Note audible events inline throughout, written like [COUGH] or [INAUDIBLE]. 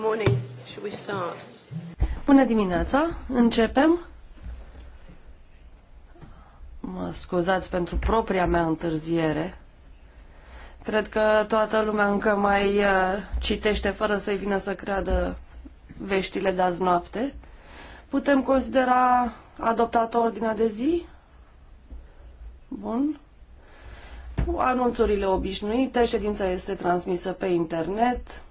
morning. Should we start? Bună dimineața. Începem. Mă scuzați pentru propria mea întârziere. Cred că toată lumea încă mai uh, citește fără să-i vină să creadă veștile de azi noapte. Putem considera adoptată ordinea de zi? Bun anunțurile obișnuite, ședința este transmisă pe internet.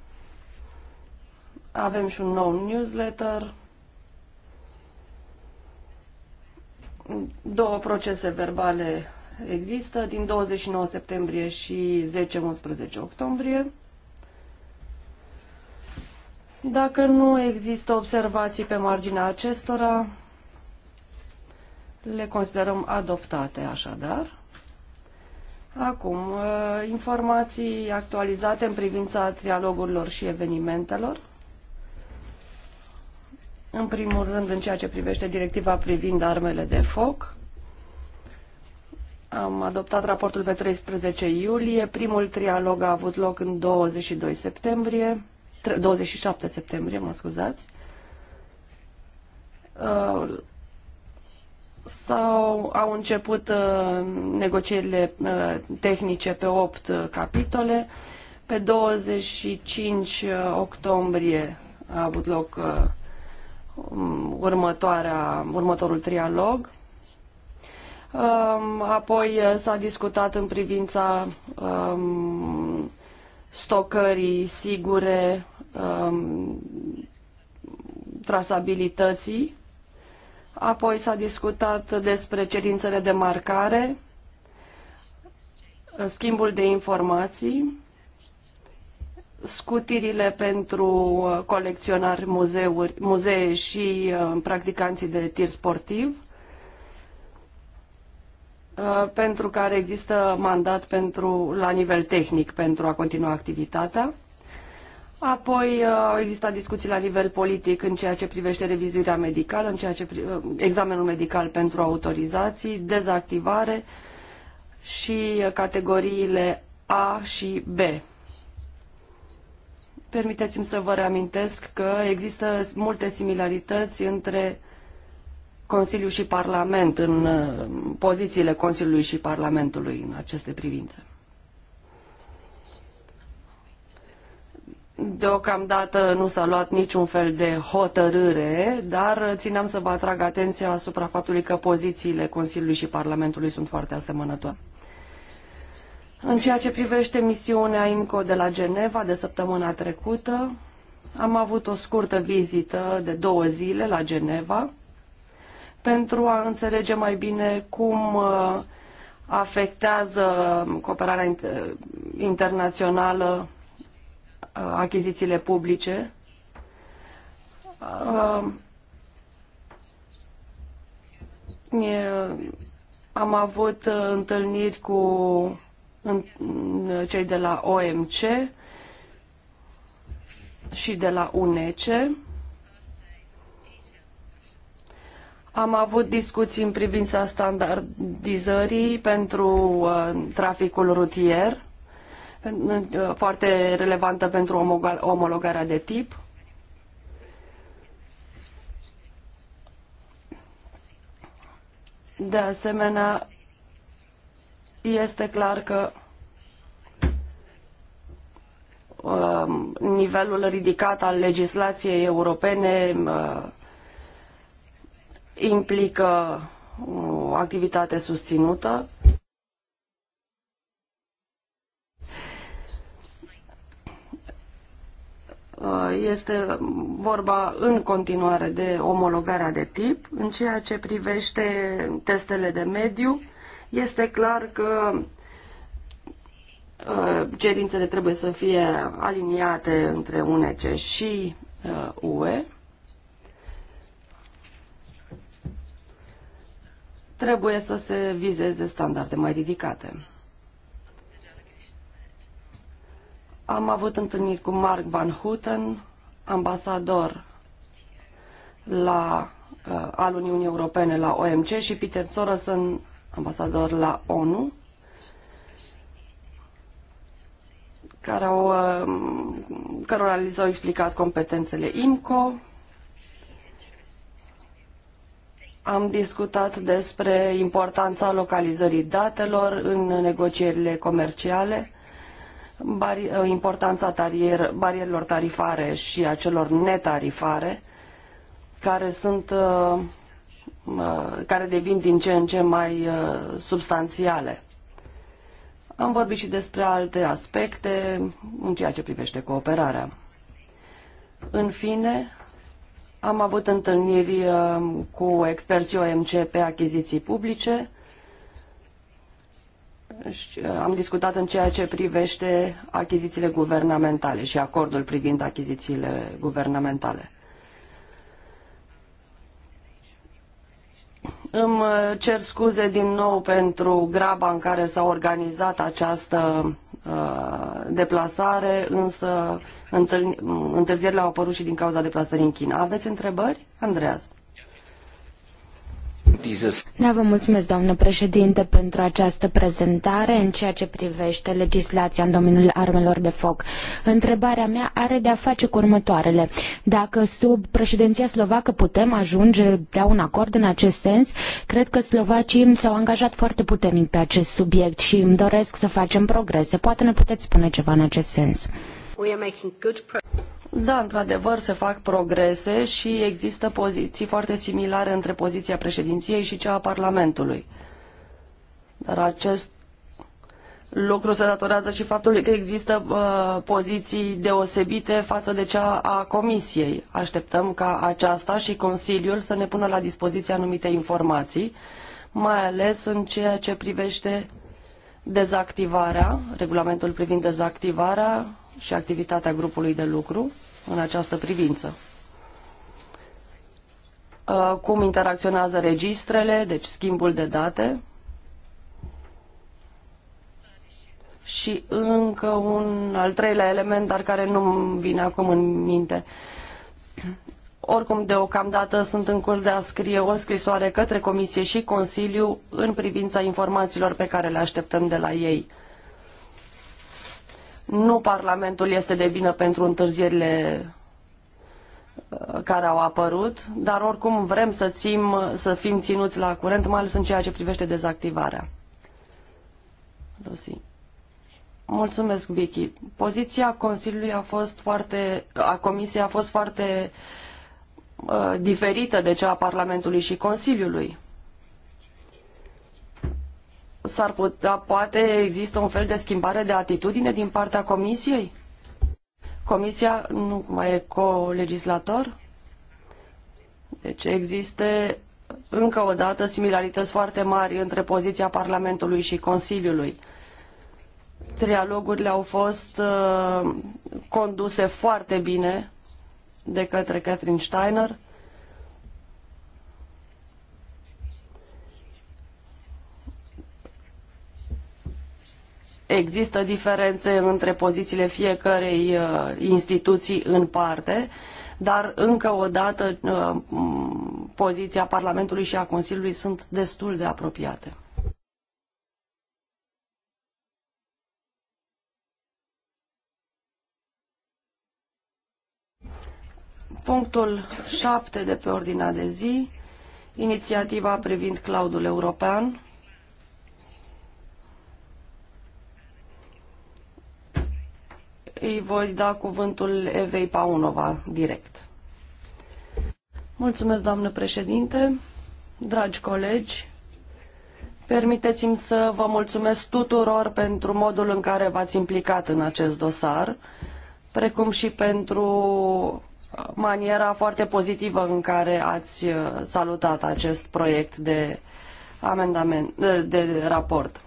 Avem și un nou newsletter, două procese verbale există, din 29 septembrie și 10-11 octombrie. Dacă nu există observații pe marginea acestora, le considerăm adoptate așadar. Acum, ă, informații actualizate în privința trialogurilor și evenimentelor. În primul rând, în ceea ce privește directiva privind armele de foc, am adoptat raportul pe 13 iulie, primul trialog a avut loc în 22 septembrie, 27 septembrie, mă scuzați. Uh, sau au început uh, negocierile uh, tehnice pe 8 capitole. Pe 25 octombrie a avut loc următoarea, următorul trialog. Um, apoi uh, s-a discutat în privința um, stocării sigure, um, trasabilității. Apoi s-a discutat despre cerințele de marcare, schimbul de informații scutirile pentru uh, colecționari, muzeuri, muzee și uh, practicanții de tir sportiv, uh, pentru care există mandat pentru, la nivel tehnic pentru a continua activitatea. Apoi au existat discuții la nivel politic în ceea ce privește revizuirea medicală, în ceea ce pri... examenul medical pentru autorizații, dezactivare și categoriile A și B. Permiteți-mi să vă reamintesc că există multe similarități între Consiliu și Parlament, în uh, pozițiile Consiliului și Parlamentului în aceste privințe. Deocamdată nu s-a luat niciun fel de hotărâre, dar țineam să vă atrag atenția asupra faptului că pozițiile Consiliului și Parlamentului sunt foarte asemănătoare. În ceea ce privește misiunea IMCO de la Geneva de săptămâna trecută, am avut o scurtă vizită de două zile la Geneva pentru a înțelege mai bine cum uh, afectează cooperarea internațională uh, achizițiile publice. Uh, am avut întâlniri cu în cei de la OMC și de la UNECE. Am avut discuții în privința standardizării pentru uh, traficul rutier, uh, foarte relevantă pentru omologarea de tip. De asemenea, este clar că um, nivelul ridicat al legislației europene uh, implică o activitate susținută. Uh, este vorba în continuare de omologarea de tip în ceea ce privește testele de mediu este clar că uh, cerințele trebuie să fie aliniate între UNEC și uh, UE. Trebuie să se vizeze standarde mai ridicate. Am avut întâlniri cu Mark Van Houten, ambasador la, uh, al Uniunii Europene la OMC și Peter Sorensen, ambasador la ONU, care au, um, cărora li s-au explicat competențele IMCO. Am discutat despre importanța localizării datelor în negocierile comerciale, uh, importanța tarier, barierilor tarifare și a celor netarifare, care sunt uh, Uh, care devin din ce în ce mai uh, substanțiale. Am vorbit și despre alte aspecte în ceea ce privește cooperarea. În fine, am avut întâlniri uh, cu experții OMC pe achiziții publice. Am discutat în ceea ce privește achizițiile guvernamentale și acordul privind achizițiile guvernamentale. Îmi cer scuze din nou pentru graba în care s-a organizat această uh, deplasare, însă întârzierile au apărut și din cauza deplasării în China. Aveți întrebări, Andreas? Da, vă mulțumesc, doamnă președinte, pentru această prezentare în ceea ce privește legislația în domeniul armelor de foc. Întrebarea mea are de a face cu următoarele. Dacă sub președinția slovacă putem ajunge la un acord în acest sens, cred că slovacii s-au angajat foarte puternic pe acest subiect și îmi doresc să facem progrese. Poate ne puteți spune ceva în acest sens. Da, într-adevăr, se fac progrese și există poziții foarte similare între poziția președinției și cea a Parlamentului. Dar acest lucru se datorează și faptului că există uh, poziții deosebite față de cea a Comisiei. Așteptăm ca aceasta și Consiliul să ne pună la dispoziție anumite informații, mai ales în ceea ce privește dezactivarea, regulamentul privind dezactivarea și activitatea grupului de lucru în această privință. Uh, cum interacționează registrele, deci schimbul de date. Și încă un al treilea element, dar care nu -mi vine acum în minte. Oricum, deocamdată sunt în curs de a scrie o scrisoare către Comisie și Consiliu în privința informațiilor pe care le așteptăm de la ei nu Parlamentul este de vină pentru întârzierile uh, care au apărut, dar oricum vrem să, țim, să fim ținuți la curent, mai ales în ceea ce privește dezactivarea. Rosi. Mulțumesc, Vicky. Poziția Consiliului a fost foarte, a Comisiei a fost foarte uh, diferită de cea a Parlamentului și Consiliului s-ar putea, poate există un fel de schimbare de atitudine din partea Comisiei? Comisia nu mai e co-legislator? Deci există încă o dată similarități foarte mari între poziția Parlamentului și Consiliului. Trialogurile au fost uh, conduse foarte bine de către Catherine Steiner există diferențe între pozițiile fiecărei uh, instituții în parte, dar încă o dată uh, poziția Parlamentului și a Consiliului sunt destul de apropiate. Punctul 7 de pe ordinea de zi, inițiativa privind claudul european, îi voi da cuvântul Evei Paunova direct. Mulțumesc, doamnă președinte, dragi colegi, permiteți-mi să vă mulțumesc tuturor pentru modul în care v-ați implicat în acest dosar, precum și pentru maniera foarte pozitivă în care ați salutat acest proiect de amendament, de, de raport.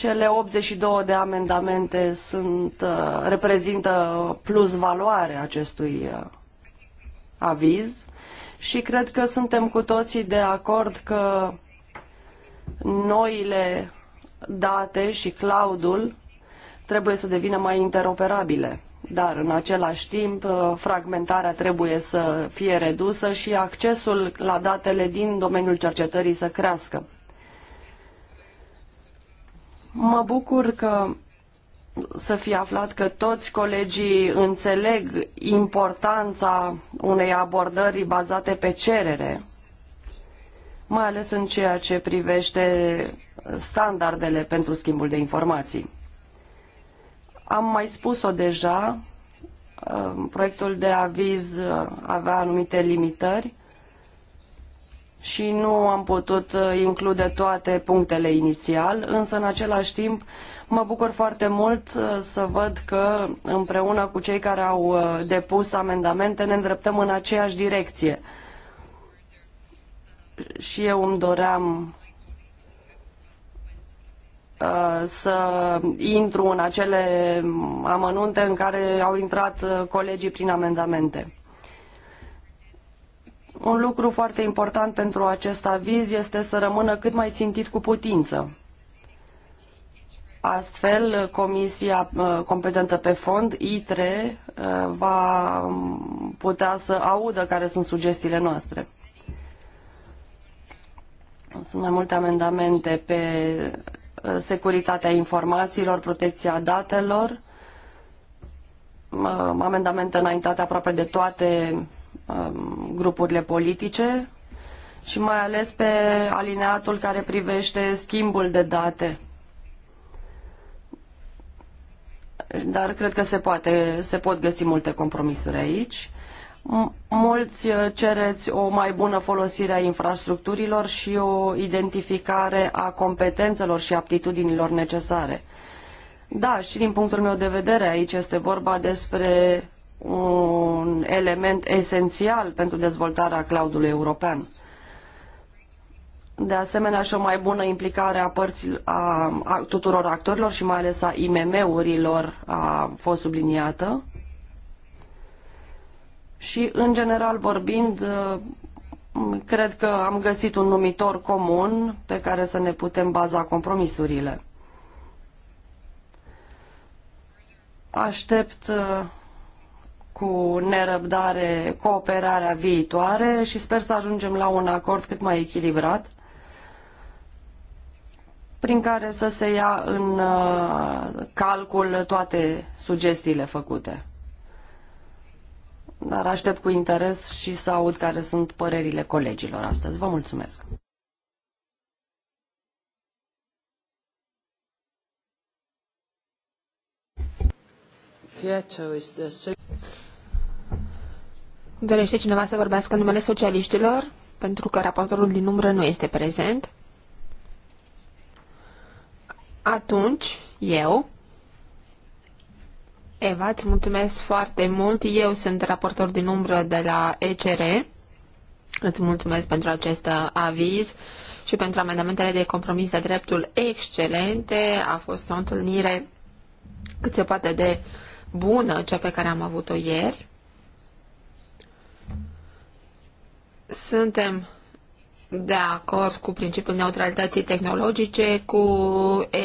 Cele 82 de amendamente sunt, uh, reprezintă plus valoare acestui uh, aviz și cred că suntem cu toții de acord că noile date și cloudul trebuie să devină mai interoperabile. Dar, în același timp, uh, fragmentarea trebuie să fie redusă și accesul la datele din domeniul cercetării să crească. Mă bucur că să fi aflat că toți colegii înțeleg importanța unei abordări bazate pe cerere, mai ales în ceea ce privește standardele pentru schimbul de informații. Am mai spus-o deja, uh, proiectul de aviz uh, avea anumite limitări, și nu am putut uh, include toate punctele inițial, însă în același timp mă bucur foarte mult uh, să văd că împreună cu cei care au uh, depus amendamente ne îndreptăm în aceeași direcție. Și eu îmi doream să intru în acele amănunte în care au intrat colegii prin amendamente. Un lucru foarte important pentru acest aviz este să rămână cât mai țintit cu putință. Astfel, comisia uh, competentă pe fond, ITRE, uh, va putea să audă care sunt sugestiile noastre. Sunt mai multe amendamente pe uh, securitatea informațiilor, protecția datelor, amendamente înaintate aproape de toate Um, grupurile politice și mai ales pe alineatul care privește schimbul de date. Dar cred că se, poate, se pot găsi multe compromisuri aici. Mulți uh, cereți o mai bună folosire a infrastructurilor și o identificare a competențelor și aptitudinilor necesare. Da, și din punctul meu de vedere aici este vorba despre un element esențial pentru dezvoltarea cloudului european. De asemenea și o mai bună implicare a, părții, a, a tuturor actorilor și mai ales a IMM-urilor a fost subliniată. Și în general vorbind, cred că am găsit un numitor comun pe care să ne putem baza compromisurile. Aștept cu nerăbdare cooperarea viitoare și sper să ajungem la un acord cât mai echilibrat prin care să se ia în uh, calcul toate sugestiile făcute. Dar aștept cu interes și să aud care sunt părerile colegilor astăzi. Vă mulțumesc! Pietro is the Dorește cineva să vorbească în numele socialiștilor? Pentru că raportorul din umbră nu este prezent. Atunci, eu... Eva, îți mulțumesc foarte mult. Eu sunt raportor din umbră de la ECR. Îți mulțumesc pentru acest aviz și pentru amendamentele de compromis de dreptul excelente. A fost o întâlnire cât se poate de bună, cea pe care am avut-o ieri. Suntem de acord cu principiul neutralității tehnologice, cu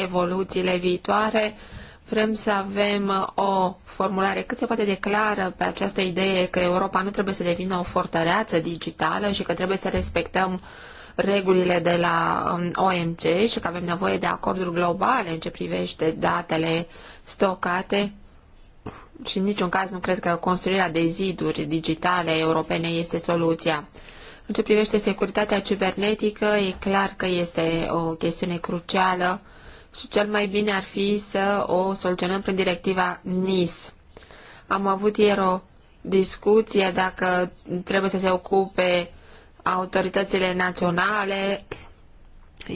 evoluțiile viitoare. Vrem să avem o formulare cât se poate de clară pe această idee că Europa nu trebuie să devină o fortăreață digitală și că trebuie să respectăm regulile de la um, OMC și că avem nevoie de acorduri globale în ce privește datele stocate și în niciun caz nu cred că construirea de ziduri digitale europene este soluția. În ce privește securitatea cibernetică, e clar că este o chestiune crucială și cel mai bine ar fi să o soluționăm prin directiva NIS. Am avut ieri o discuție dacă trebuie să se ocupe autoritățile naționale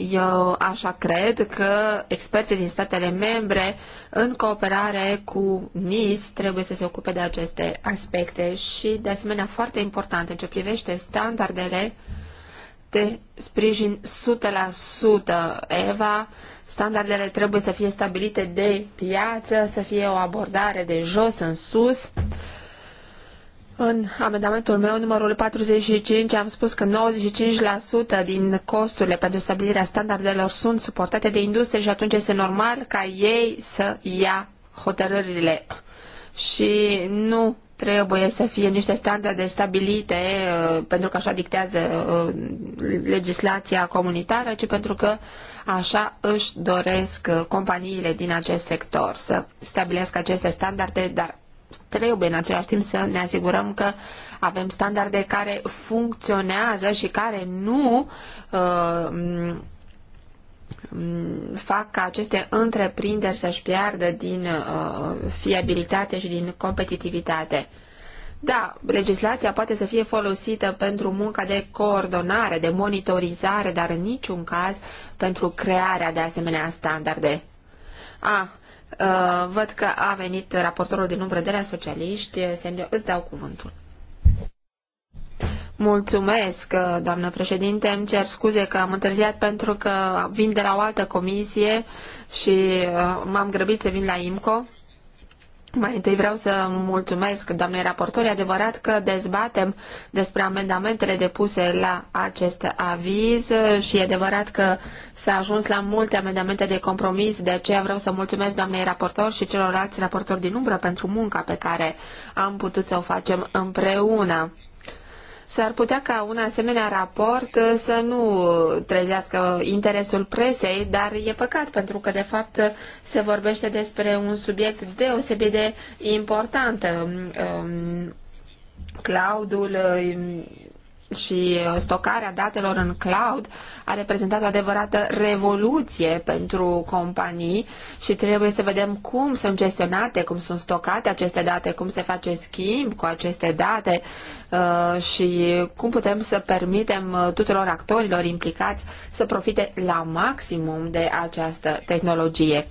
eu așa cred că experții din statele membre, în cooperare cu NIS, trebuie să se ocupe de aceste aspecte și, de asemenea, foarte important în ce privește standardele de sprijin 100% EVA, standardele trebuie să fie stabilite de piață, să fie o abordare de jos în sus în amendamentul meu, numărul 45, am spus că 95% din costurile pentru stabilirea standardelor sunt suportate de industrie și atunci este normal ca ei să ia hotărârile și nu trebuie să fie niște standarde stabilite uh, pentru că așa dictează uh, legislația comunitară, ci pentru că așa își doresc uh, companiile din acest sector să stabilească aceste standarde, dar trebuie în același timp să ne asigurăm că avem standarde care funcționează și care nu uh, fac ca aceste întreprinderi să-și piardă din uh, fiabilitate și din competitivitate. Da, legislația poate să fie folosită pentru munca de coordonare, de monitorizare, dar în niciun caz pentru crearea de asemenea standarde. A, Uh, văd că a venit raportorul din umbră de la socialiști. Senio, îți dau cuvântul. Mulțumesc, uh, doamnă președinte. Îmi cer scuze că am întârziat pentru că vin de la o altă comisie și uh, m-am grăbit să vin la IMCO. Mai întâi vreau să mulțumesc doamnei E Adevărat că dezbatem despre amendamentele depuse la acest aviz și e adevărat că s-a ajuns la multe amendamente de compromis, de aceea vreau să mulțumesc doamnei raportor și celorlalți raportori din umbră pentru munca pe care am putut să o facem împreună s-ar putea ca un asemenea raport uh, să nu trezească interesul presei, dar e păcat pentru că, de fapt, se vorbește despre un subiect deosebit de important. Um, um, Claudul um, și stocarea datelor în cloud a reprezentat o adevărată revoluție pentru companii și trebuie să vedem cum sunt gestionate, cum sunt stocate aceste date, cum se face schimb cu aceste date uh, și cum putem să permitem uh, tuturor actorilor implicați să profite la maximum de această tehnologie.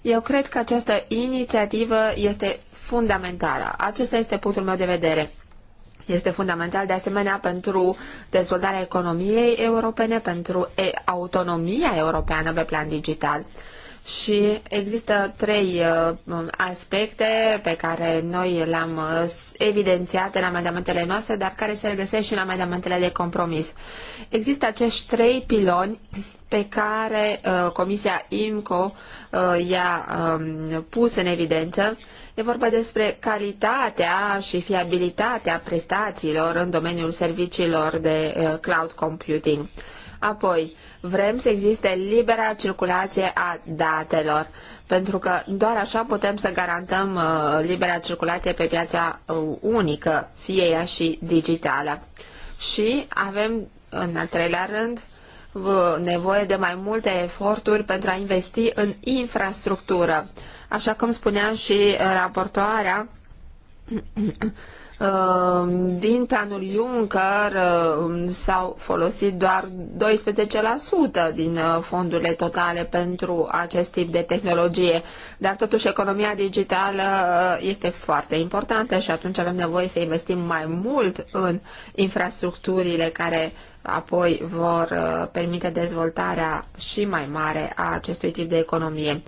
Eu cred că această inițiativă este fundamentală. Acesta este punctul meu de vedere. Este fundamental de asemenea pentru dezvoltarea economiei europene, pentru autonomia europeană pe plan digital. Și există trei uh, aspecte pe care noi le-am uh, evidențiat în amendamentele noastre, dar care se regăsesc și în amendamentele de compromis. Există acești trei piloni pe care uh, Comisia IMCO i-a um, pus în evidență E vorba despre calitatea și fiabilitatea prestațiilor în domeniul serviciilor de uh, cloud computing. Apoi, vrem să existe libera circulație a datelor, pentru că doar așa putem să garantăm uh, libera circulație pe piața uh, unică, fie ea și digitală. Și avem, în al treilea rând, nevoie de mai multe eforturi pentru a investi în infrastructură Așa cum spunea și uh, raportoarea, [CLEARS THROAT] uh, din planul Juncker uh, s-au folosit doar 12% din fondurile totale pentru acest tip de tehnologie, dar totuși economia digitală este foarte importantă și atunci avem nevoie să investim mai mult în infrastructurile care apoi vor permite dezvoltarea și mai mare a acestui tip de economie.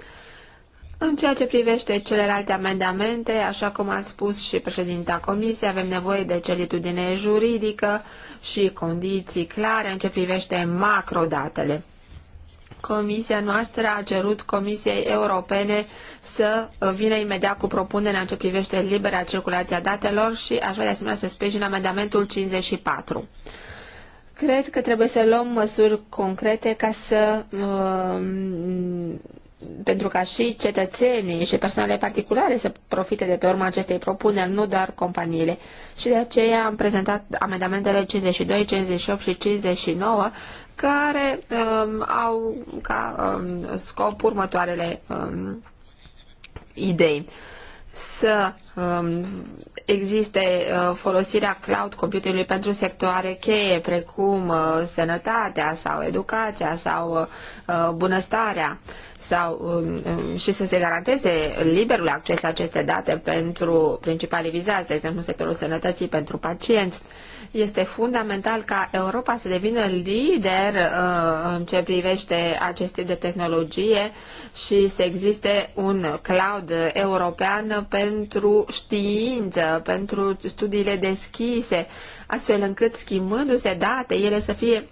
În ceea ce privește celelalte amendamente, așa cum a spus și președinta Comisiei, avem nevoie de certitudine juridică și condiții clare în ce privește macrodatele. Comisia noastră a cerut Comisiei Europene să vină imediat cu propunerea în ce privește libera circulația datelor și aș vrea de asemenea să sprijin amendamentul 54. Cred că trebuie să luăm măsuri concrete ca să uh, pentru ca și cetățenii și persoanele particulare să profite de pe urma acestei propuneri, nu doar companiile. Și de aceea am prezentat amendamentele 52, 58 și 59, care um, au ca um, scop următoarele um, idei. Uh, să um, existe uh, folosirea cloud computingului pentru sectoare cheie, precum uh, sănătatea sau educația sau uh, uh bunăstarea, sau, um, um, și să se garanteze liberul acces la aceste date pentru principalii vizați, de exemplu sectorul sănătății pentru pacienți. Este fundamental ca Europa să devină lider uh, în ce privește acest tip de tehnologie și să existe un cloud european pentru știință, pentru studiile deschise, astfel încât schimbându-se date, ele să fie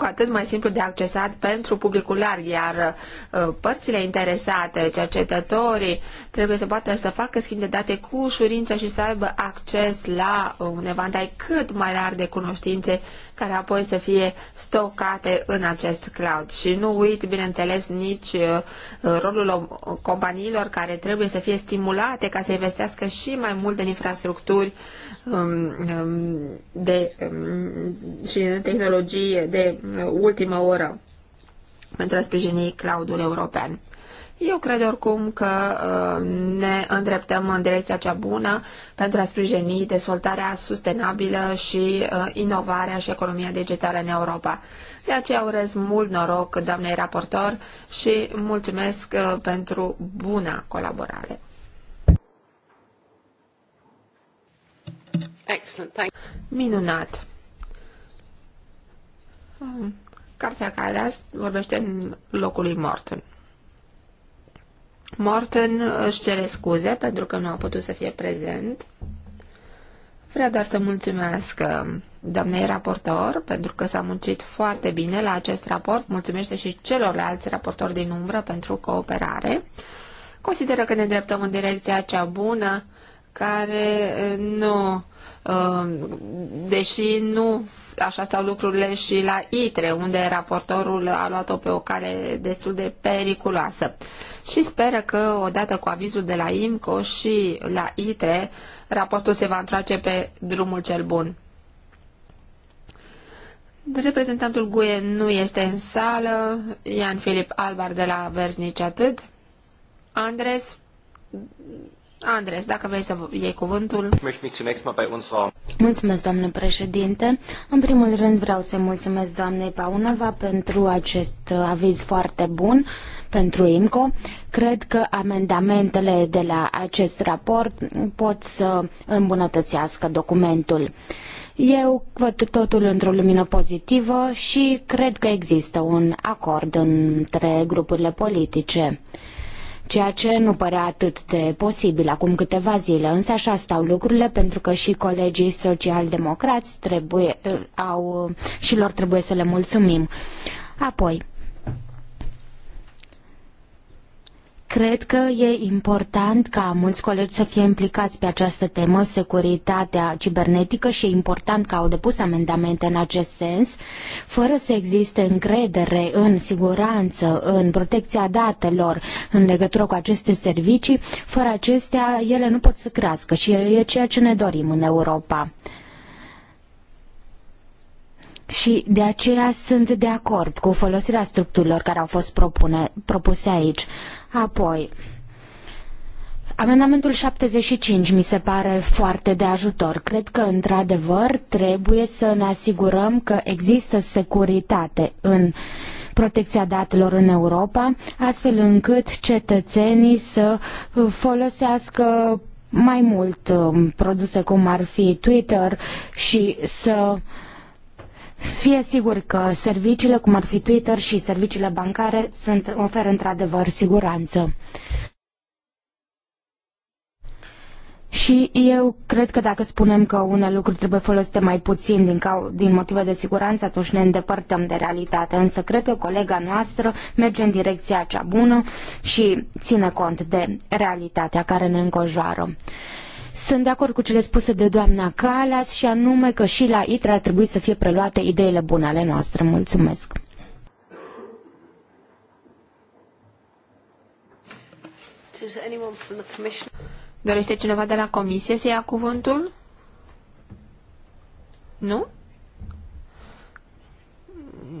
cu atât mai simplu de accesat pentru publicul larg, iar uh, părțile interesate, cercetătorii, trebuie să poată să facă schimb de date cu ușurință și să aibă acces la uh, un evantai cât mai larg de cunoștințe care apoi să fie stocate în acest cloud. Și nu uit, bineînțeles, nici uh, rolul companiilor care trebuie să fie stimulate ca să investească și mai mult în infrastructuri Um, um, de, um, și de tehnologii de uh, ultimă oră pentru a sprijini cloudul european. Eu cred oricum că uh, ne îndreptăm în direcția cea bună pentru a sprijini dezvoltarea sustenabilă și uh, inovarea și economia digitală în Europa. De aceea urez mult noroc doamnei raportor și mulțumesc pentru buna colaborare. Minunat! Um, Cartea care azi vorbește în locul lui Morton. Morton își cere scuze pentru că nu a putut să fie prezent. Vrea doar să mulțumesc doamnei raportor pentru că s-a muncit foarte bine la acest raport. Mulțumește și celorlalți raportori din umbră pentru cooperare. Consideră că ne îndreptăm în direcția cea bună care nu Um, deși nu așa stau lucrurile și la ITRE, unde raportorul a luat-o pe o cale destul de periculoasă. Și speră că, odată cu avizul de la IMCO și la ITRE, raportul se va întoarce pe drumul cel bun. Reprezentantul GUE nu este în sală, Ian Filip Albar de la Verznici atât. Andres, Andres, dacă vrei să iei cuvântul. Mulțumesc, doamnă președinte. În primul rând vreau să mulțumesc doamnei Paunova pentru acest uh, aviz foarte bun pentru IMCO. Cred că amendamentele de la acest raport pot să îmbunătățească documentul. Eu văd totul într-o lumină pozitivă și cred că există un acord între grupurile politice ceea ce nu părea atât de posibil acum câteva zile, însă așa stau lucrurile pentru că și colegii social trebuie, uh, au, și lor trebuie să le mulțumim. Apoi, Cred că e important ca mulți colegi să fie implicați pe această temă, securitatea cibernetică și e important că au depus amendamente în acest sens, fără să existe încredere în siguranță, în protecția datelor în legătură cu aceste servicii, fără acestea ele nu pot să crească și e ceea ce ne dorim în Europa și de aceea sunt de acord cu folosirea structurilor care au fost propune, propuse aici. Apoi, Amendamentul 75 mi se pare foarte de ajutor. Cred că, într-adevăr, trebuie să ne asigurăm că există securitate în protecția datelor în Europa, astfel încât cetățenii să folosească mai mult um, produse cum ar fi Twitter și să uh, fie sigur că serviciile, cum ar fi Twitter și serviciile bancare, sunt, oferă într-adevăr siguranță. Și eu cred că dacă spunem că unele lucruri trebuie folosite mai puțin din, cau- din motive de siguranță, atunci ne îndepărtăm de realitate. Însă cred că colega noastră merge în direcția cea bună și ține cont de realitatea care ne înconjoară. Sunt de acord cu cele spuse de doamna Calas și anume că și la ITRA ar trebui să fie preluate ideile bune ale noastre. Mulțumesc! Dorește cineva de la comisie să ia cuvântul? Nu?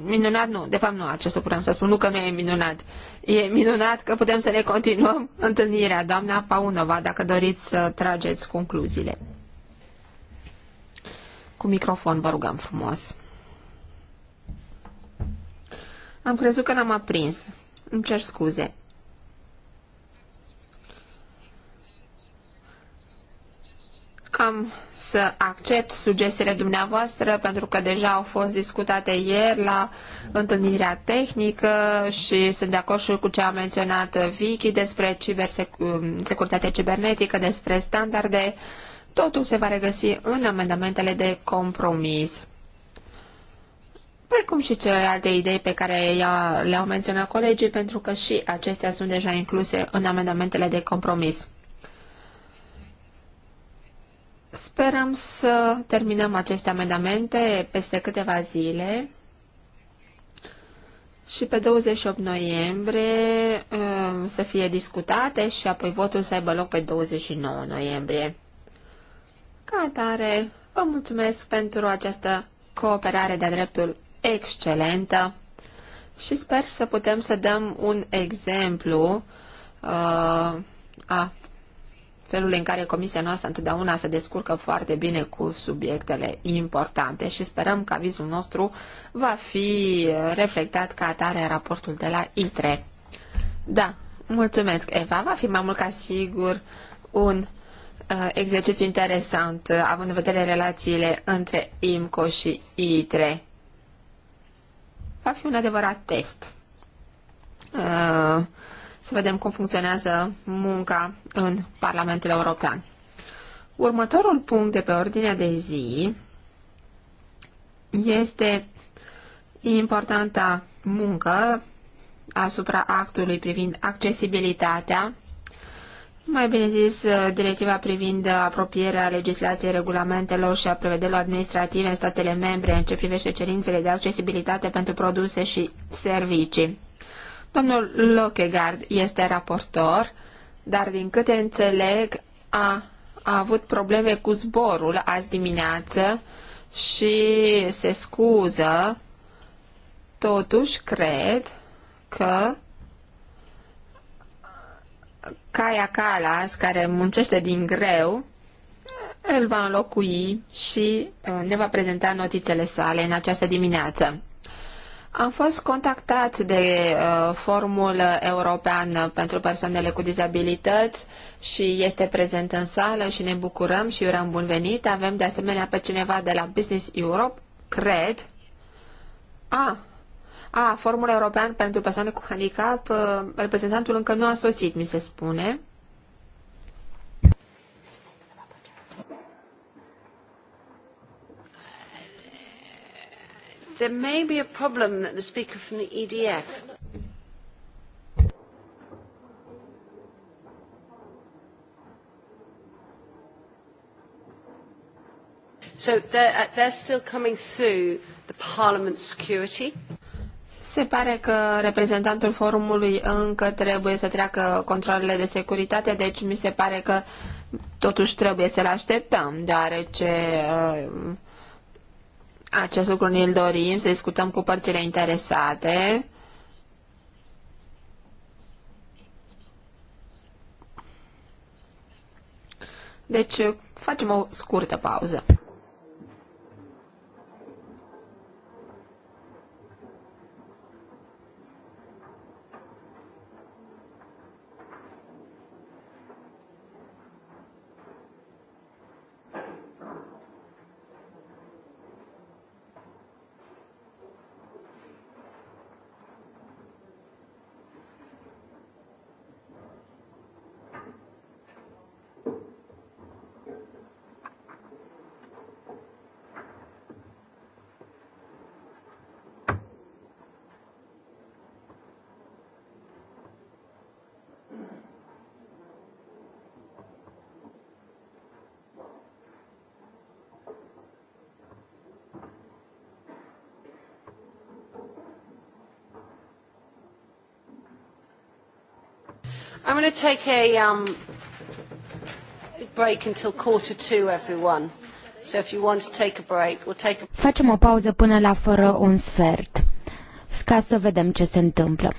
minunat nu, de fapt nu acest lucru am să spun, nu că nu e minunat. E minunat că putem să ne continuăm [LAUGHS] întâlnirea. Doamna Paunova, dacă doriți să trageți concluziile. Cu microfon, vă rugăm frumos. Am crezut că n-am aprins. Îmi cer scuze. Am să accept sugestiile dumneavoastră pentru că deja au fost discutate ieri la întâlnirea tehnică și sunt de acord și cu ce a menționat Vicky despre um, securitatea cibernetică, despre standarde. Totul se va regăsi în amendamentele de compromis precum și celelalte idei pe care le-au menționat colegii, pentru că și acestea sunt deja incluse în amendamentele de compromis. Sperăm să terminăm aceste amendamente peste câteva zile și pe 28 noiembrie uh, să fie discutate și apoi votul să aibă loc pe 29 noiembrie. Ca atare, vă mulțumesc pentru această cooperare de-a dreptul excelentă și sper să putem să dăm un exemplu uh, a felul în care comisia noastră întotdeauna se descurcă foarte bine cu subiectele importante și sperăm că avizul nostru va fi reflectat ca atare în raportul de la ITRE. Da, mulțumesc, Eva. Va fi mai mult ca sigur un uh, exercițiu interesant, uh, având în vedere relațiile între IMCO și ITRE. Va fi un adevărat test. Uh, să vedem cum funcționează munca în Parlamentul European. Următorul punct de pe ordinea de zi este importanta muncă asupra actului privind accesibilitatea, mai bine zis, directiva privind apropierea legislației regulamentelor și a prevederilor administrative în statele membre în ce privește cerințele de accesibilitate pentru produse și servicii. Domnul Lockegard este raportor, dar din câte înțeleg a, a avut probleme cu zborul azi dimineață și se scuză. Totuși, cred că Caia Calas, care muncește din greu, îl va înlocui și uh, ne va prezenta notițele sale în această dimineață. Am fost contactat de uh, Forumul European pentru Persoanele cu Dizabilități și este prezent în sală și ne bucurăm și urăm bun venit. Avem de asemenea pe cineva de la Business Europe, cred. A, a Forumul European pentru Persoane cu Handicap, uh, reprezentantul încă nu a sosit, mi se spune. There may be a problem that the speaker from the EDF So they're, uh, they're still coming through the Parliament security. Se pare că reprezentantul forumului încă trebuie să treacă controlele de securitate, deci mi se pare că totuși trebuie să-l așteptăm, deoarece uh, acest lucru ne-l dorim, să discutăm cu părțile interesate. Deci facem o scurtă pauză. going to take a um, break until quarter two, everyone. So if you want to take a break, we'll take a... Facem o pauză până la fără un sfert, ca să vedem ce se întâmplă.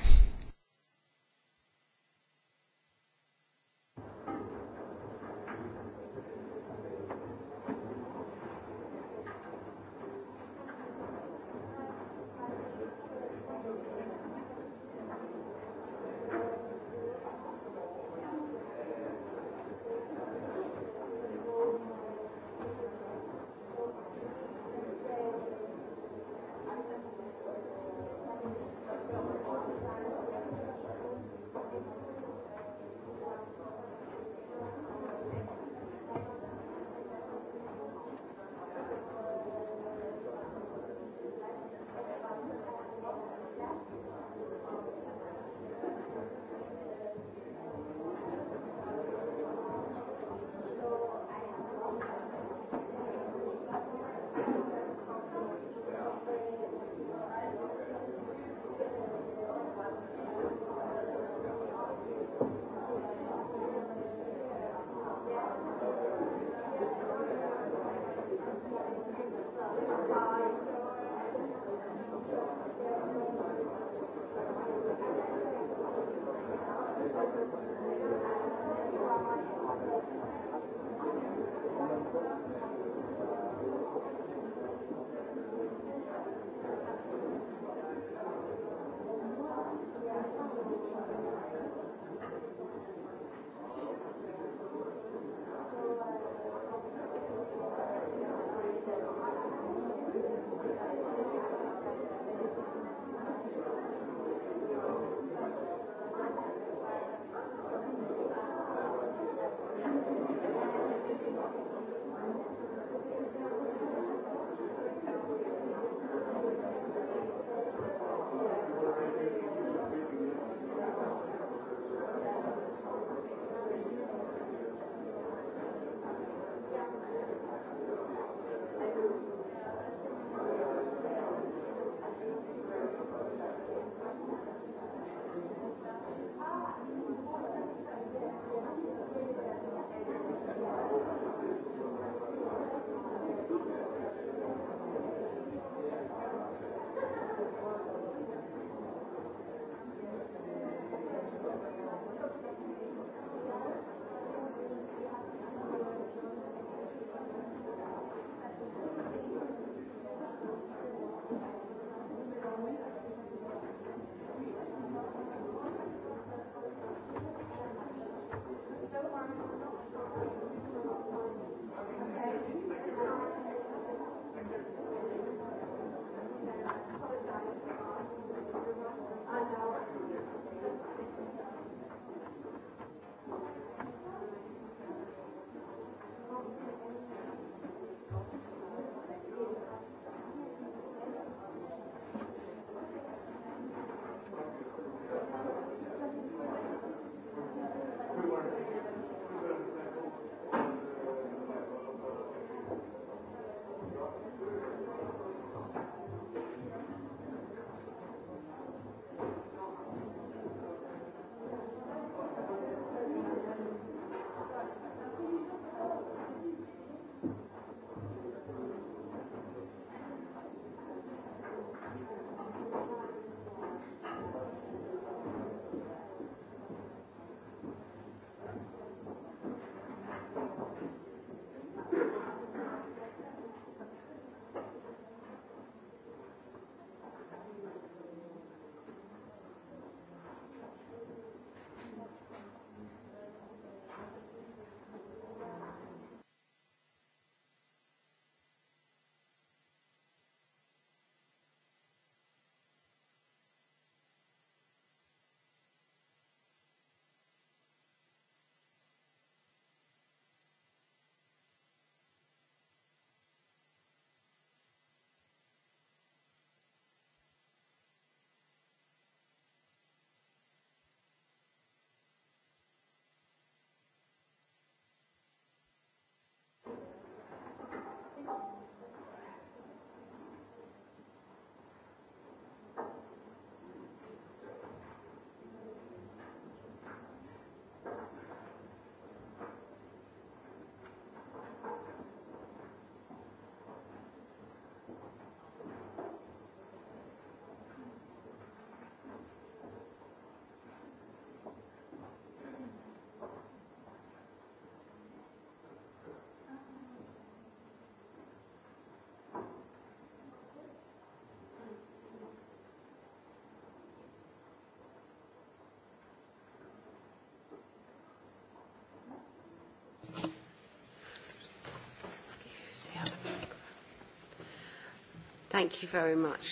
Thank you very much.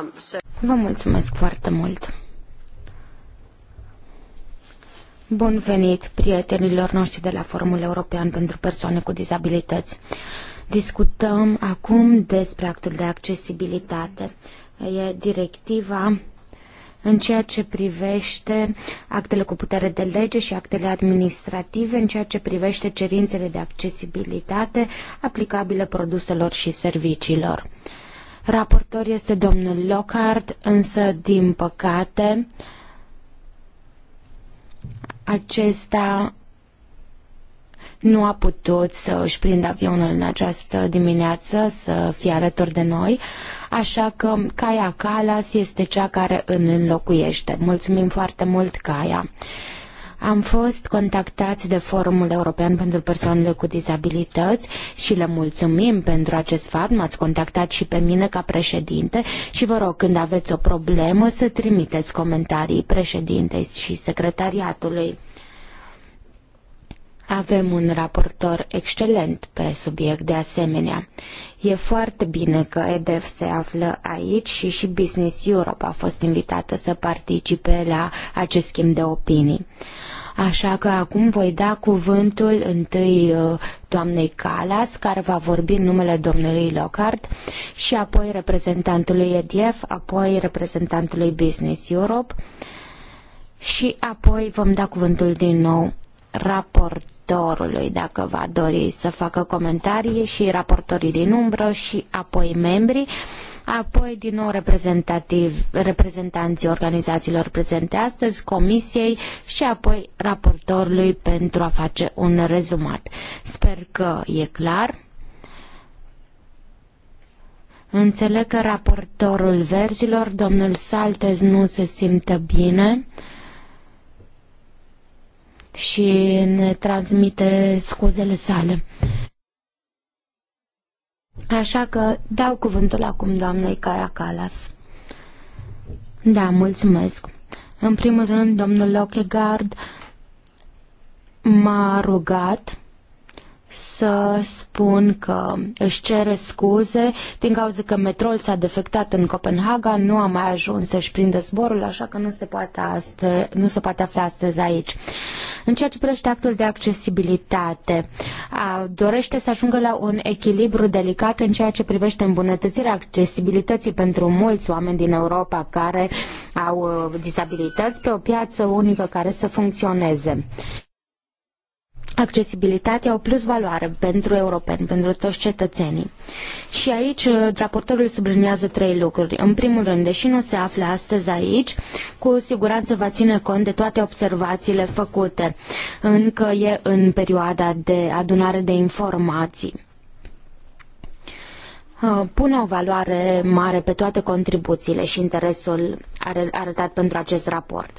Um, so... Vă mulțumesc foarte mult. Bun venit prietenilor noștri de la Forumul European pentru Persoane cu Dizabilități. Discutăm acum despre actul de accesibilitate. E directiva în ceea ce privește actele cu putere de lege și actele administrative, în ceea ce privește cerințele de accesibilitate aplicabile produselor și serviciilor. Raportor este domnul Lockhart, însă, din păcate, acesta nu a putut să își prindă avionul în această dimineață să fie alături de noi, așa că Caia Calas este cea care îl înlocuiește. Mulțumim foarte mult, Caia! Am fost contactați de Forumul European pentru Persoanele cu Dizabilități și le mulțumim pentru acest fapt. M-ați contactat și pe mine ca președinte și vă rog, când aveți o problemă, să trimiteți comentarii președintei și secretariatului. Avem un raportor excelent pe subiect de asemenea. E foarte bine că EDF se află aici și și Business Europe a fost invitată să participe la acest schimb de opinii. Așa că acum voi da cuvântul întâi uh, doamnei Calas, care va vorbi în numele domnului Lockhart, și apoi reprezentantului EDF, apoi reprezentantului Business Europe și apoi vom da cuvântul din nou raportorului, dacă va dori să facă comentarii și raportorii din umbră și apoi membrii apoi din nou reprezentativ, reprezentanții organizațiilor prezente astăzi, comisiei și apoi raportorului pentru a face un rezumat. Sper că e clar. Înțeleg că raportorul verzilor, domnul Saltes, nu se simte bine și ne transmite scuzele sale. Așa că dau cuvântul acum doamnei Caracalas. Da, mulțumesc. În primul rând, domnul Lockegard m-a rugat să spun că își cere scuze din cauza că metrol s-a defectat în Copenhaga, nu a mai ajuns să-și prinde zborul, așa că nu se, poate aste, nu se poate afla astăzi aici. În ceea ce privește actul de accesibilitate, a, dorește să ajungă la un echilibru delicat în ceea ce privește îmbunătățirea accesibilității pentru mulți oameni din Europa care au uh, disabilități pe o piață unică care să funcționeze accesibilitatea o plus valoare pentru europeni, pentru toți cetățenii. Și aici uh, raportorul subliniază trei lucruri. În primul rând, deși nu se află astăzi aici, cu siguranță va ține cont de toate observațiile făcute. Încă e în perioada de adunare de informații. Uh, pune o valoare mare pe toate contribuțiile și interesul arătat pentru acest raport.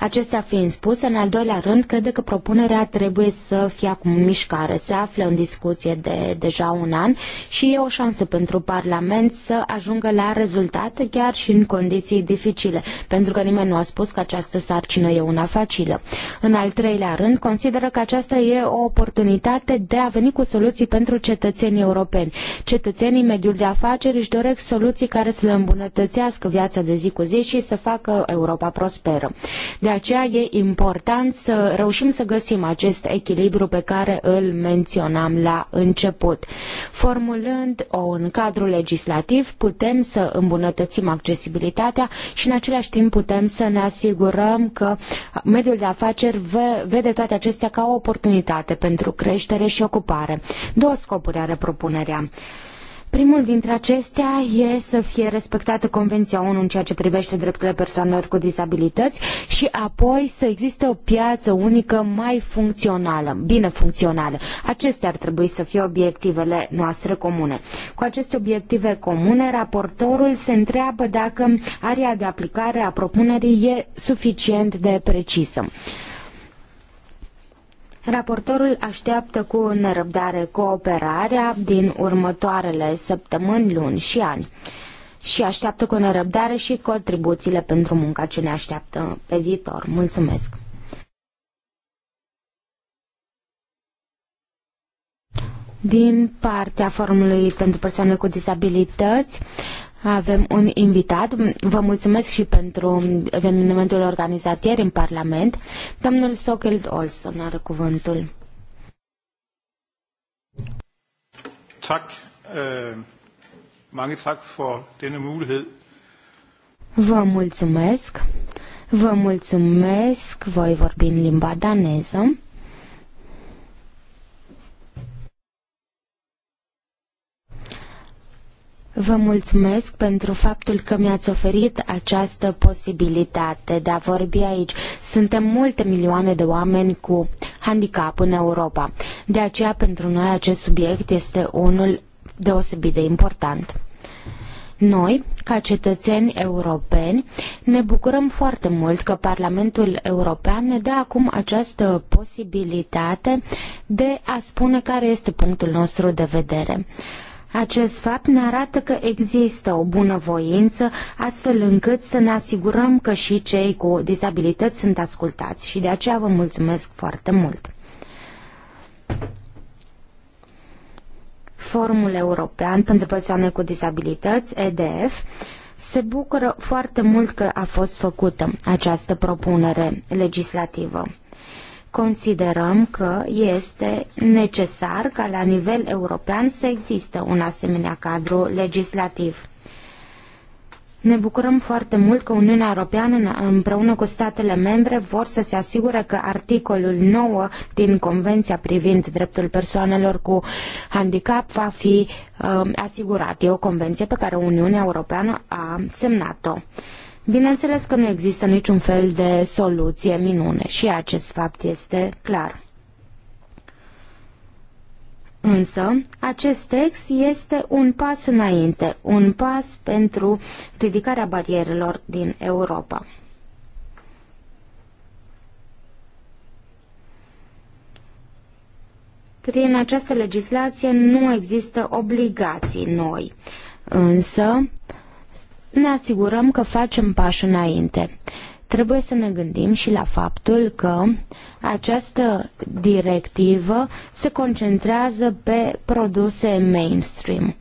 Acestea fiind spuse, în al doilea rând, cred că propunerea trebuie să fie acum în mișcare. Se află în discuție de deja un an și e o șansă pentru Parlament să ajungă la rezultate chiar și în condiții dificile, pentru că nimeni nu a spus că această sarcină e una facilă. În al treilea rând, consideră că aceasta e o oportunitate de a veni cu soluții pentru cetățenii europeni. Cetățenii mediului mediul de afaceri își doresc soluții care să le îmbunătățească viața de zi cu zi și să facă Europa prosperă. De aceea e important să reușim să găsim acest echilibru pe care îl menționam la început. Formulând o, un cadru legislativ, putem să îmbunătățim accesibilitatea și în același timp putem să ne asigurăm că mediul de afaceri vede toate acestea ca o oportunitate pentru creștere și ocupare. Două scopuri are propunerea. Primul dintre acestea e să fie respectată Convenția ONU în ceea ce privește drepturile persoanelor cu dizabilități și apoi să existe o piață unică mai funcțională, bine funcțională. Acestea ar trebui să fie obiectivele noastre comune. Cu aceste obiective comune, raportorul se întreabă dacă area de aplicare a propunerii e suficient de precisă. Raportorul așteaptă cu nerăbdare cooperarea din următoarele săptămâni, luni și ani și așteaptă cu nerăbdare și contribuțiile pentru munca ce ne așteaptă pe viitor. Mulțumesc! Din partea Forumului pentru Persoane cu Disabilități, avem un invitat. Vă mulțumesc și pentru evenimentul organizat ieri în Parlament. Domnul Sokild Olson are cuvântul. Tak. Øh, mange tak for denne mulighed. Vă mulțumesc. Vă mulțumesc. Voi vorbi în limba daneză. Vă mulțumesc pentru faptul că mi-ați oferit această posibilitate de a vorbi aici. Suntem multe milioane de oameni cu handicap în Europa. De aceea, pentru noi, acest subiect este unul deosebit de important. Noi, ca cetățeni europeni, ne bucurăm foarte mult că Parlamentul European ne dă acum această posibilitate de a spune care este punctul nostru de vedere. Acest fapt ne arată că există o bunăvoință, astfel încât să ne asigurăm că și cei cu dizabilități sunt ascultați și de aceea vă mulțumesc foarte mult. Formul European pentru Persoane cu Dizabilități, EDF, se bucură foarte mult că a fost făcută această propunere legislativă. Considerăm că este necesar ca la nivel european să existe un asemenea cadru legislativ. Ne bucurăm foarte mult că Uniunea Europeană împreună cu statele membre vor să se asigure că articolul 9 din Convenția privind dreptul persoanelor cu handicap va fi uh, asigurat. E o convenție pe care Uniunea Europeană a semnat-o. Bineînțeles că nu există niciun fel de soluție minune și acest fapt este clar. Însă, acest text este un pas înainte, un pas pentru ridicarea barierelor din Europa. Prin această legislație nu există obligații noi, însă ne asigurăm că facem pași înainte. Trebuie să ne gândim și la faptul că această directivă se concentrează pe produse mainstream.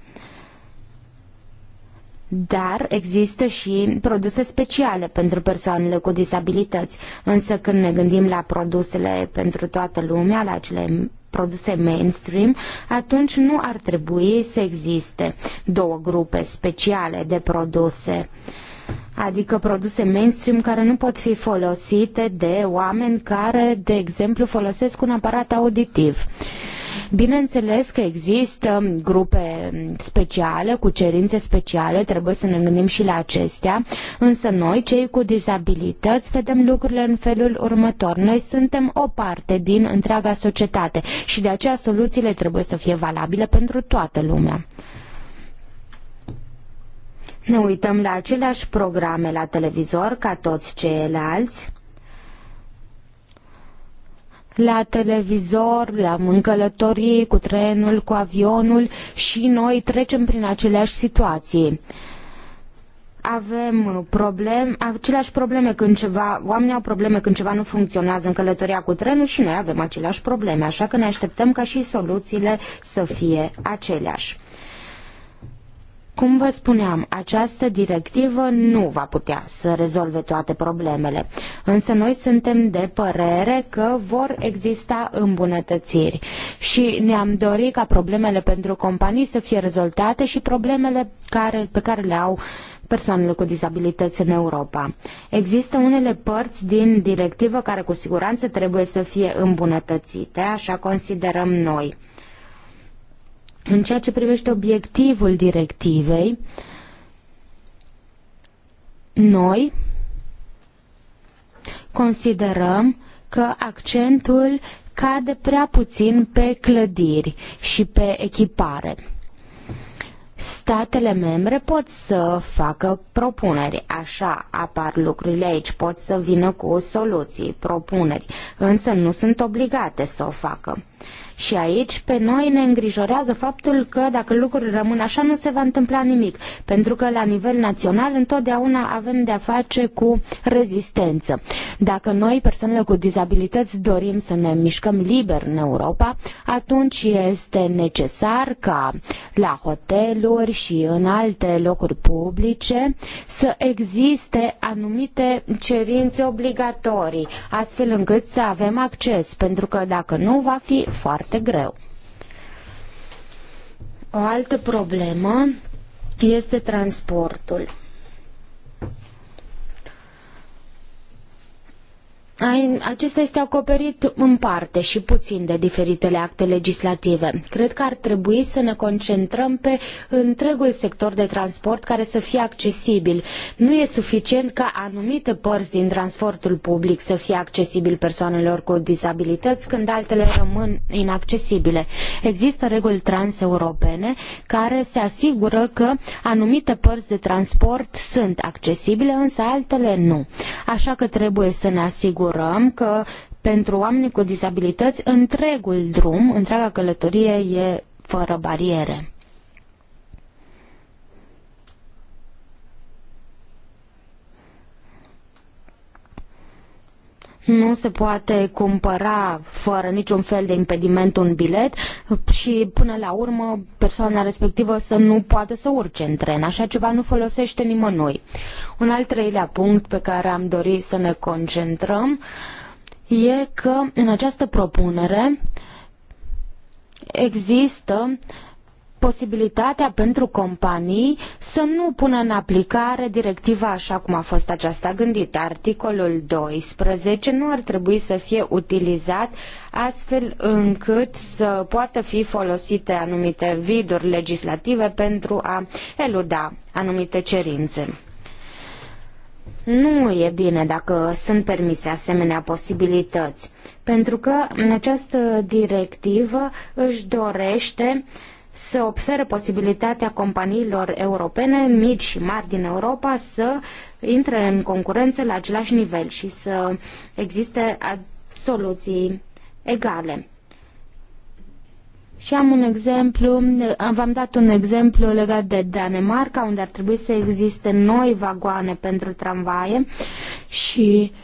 Dar există și produse speciale pentru persoanele cu disabilități. Însă când ne gândim la produsele pentru toată lumea, la cele produse mainstream, atunci nu ar trebui să existe două grupe speciale de produse adică produse mainstream care nu pot fi folosite de oameni care, de exemplu, folosesc un aparat auditiv. Bineînțeles că există grupe speciale, cu cerințe speciale, trebuie să ne gândim și la acestea, însă noi, cei cu dizabilități, vedem lucrurile în felul următor. Noi suntem o parte din întreaga societate și de aceea soluțiile trebuie să fie valabile pentru toată lumea ne uităm la aceleași programe la televizor ca toți ceilalți. La televizor, la mâncălătorie, cu trenul, cu avionul și noi trecem prin aceleași situații avem problem, aceleași probleme când ceva, oamenii au probleme când ceva nu funcționează în călătoria cu trenul și noi avem aceleași probleme, așa că ne așteptăm ca și soluțiile să fie aceleași. Cum vă spuneam, această directivă nu va putea să rezolve toate problemele, însă noi suntem de părere că vor exista îmbunătățiri și ne-am dorit ca problemele pentru companii să fie rezolvate și problemele care, pe care le au persoanele cu dizabilități în Europa. Există unele părți din directivă care cu siguranță trebuie să fie îmbunătățite, așa considerăm noi. În ceea ce privește obiectivul directivei, noi considerăm că accentul cade prea puțin pe clădiri și pe echipare. Statele membre pot să facă propuneri, așa apar lucrurile aici, pot să vină cu soluții, propuneri, însă nu sunt obligate să o facă. Și aici pe noi ne îngrijorează faptul că dacă lucrurile rămân așa nu se va întâmpla nimic, pentru că la nivel național întotdeauna avem de-a face cu rezistență. Dacă noi, persoanele cu dizabilități, dorim să ne mișcăm liber în Europa, atunci este necesar ca la hoteluri și în alte locuri publice să existe anumite cerințe obligatorii, astfel încât să avem acces, pentru că dacă nu va fi foarte greu. O altă problemă este transportul. acesta este acoperit în parte și puțin de diferitele acte legislative. Cred că ar trebui să ne concentrăm pe întregul sector de transport care să fie accesibil. Nu e suficient ca anumite părți din transportul public să fie accesibil persoanelor cu dizabilități când altele rămân inaccesibile. Există reguli transeuropene care se asigură că anumite părți de transport sunt accesibile, însă altele nu. Așa că trebuie să ne asigurăm asigurăm că pentru oamenii cu disabilități întregul drum, întreaga călătorie e fără bariere. nu se poate cumpăra fără niciun fel de impediment un bilet și până la urmă persoana respectivă să nu poată să urce în tren. Așa ceva nu folosește nimănui. Un al treilea punct pe care am dorit să ne concentrăm e că în această propunere există uh, posibilitatea pentru companii să nu pună în aplicare directiva așa cum a fost aceasta gândită. Articolul 12 nu ar trebui să fie utilizat astfel încât să poată fi folosite anumite viduri legislative pentru a eluda anumite cerințe. Nu e bine dacă sunt permise asemenea posibilități, pentru că această directivă își dorește uh, să ofere posibilitatea companiilor europene, mici și mari din Europa, să intre în concurență la același nivel și să existe soluții egale. Și am un exemplu, v-am dat un exemplu legat de Danemarca, unde ar trebui să existe noi vagoane pentru tramvaie și uh,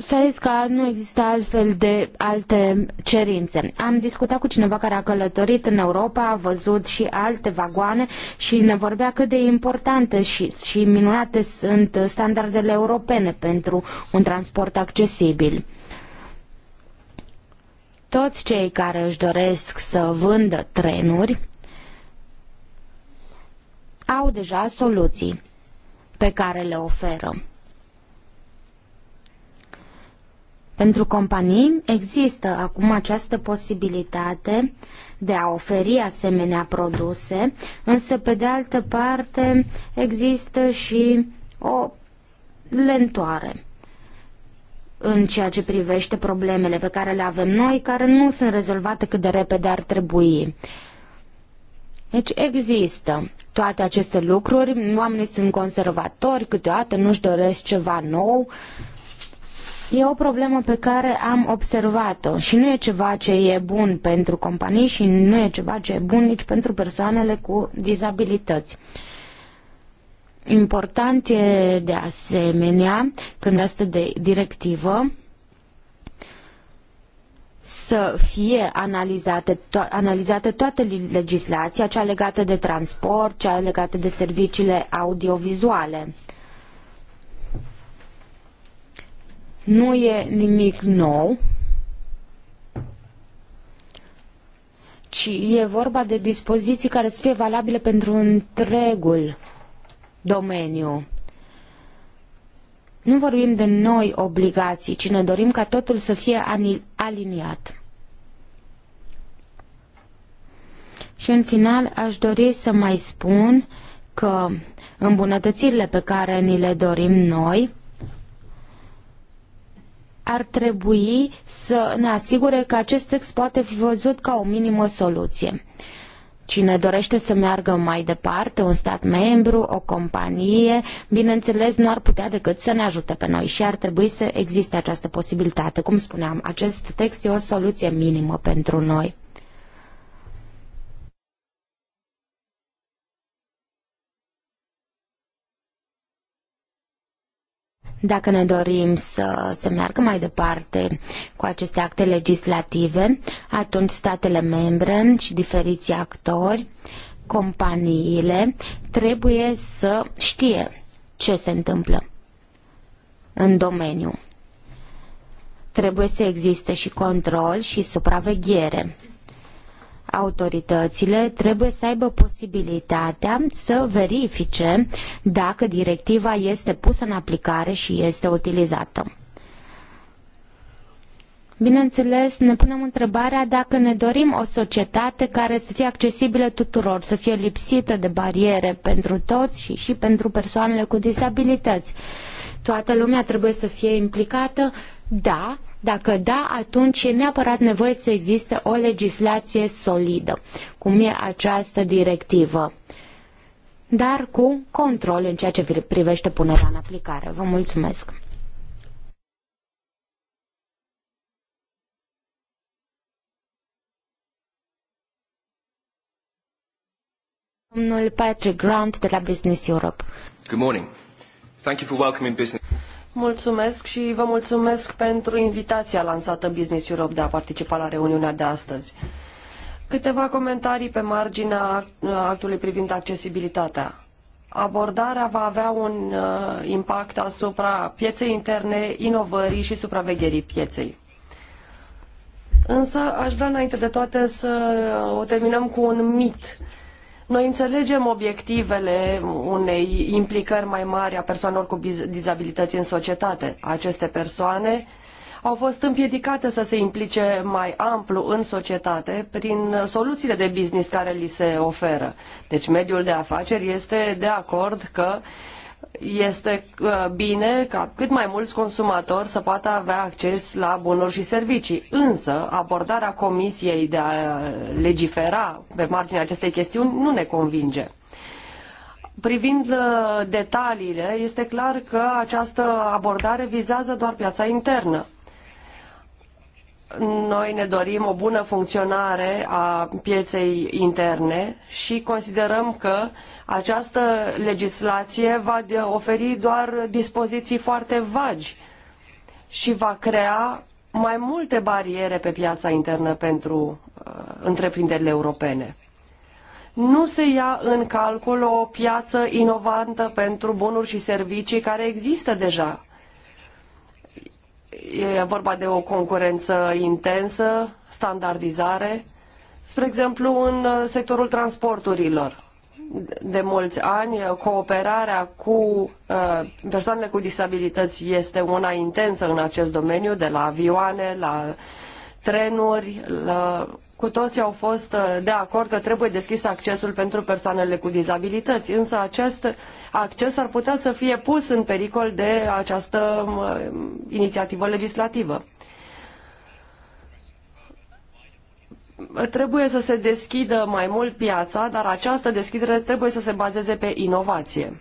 S-a zis că nu există altfel de alte cerințe. Am discutat cu cineva care a călătorit în Europa, a văzut și alte vagoane și ne vorbea cât de importante și, și minunate sunt standardele europene pentru un transport accesibil toți cei care își doresc să vândă trenuri au deja soluții pe care le oferă. Pentru companii există acum această posibilitate de a oferi asemenea produse, însă pe de altă parte există și o lentoare în ceea ce privește problemele pe care le avem noi, care nu sunt rezolvate cât de repede ar trebui. Deci există toate aceste lucruri, oamenii sunt conservatori, câteodată nu-și doresc ceva nou, E o problemă pe care am observat-o și nu e ceva ce e bun pentru companii și nu e ceva ce e bun nici pentru persoanele cu dizabilități. Important e de asemenea, când asta de directivă, să fie analizate, to- analizate toată legislația, cea legată de transport, cea legată de serviciile audiovizuale. Nu e nimic nou, ci e vorba de dispoziții care să fie valabile pentru întregul domeniu. Nu vorbim de noi obligații, ci ne dorim ca totul să fie aliniat. Și în final aș dori să mai spun că îmbunătățirile pe care ni le dorim noi ar trebui să ne asigure că acest text poate fi văzut ca o minimă soluție. Cine dorește să meargă mai departe, un stat membru, o companie, bineînțeles, nu ar putea decât să ne ajute pe noi și ar trebui să existe această posibilitate. Cum spuneam, acest text e o soluție minimă pentru noi. Dacă ne dorim să se meargă mai departe cu aceste acte legislative, atunci statele membre și diferiții actori, companiile, trebuie să știe ce se întâmplă în domeniu. Trebuie să existe și control și supraveghere autoritățile trebuie să aibă posibilitatea să verifice dacă directiva este pusă în aplicare și este utilizată. Bineînțeles, ne punem întrebarea dacă ne dorim o societate care să fie accesibilă tuturor, să fie lipsită de bariere pentru toți și și pentru persoanele cu disabilități. Toată lumea trebuie să fie implicată? Da, dacă da, atunci e neapărat nevoie să existe o legislație solidă, cum e această directivă, dar cu control în ceea ce privește punerea în aplicare. Vă mulțumesc! Domnul Patrick Grant de la Business Europe. Good morning. Thank you for welcoming business. Mulțumesc și vă mulțumesc pentru invitația lansată Business Europe de a participa la reuniunea de astăzi. Câteva comentarii pe marginea actului privind accesibilitatea. Abordarea va avea un uh, impact asupra pieței interne, inovării și supravegherii pieței. Însă aș vrea înainte de toate să o terminăm cu un mit. Noi înțelegem obiectivele unei implicări mai mari a persoanelor cu dizabilități în societate. Aceste persoane au fost împiedicate să se implice mai amplu în societate prin soluțiile de business care li se oferă. Deci mediul de afaceri este de acord că este uh, bine ca cât mai mulți consumatori să poată avea acces la bunuri și servicii. Însă, abordarea Comisiei de a legifera pe marginea acestei chestiuni nu ne convinge. Privind uh, detaliile, este clar că această abordare vizează doar piața internă noi ne dorim o bună funcționare a pieței interne și considerăm că această legislație va oferi doar dispoziții foarte vagi și va crea mai multe bariere pe piața internă pentru uh, întreprinderile europene. Nu se ia în calcul o piață inovantă pentru bunuri și servicii care există deja E vorba de o concurență intensă, standardizare. Spre exemplu, în sectorul transporturilor, de mulți ani, cooperarea cu uh, persoanele cu disabilități este una intensă în acest domeniu, de la avioane, la trenuri, la cu toții au fost uh, de acord că trebuie deschis accesul pentru persoanele cu dizabilități, însă acest acces ar putea să fie pus în pericol de această um, inițiativă legislativă. Trebuie să se deschidă mai mult piața, dar această deschidere trebuie să se bazeze pe inovație.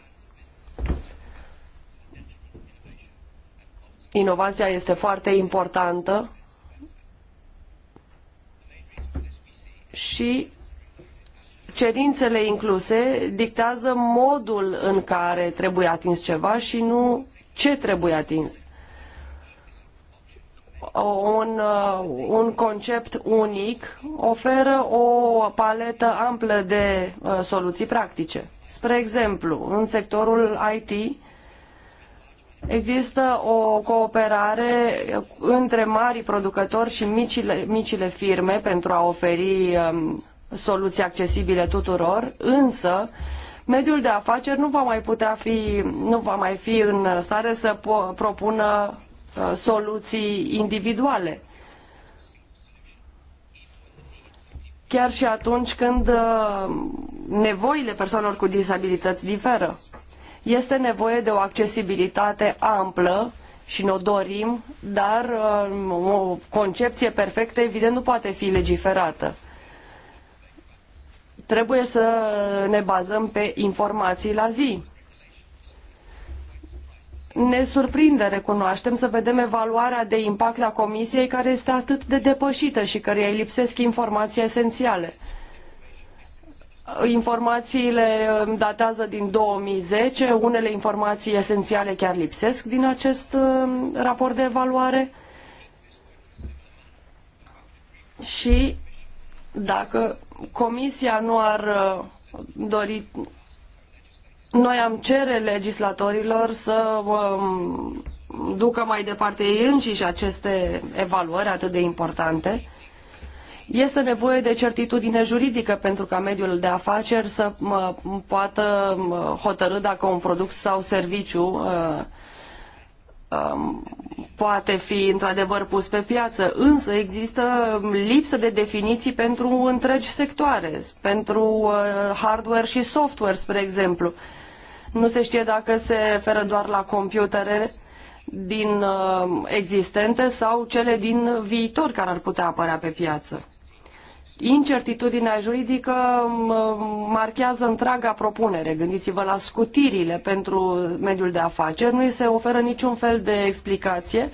Inovația este foarte importantă și cerințele incluse dictează modul în care trebuie atins ceva și nu ce trebuie atins. Un, uh, un concept unic oferă o paletă amplă de uh, soluții practice. Spre exemplu, în sectorul IT, Există o cooperare între marii producători și micile, micile firme pentru a oferi um, soluții accesibile tuturor, însă mediul de afaceri nu va mai putea fi, nu va mai fi în stare să propună uh, soluții individuale. Chiar și atunci când uh, nevoile persoanelor cu dizabilități diferă. Este nevoie de o accesibilitate amplă și ne-o dorim, dar uh, o concepție perfectă evident nu poate fi legiferată. Trebuie să ne bazăm pe informații la zi. Ne surprinde, recunoaștem, să vedem evaluarea de impact a Comisiei care este atât de depășită și căreia îi lipsesc informații esențiale. Informațiile um, datează din 2010, unele informații esențiale chiar lipsesc din acest um, raport de evaluare. Și dacă Comisia nu ar uh, dori, noi am cere legislatorilor să um, ducă mai departe ei înșiși aceste evaluări atât de importante este nevoie de certitudine juridică pentru ca mediul de afaceri să poată hotărâ dacă un produs sau serviciu uh, um, poate fi într-adevăr pus pe piață, însă există lipsă de definiții pentru întregi sectoare, pentru uh, hardware și software, spre exemplu. Nu se știe dacă se referă doar la computere din uh, existente sau cele din viitor care ar putea apărea pe piață. Incertitudinea juridică marchează întreaga propunere. Gândiți-vă la scutirile pentru mediul de afaceri. Nu îi se oferă niciun fel de explicație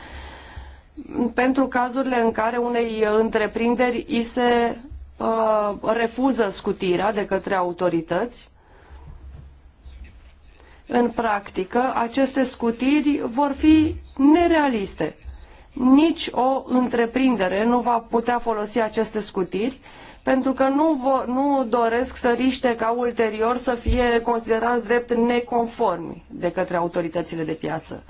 pentru cazurile în care unei întreprinderi îi se uh, refuză scutirea de către autorități. În practică, aceste scutiri vor fi nerealiste nici o întreprindere nu va putea folosi aceste scutiri pentru că nu, nu doresc să riște ca ulterior să fie considerați drept neconformi de către autoritățile de piață.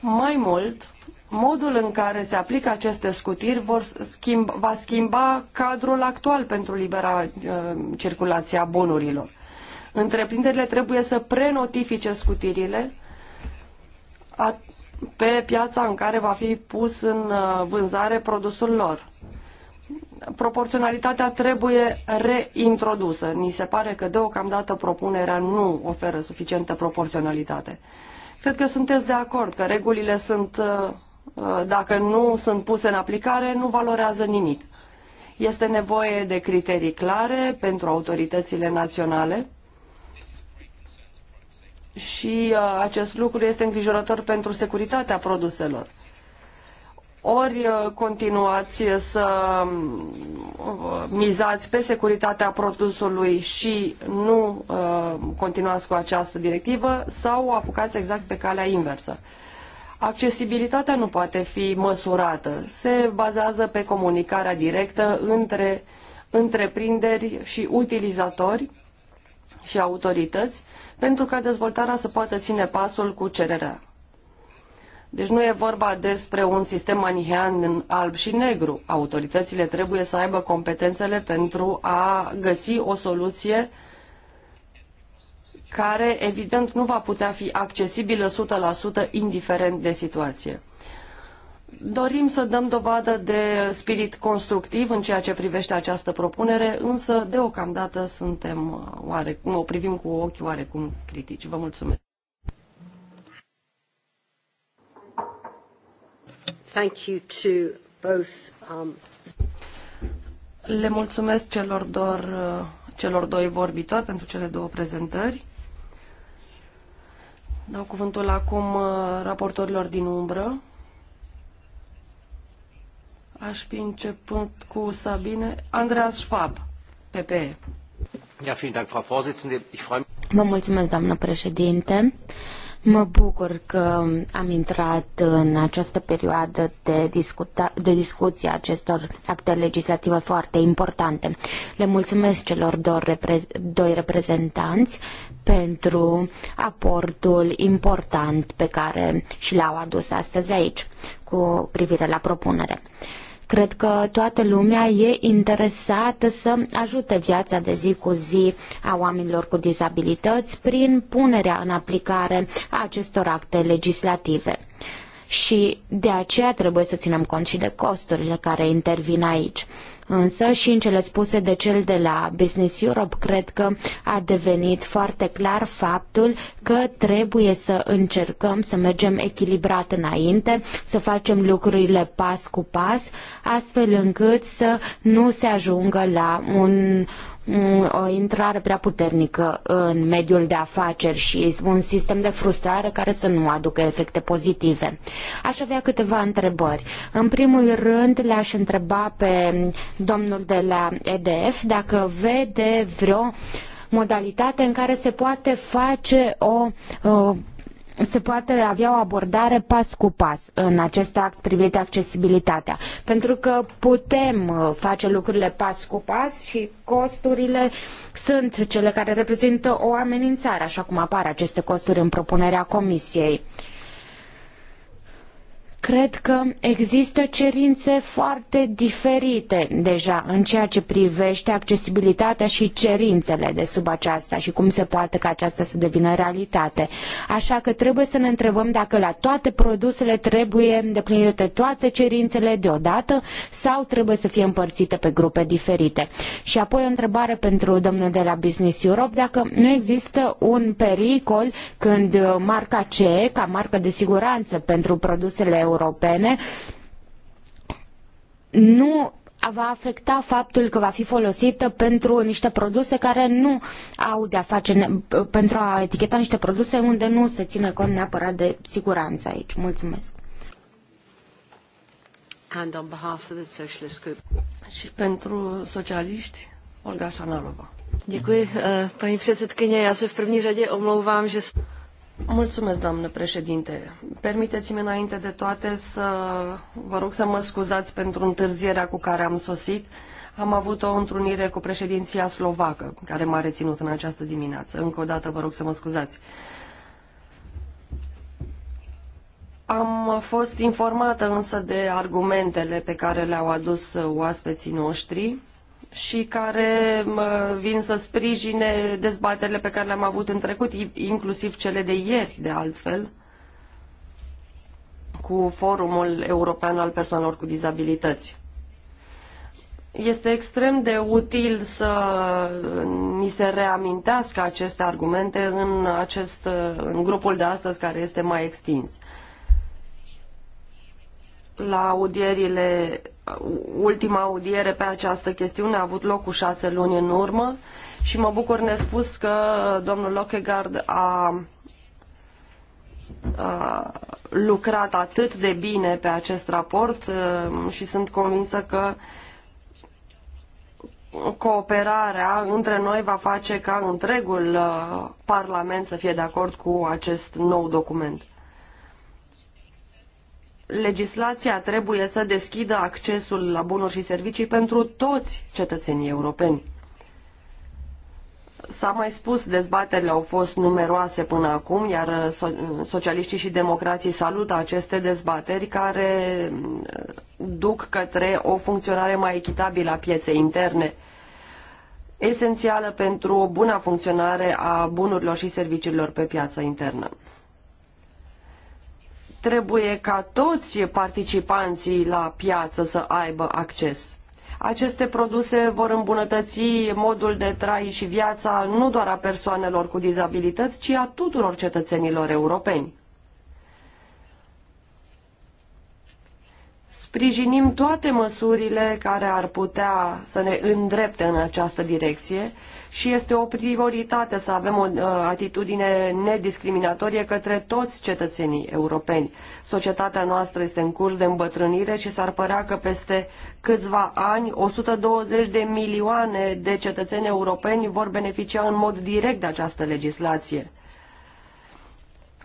Mai mult, modul în care se aplică aceste scutiri vor schimb, va schimba cadrul actual pentru libera uh, circulație a bunurilor. Întreprinderile trebuie să prenotifice scutirile pe piața în care va fi pus în uh, vânzare produsul lor. Proporționalitatea trebuie reintrodusă. Ni se pare că deocamdată propunerea nu oferă suficientă proporționalitate. Cred că sunteți de acord că regulile sunt, uh, uh, dacă nu sunt puse în aplicare, nu valorează nimic. Este nevoie de criterii clare pentru autoritățile naționale și uh, acest lucru este îngrijorător pentru securitatea produselor. Ori uh, continuați să um, uh, mizați pe securitatea produsului și nu continuați cu această directivă sau apucați exact pe calea inversă. Accesibilitatea nu poate fi măsurată. Se bazează pe comunicarea directă între întreprinderi și utilizatori și autorități pentru ca dezvoltarea să poată ține pasul cu cererea. Deci nu e vorba despre un sistem manihean în alb și negru. Autoritățile trebuie să aibă competențele pentru a găsi o soluție care evident nu va putea fi accesibilă 100% indiferent de situație dorim să dăm dovadă de spirit constructiv în ceea ce privește această propunere, însă deocamdată suntem uh, oarecum, o privim cu ochi oarecum critici. Vă mulțumesc. Thank you to both, um... Le mulțumesc celor, dor, uh, celor doi vorbitori pentru cele două prezentări. Dau cuvântul acum uh, raportorilor din umbră. Aș fi început cu Sabine. Andreas Schwab, PPE. Ja, vielen Dank, Frau Vorsitzende. Ich freue mich. Mă mulțumesc, doamnă președinte. Mă bucur că am intrat în această perioadă de, discuta, de discuție acestor acte legislative foarte importante. Le mulțumesc celor doi, reprez, doi reprezentanți pentru aportul important pe care și l-au adus astăzi aici cu privire la propunere. Uh, Cred că toată lumea e interesată să ajute viața de zi cu zi a oamenilor cu dizabilități prin punerea în aplicare a acestor acte legislative. Și de aceea trebuie să ținem cont și de costurile care intervin aici. Însă și în cele spuse de cel de la Business Europe, cred că a devenit foarte clar faptul că trebuie să încercăm să mergem echilibrat înainte, să facem lucrurile pas cu pas, astfel încât să nu se ajungă la un, Mm, o intrare prea puternică în mediul de afaceri și un sistem de frustrare care să nu aducă efecte pozitive. Aș avea câteva întrebări. În primul rând le-aș întreba pe domnul de la EDF dacă vede vreo modalitate în care se poate face o, o se poate avea o abordare pas cu pas în acest act privind accesibilitatea, pentru că putem uh, face lucrurile pas cu pas și costurile sunt cele care reprezintă o amenințare, așa cum apar aceste costuri în propunerea Comisiei. Uh, cred că există cerințe foarte diferite deja în ceea ce privește accesibilitatea și cerințele de sub aceasta și cum se poate ca aceasta să devină realitate. Așa că trebuie să ne întrebăm dacă la toate produsele trebuie îndeplinite toate cerințele deodată sau trebuie să fie împărțite pe grupe diferite. Și apoi o întrebare pentru domnul de la Business Europe, dacă nu există un pericol când marca CE, ca marcă de siguranță pentru produsele europene, europene nu va afecta faptul că va fi folosită pentru niște produse care nu au de-a face, pentru a eticheta niște produse unde nu se ține cont neapărat de siguranță aici. Mulțumesc. And on behalf of the socialist group. Și pentru socialiști, Olga Șanalova. Děkuji, eh, paní předsedkyně. Já se v první řadě omlouvám, že... Mulțumesc, doamnă președinte. Permiteți-mi înainte de toate să vă rog să mă scuzați pentru întârzierea cu care am sosit. Am avut o întrunire cu președinția slovacă, care m-a reținut în această dimineață. Încă o dată vă rog să mă scuzați. Am fost informată însă de argumentele pe care le-au adus oaspeții noștri și care vin să sprijine dezbaterile pe care le-am avut în trecut, inclusiv cele de ieri, de altfel, cu Forumul European al Persoanelor cu Dizabilități. Este extrem de util să uh, ni se reamintească aceste argumente în, acest, uh, în grupul de astăzi care este mai extins. La audierile ultima audiere pe această chestiune a avut loc cu șase luni în urmă și mă bucur nespus că domnul Lockegard a, a lucrat atât de bine pe acest raport uh, și sunt convinsă că cooperarea între noi va face ca întregul uh, Parlament să fie de acord cu acest nou document legislația trebuie să deschidă accesul la bunuri și servicii pentru toți cetățenii europeni. S-a mai spus, dezbaterile au fost numeroase până acum, iar socialiștii și democrații salută aceste dezbateri care uh, duc către o funcționare mai echitabilă a pieței interne, esențială pentru buna funcționare a bunurilor și serviciilor pe piața internă trebuie ca toți participanții la piață să aibă acces. Aceste produse vor îmbunătăți modul de trai și viața nu doar a persoanelor cu dizabilități, ci a tuturor cetățenilor europeni. Sprijinim toate măsurile care ar putea să ne îndrepte în această direcție și este o prioritate să avem o uh, atitudine nediscriminatorie către toți cetățenii europeni. Societatea noastră este în curs de îmbătrânire și s-ar părea că peste câțiva ani 120 de milioane de cetățeni europeni vor beneficia în mod direct de această legislație.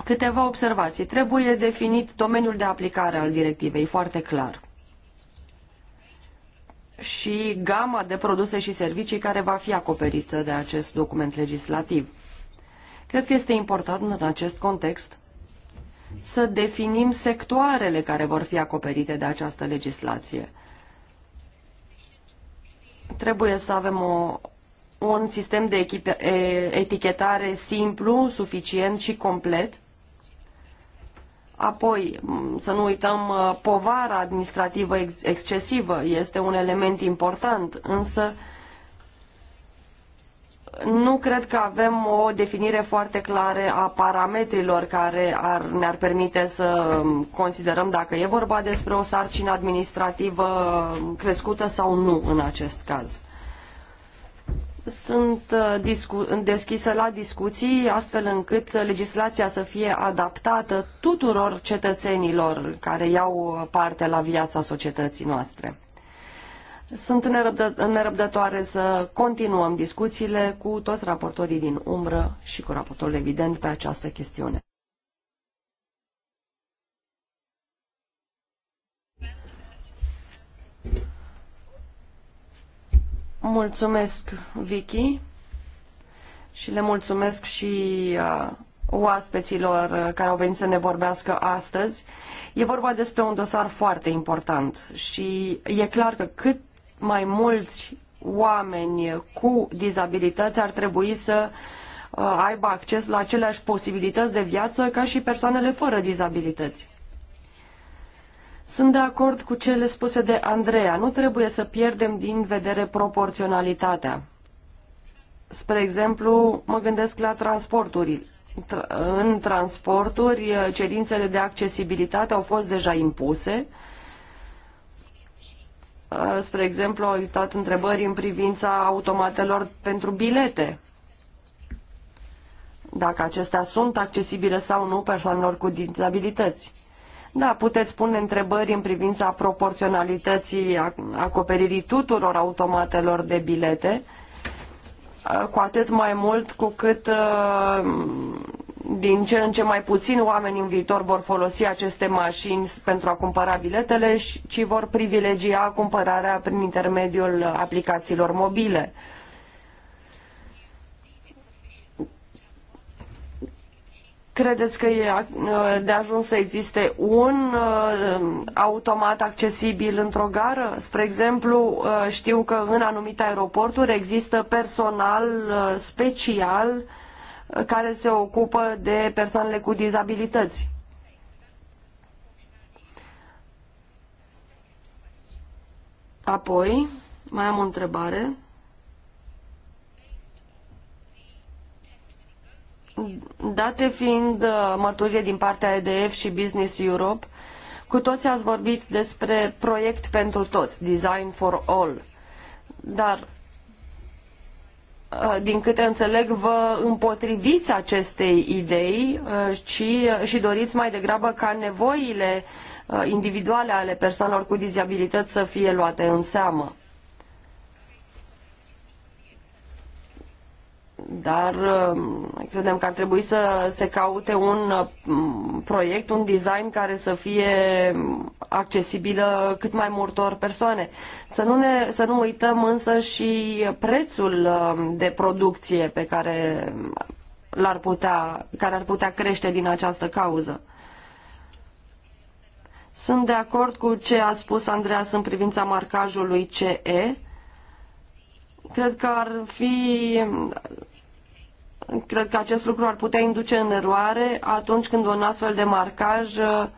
Câteva observații. Trebuie definit domeniul de aplicare al directivei foarte clar și gama de produse și servicii care va fi acoperită de acest document legislativ. Cred că este important în acest context să definim sectoarele care vor fi acoperite de această legislație. Trebuie să avem o, un sistem de etichetare simplu, suficient și complet Apoi, să nu uităm, uh, povara administrativă ex excesivă este un element important, însă nu cred că avem o definire foarte clară a parametrilor care ar, ne-ar permite să um, considerăm dacă e vorba despre o sarcină administrativă uh, crescută sau nu în acest caz sunt uh, deschise la discuții astfel încât legislația să fie adaptată tuturor cetățenilor care iau parte la viața societății noastre. Sunt nerăbdătoare să continuăm discuțiile cu toți raportorii din umbră și cu raportorul evident pe această chestiune. Mulțumesc, Vicky, și le mulțumesc și oaspeților care au venit să ne vorbească astăzi. E vorba despre un dosar foarte important și e clar că cât mai mulți oameni cu dizabilități ar trebui să aibă acces la aceleași posibilități de viață ca și persoanele fără dizabilități. Sunt de acord cu cele spuse de Andreea. Nu trebuie să pierdem din vedere proporționalitatea. Spre exemplu, mă gândesc la transporturi. În transporturi, eh, cerințele de accesibilitate au fost deja impuse. Eh, spre exemplu, au existat întrebări în privința automatelor pentru bilete. Dacă acestea sunt accesibile sau nu persoanelor cu dizabilități. Da, puteți pune întrebări în privința proporționalității acoperirii tuturor automatelor de bilete, uh, cu atât mai mult cu cât uh, din ce în ce mai puțin oameni în viitor vor folosi aceste mașini pentru a cumpăra biletele, ci vor privilegia cumpărarea prin intermediul aplicațiilor mobile. Credeți că e uh, de ajuns să existe un uh, automat accesibil într-o gară? Spre exemplu, uh, știu că în anumite aeroporturi există personal special care se ocupă de persoanele cu dizabilități. Apoi, mai am o întrebare. Date fiind uh, mărturie din partea EDF și Business Europe, cu toți ați vorbit despre proiect pentru toți, Design for All. Dar, uh, din câte înțeleg, vă împotriviți acestei idei și, uh, și doriți mai degrabă ca nevoile individuale ale persoanelor cu dizabilități să fie luate în seamă. Dar uh, credem că ar trebui să se caute un uh, proiect, un design care să fie accesibilă cât mai multor persoane. Să nu, ne, să nu uităm însă și prețul uh, de producție pe care l-ar putea, care ar putea crește din această cauză. Sunt de acord cu ce a spus Andreas în privința marcajului CE. Cred că ar fi Cred că acest lucru ar putea induce în eroare atunci când un astfel de marcaj uh,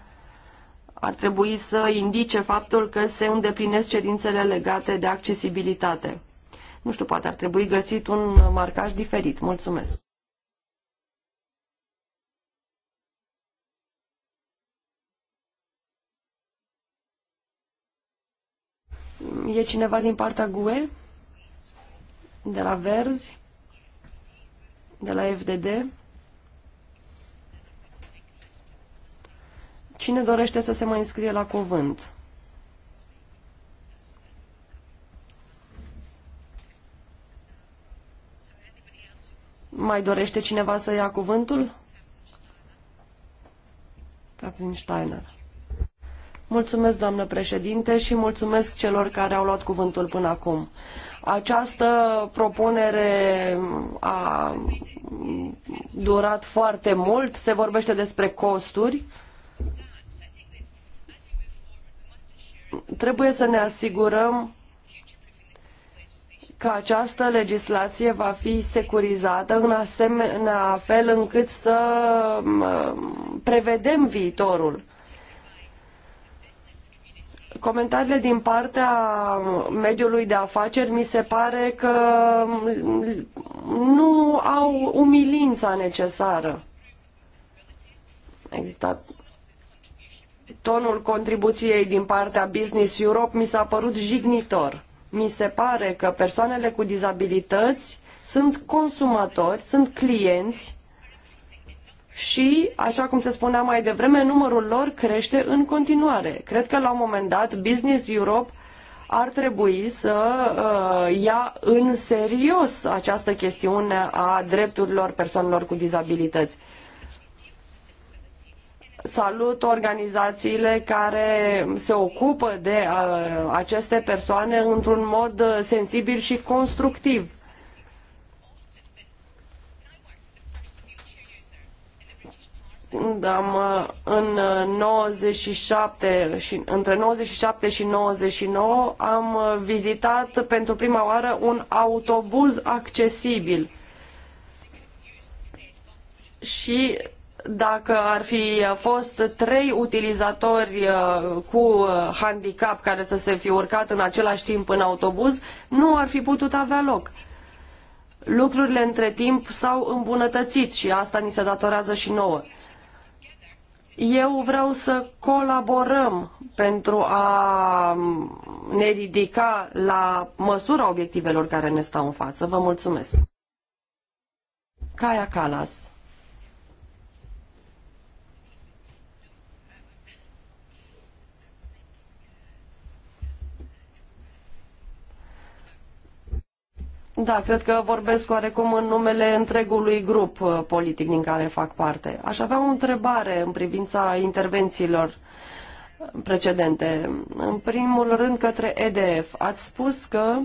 ar trebui să indice faptul că se îndeplinesc cerințele legate de accesibilitate. Nu știu, poate ar trebui găsit un marcaj diferit. Mulțumesc! E cineva din partea GUE? De la Verzi? de la FDD. Cine dorește să se mai înscrie la cuvânt? Mai dorește cineva să ia cuvântul? Catherine Steiner. Mulțumesc, doamnă președinte, și mulțumesc celor care au luat cuvântul până acum. Această propunere a durat foarte mult, se vorbește despre costuri. Trebuie să ne asigurăm că această legislație va fi securizată în asemenea fel încât să prevedem viitorul comentariile din partea mediului de afaceri mi se pare că nu au umilința necesară. Există tonul contribuției din partea Business Europe mi s-a părut jignitor. Mi se pare că persoanele cu dizabilități sunt consumatori, sunt clienți și, așa cum se spunea mai devreme, numărul lor crește în continuare. Cred că la un moment dat Business Europe ar trebui să uh, ia în serios această chestiune a drepturilor persoanelor cu dizabilități. Salut organizațiile care se ocupă de uh, aceste persoane într-un mod uh, sensibil și constructiv am, uh, în 97 uh, și, între 97 și 99 am uh, vizitat pentru prima oară un autobuz accesibil. Și dacă ar fi fost trei utilizatori cu handicap care să se fi urcat în același timp în autobuz, nu ar fi putut avea loc. Lucrurile între timp s-au îmbunătățit și asta ni se datorează și nouă. Eu vreau să colaborăm pentru a ne ridica la măsura obiectivelor care ne stau în față. Vă mulțumesc. Kaya Kalas Da, cred că vorbesc oarecum în numele întregului grup uh, politic din care fac parte. Aș avea o întrebare în privința intervențiilor uh, precedente. În primul rând către EDF. Ați spus că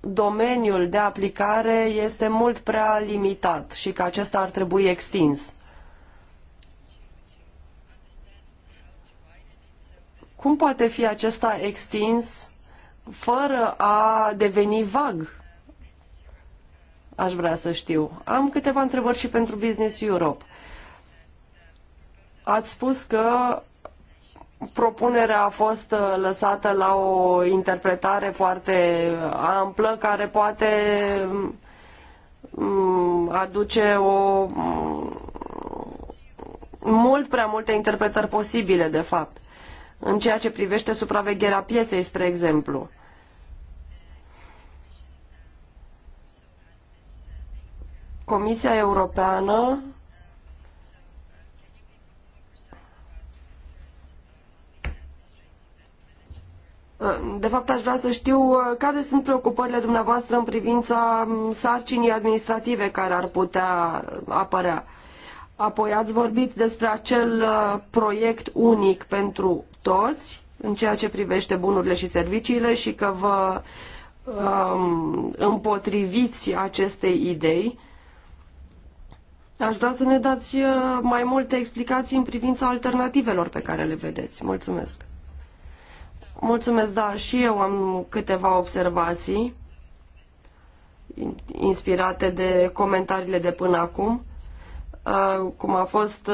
domeniul de aplicare este mult prea limitat și că acesta ar trebui extins. Cum poate fi acesta extins fără a deveni vag? Aș vrea să știu. Am câteva întrebări și pentru Business Europe. Ați spus că propunerea a fost uh, lăsată la o interpretare foarte uh, amplă care poate mm, aduce o mm, mult prea multe interpretări posibile, de fapt în ceea ce privește supravegherea pieței, spre exemplu. Comisia Europeană De fapt, aș vrea să știu uh, care sunt preocupările dumneavoastră în privința sarcinii administrative care ar putea apărea. Apoi ați vorbit despre acel uh, proiect unic pentru toți în ceea ce privește bunurile și serviciile și că vă um, împotriviți acestei idei. Aș vrea să ne dați uh, mai multe explicații în privința alternativelor pe care le vedeți. Mulțumesc. Mulțumesc, da, și eu am câteva observații inspirate de comentariile de până acum cum a fost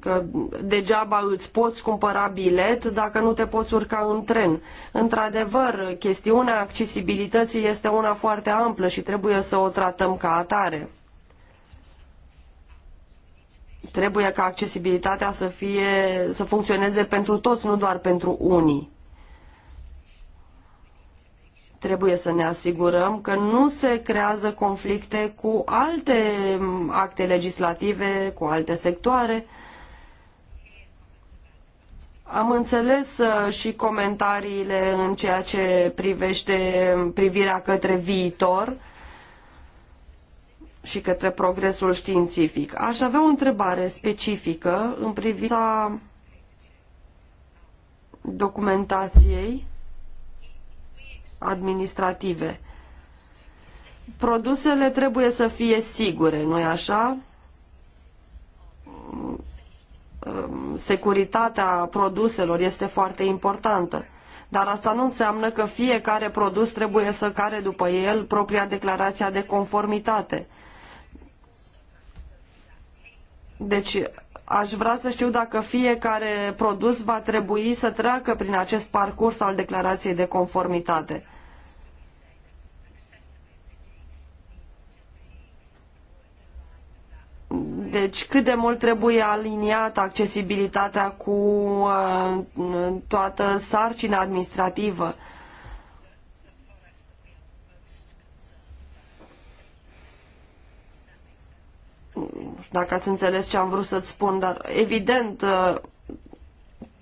că degeaba îți poți cumpăra bilet dacă nu te poți urca în tren. Într-adevăr, chestiunea accesibilității este una foarte amplă și trebuie să o tratăm ca atare. Trebuie ca accesibilitatea să, fie, să funcționeze pentru toți, nu doar pentru unii. Trebuie să ne asigurăm că nu se creează conflicte cu alte acte legislative, cu alte sectoare. Am înțeles uh, și comentariile în ceea ce privește um, privirea către viitor și către progresul științific. Aș avea o întrebare specifică în privința documentației administrative. Produsele trebuie să fie sigure, nu-i așa? Ehm, securitatea produselor este foarte importantă. Dar asta nu înseamnă că fiecare produs trebuie să care după el propria declarația de conformitate. Deci aș vrea să știu dacă fiecare produs va trebui să treacă prin acest parcurs al declarației de conformitate. Deci cât de mult trebuie aliniată accesibilitatea cu uh, toată sarcina administrativă. Nu știu dacă ați înțeles ce am vrut să-ți spun, dar evident uh,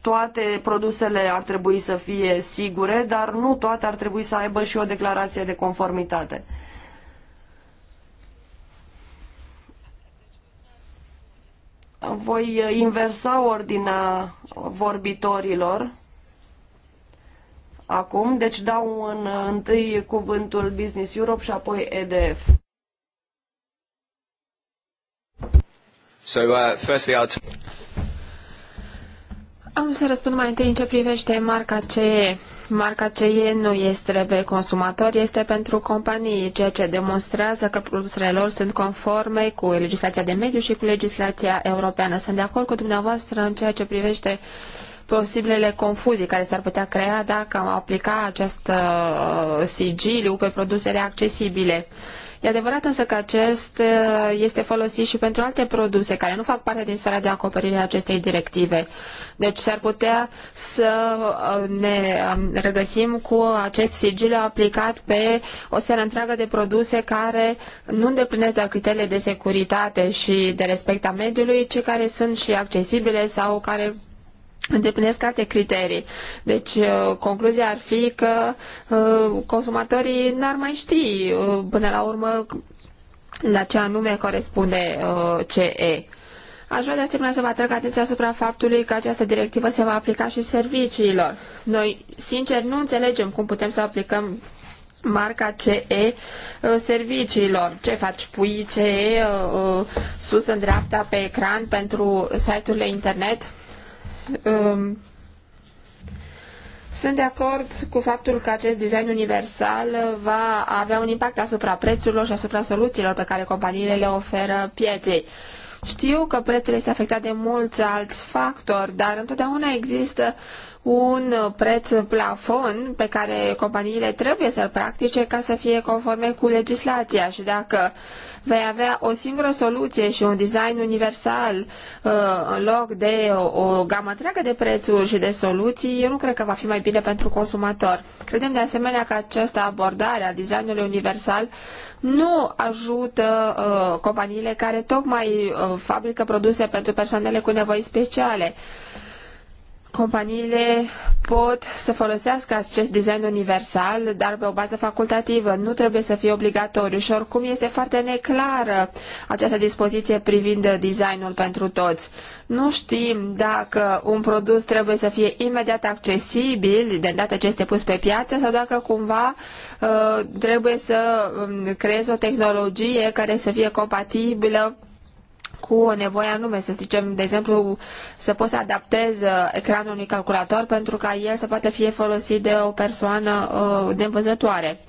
toate produsele ar trebui să fie sigure, dar nu toate ar trebui să aibă și o declarație de conformitate. Voi inversa ordinea vorbitorilor acum, deci dau în, întâi cuvântul Business Europe și apoi EDF. So, uh, firstly, I'll Am să răspund mai întâi în ce privește marca CE marca CE nu este pe consumator, este pentru companii, ceea ce demonstrează că produsele lor sunt conforme cu legislația de mediu și cu legislația europeană. Sunt de acord cu dumneavoastră în ceea ce privește posibilele confuzii care s-ar putea crea dacă am aplica acest uh, sigiliu pe produsele accesibile. Uh, E adevărat însă că acest uh, este folosit și pentru alte produse care nu fac parte din sfera de acoperire a acestei directive. Deci s-ar putea să uh, ne um, regăsim cu acest sigiliu aplicat pe o seară întreagă de produse care nu îndeplinesc doar criteriile de securitate și de respect a mediului, ci care sunt și accesibile sau care îndeplinesc alte criterii. Deci, uh, concluzia ar fi că uh, consumatorii n-ar mai ști uh, până la urmă la ce anume corespunde CE. Aș vrea de asemenea să vă atrag atenția asupra faptului că această directivă se va aplica și serviciilor. Noi, sincer, nu înțelegem cum putem să aplicăm marca CE serviciilor. Ce faci? Pui CE sus în dreapta pe ecran pentru site-urile internet? Um, sunt de acord cu faptul că acest design universal va avea un impact asupra prețurilor și asupra soluțiilor pe care companiile le oferă pieței. Știu că prețul este afectat de mulți alți factori, dar întotdeauna există uh, un preț plafon pe care companiile trebuie să-l practice ca să fie conforme cu legislația și dacă vei avea o singură soluție și un design universal uh, în loc de o gamă întreagă de prețuri și de soluții, eu nu cred că va fi mai bine pentru consumator. Credem de asemenea că această abordare a designului universal nu ajută uh, companiile care tocmai uh, fabrică produse pentru persoanele cu nevoi speciale companiile pot să folosească acest design universal, dar pe o bază facultativă. Nu trebuie să fie obligatoriu și oricum este foarte neclară această dispoziție privind designul pentru toți. Nu știm dacă un produs trebuie să fie imediat accesibil de îndată ce este pus pe piață sau dacă cumva uh, trebuie să um, creezi o tehnologie care să fie compatibilă cu o nevoie anume, să zicem, de exemplu, să poți să adaptezi uh, ecranul unui calculator pentru ca el să poată fi folosit de o persoană uh, de învăzătoare.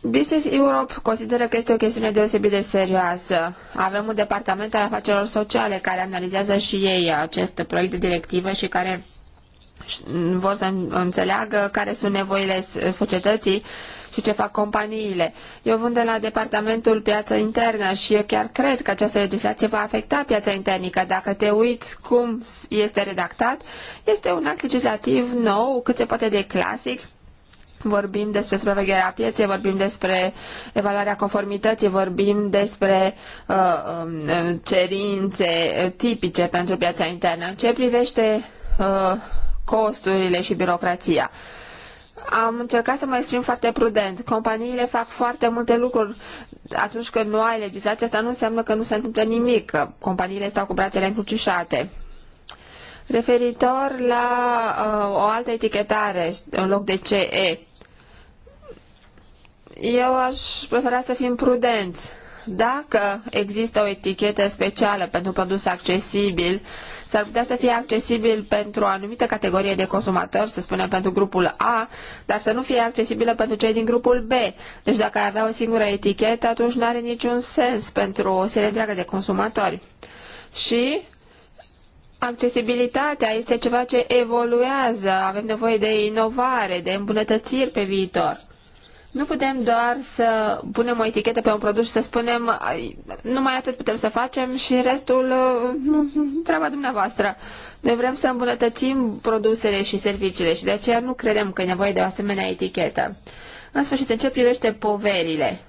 Business Europe consideră că este o chestiune deosebit de serioasă. Avem un departament al afacerilor sociale care analizează și ei acest proiect de directivă și care vor să înțeleagă care sunt nevoile societății și ce fac companiile. Eu vând de la Departamentul Piață Internă și eu chiar cred că această legislație va afecta piața internică. Dacă te uiți cum este redactat, este un act legislativ nou, cât se poate de clasic, vorbim despre supravegherea pieței, vorbim despre evaluarea conformității, vorbim despre uh, um, cerințe tipice pentru piața internă. În ce privește uh, costurile și birocrația? Uh, am încercat să mă exprim foarte prudent. Companiile fac foarte multe lucruri. Atunci când nu ai legislație, asta nu înseamnă că nu se întâmplă nimic, că companiile stau cu brațele încrucișate. Referitor la uh, o altă etichetare în loc de CE, eu aș prefera să fim prudenți. Dacă există o etichetă specială pentru produs accesibil, uh, s-ar putea să fie accesibil pentru o anumită categorie de consumatori, să spunem pentru grupul A, dar să nu fie accesibilă pentru cei din grupul B. Deci dacă ai avea o singură etichetă, atunci nu are niciun sens pentru o serie întreagă de consumatori. Și Accesibilitatea este ceva ce evoluează, avem nevoie de inovare, de îmbunătățiri pe viitor. Nu putem doar să punem o etichetă pe un produs și să spunem numai atât putem să facem și restul uh, treaba dumneavoastră. Noi vrem să îmbunătățim produsele și serviciile și de aceea nu credem că e nevoie de o asemenea etichetă. În sfârșit, în ce privește poverile?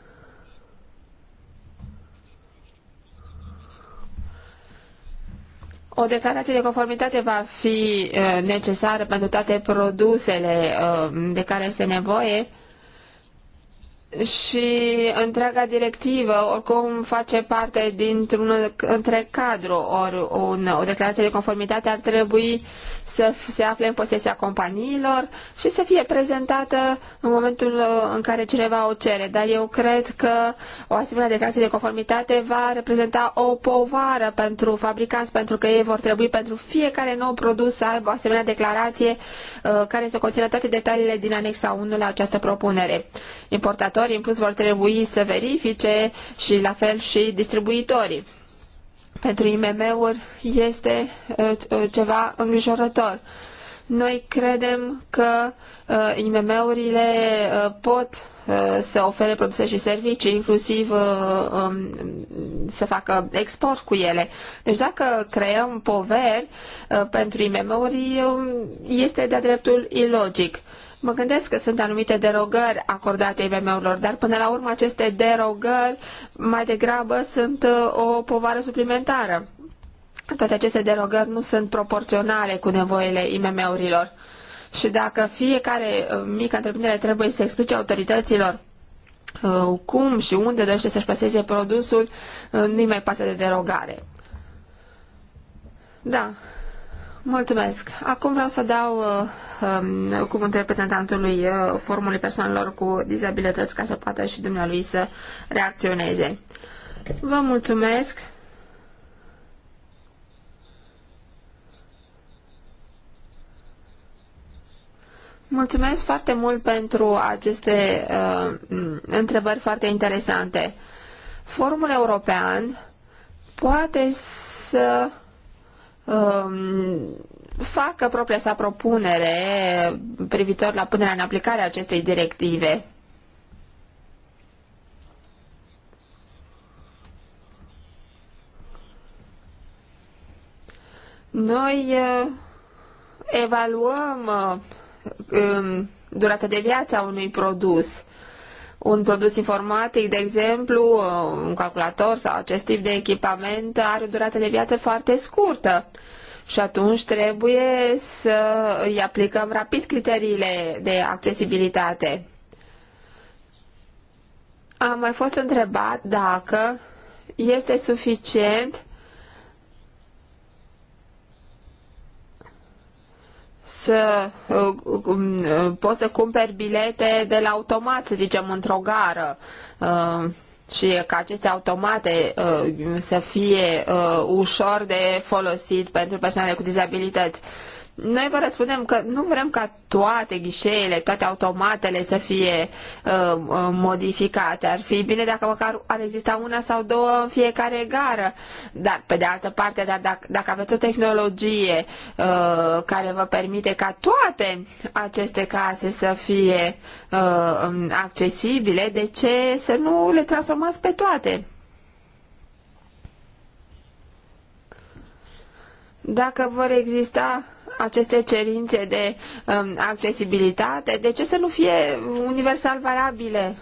O declarație de conformitate va fi uh, necesară pentru toate produsele uh, de care este nevoie și întreaga directivă oricum face parte dintr-un între cadru, ori un, o declarație de conformitate ar trebui să se afle în posesia companiilor și să fie prezentată în momentul în care cineva o cere. Dar eu cred că o asemenea declarație de conformitate va reprezenta o povară pentru fabricanți, pentru că ei vor trebui pentru fiecare nou produs să aibă o asemenea declarație uh, care să conțină toate detaliile din anexa 1 la această propunere. Importator producătorii în plus vor trebui să verifice și la fel și distribuitorii. Pentru IMM-uri este uh, uh, ceva îngrijorător. Noi credem că uh, IMM-urile pot să ofere produse și servicii, inclusiv um, să facă export cu ele. Deci dacă creăm poveri pentru IMM-uri, este de-a dreptul ilogic. Mă gândesc că sunt anumite derogări acordate IMM-urilor, dar până la urmă aceste derogări mai degrabă sunt uh, o povară suplimentară. Toate aceste derogări nu sunt proporționale cu nevoile IMM-urilor. Și dacă fiecare uh, mică întreprindere trebuie să explice autorităților uh, cum și unde dorește să-și plaseze produsul, nu-i mai pasă de derogare. Da, Mulțumesc. Acum vreau să dau uh, um, cuvântul reprezentantului uh, Forumului Persoanelor cu Dizabilități ca să poată și dumnealui să reacționeze. Vă mulțumesc. Mulțumesc foarte mult pentru aceste uh, întrebări foarte interesante. Forumul European poate să Um, facă propria sa propunere privitor la punerea în aplicare a acestei directive. Noi uh, evaluăm uh, durata de viață a unui produs un produs informatic, de exemplu, un calculator sau acest tip de echipament are o durată de viață foarte scurtă. Și atunci trebuie să îi aplicăm rapid criteriile de accesibilitate. Am mai fost întrebat dacă este suficient să uh, um, uh, poți să cumperi bilete de la automat, să zicem, într-o gară uh, și ca aceste automate să fie ușor de folosit pentru persoanele cu dizabilități. Noi vă răspundem că nu vrem ca toate ghișeele, toate automatele să fie uh, uh, modificate. Ar fi bine dacă măcar ar exista una sau două în fiecare gară. Dar, pe de altă parte, dar dacă, dacă aveți o tehnologie uh, care vă permite ca toate aceste case să fie uh, accesibile, de ce să nu le transformați pe toate? Dacă vor exista aceste cerințe de um, accesibilitate, de ce să nu fie universal valabile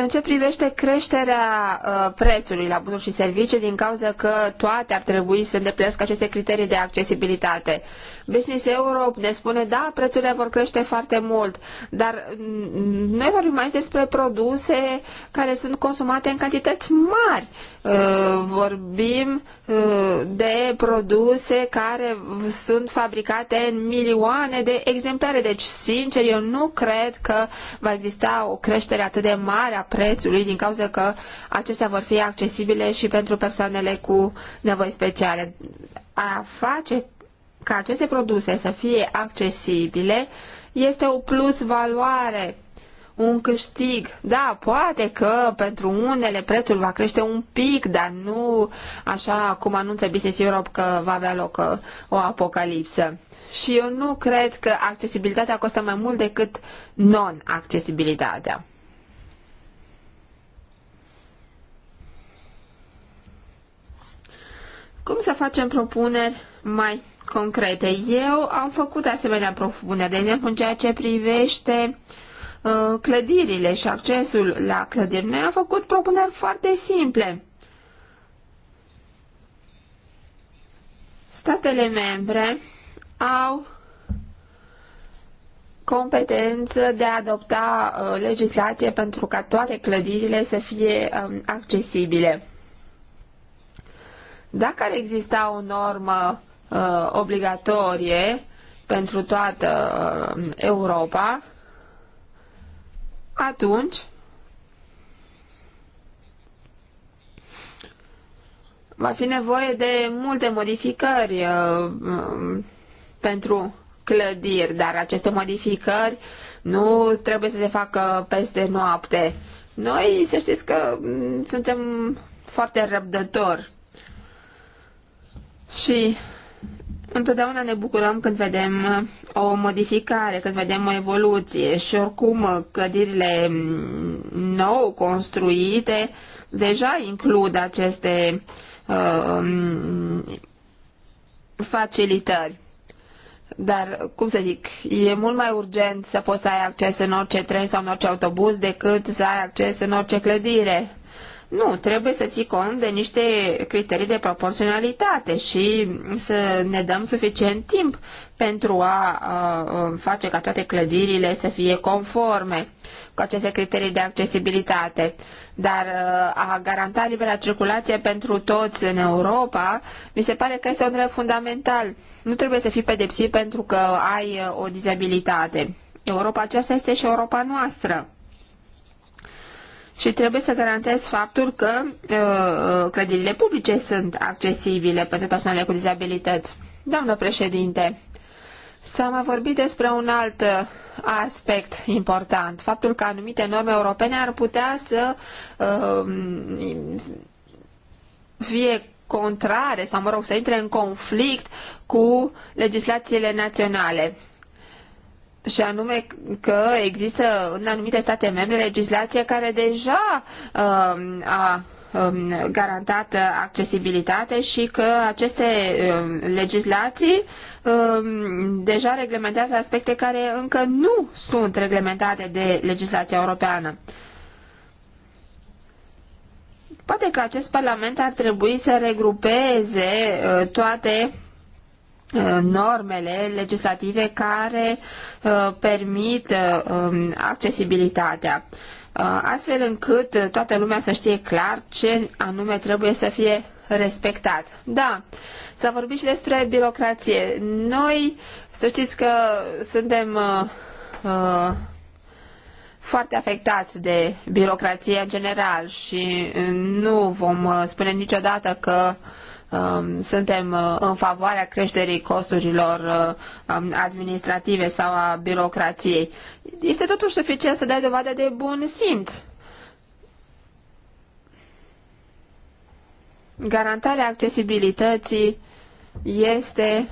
în ce privește creșterea uh, prețului la bunuri și servicii, din cauza că toate ar trebui să îndeplinească aceste criterii de accesibilitate. Business Europe ne spune, da, prețurile vor crește foarte mult, dar mm, noi vorbim aici despre produse care sunt consumate în cantități mari. Uh, vorbim uh, de produse care sunt fabricate în milioane de exemplare. Deci, sincer, eu nu cred că va exista o creștere atât de mare a prețului din cauza că acestea vor fi accesibile și pentru persoanele cu nevoi speciale. A face ca aceste produse să fie accesibile este o plus valoare, un câștig. Da, poate că pentru unele prețul va crește un pic, dar nu așa cum anunță Business Europe că va avea loc uh, o apocalipsă. Și eu nu cred că accesibilitatea costă mai mult decât non-accesibilitatea. Cum să facem propuneri mai concrete? Eu am făcut asemenea propuneri, de exemplu în ceea ce privește uh, clădirile și accesul la clădiri. Noi am făcut propuneri foarte simple. Statele membre au competență de a adopta uh, legislație pentru ca toate clădirile să fie um, accesibile. Dacă ar exista o normă uh, obligatorie pentru toată uh, Europa, atunci va fi nevoie de multe modificări uh, um, pentru clădiri, dar aceste modificări nu trebuie să se facă peste noapte. Noi, să știți că mm, suntem foarte răbdători și întotdeauna ne bucurăm când vedem uh, o modificare, când vedem o evoluție și oricum uh, clădirile mm, nou construite deja includ aceste uh, um, facilitări. Dar, cum să zic, e mult mai urgent să poți să ai acces în orice tren sau în orice autobuz decât să ai acces în orice clădire. Nu, trebuie să ții cont de niște criterii de proporționalitate și să ne dăm suficient timp pentru a, face ca toate clădirile să fie conforme cu aceste criterii de accesibilitate. Dar a garanta libera circulație pentru toți în Europa, mi se pare că este un drept fundamental. Nu trebuie să fii pedepsit pentru că ai o dizabilitate. Europa aceasta este și Europa noastră și trebuie să garantez faptul că uh, uh, clădirile publice sunt accesibile pentru persoanele cu dizabilități. Doamnă președinte, s-a mai vorbit despre un alt uh, aspect important, faptul că anumite norme europene ar putea să uh, fie contrare sau, mă rog, să intre în conflict cu legislațiile naționale și anume că există în anumite state membre legislație care deja uh, a um, garantat accesibilitate și că aceste um, legislații deja reglementează aspecte care încă nu sunt reglementate de legislația europeană. Poate că acest Parlament ar trebui să regrupeze uh, toate Uh, normele legislative care uh, permit uh, um, accesibilitatea, astfel încât toată lumea să știe clar ce anume trebuie să fie respectat. Da, s-a vorbit și despre birocrație. Noi, să știți că suntem uh, foarte afectați de birocrație în general și nu vom spune niciodată că uh, Um, suntem uh, în favoarea creșterii costurilor uh, um, administrative sau a birocrației. Este totuși suficient să dai dovadă de bun simț. Garantarea accesibilității este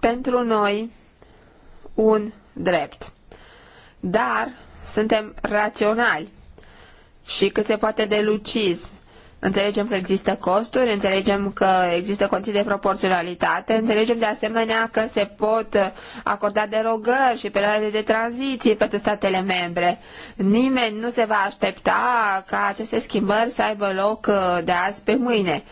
pentru noi un drept. Dar suntem raționali și cât se poate de lucizi Înțelegem că există costuri, înțelegem că există condiții de proporționalitate, înțelegem de asemenea că se pot acorda derogări și perioade de tranziție pentru statele membre. Nimeni nu se va aștepta ca aceste schimbări să aibă loc uh, de azi pe mâine.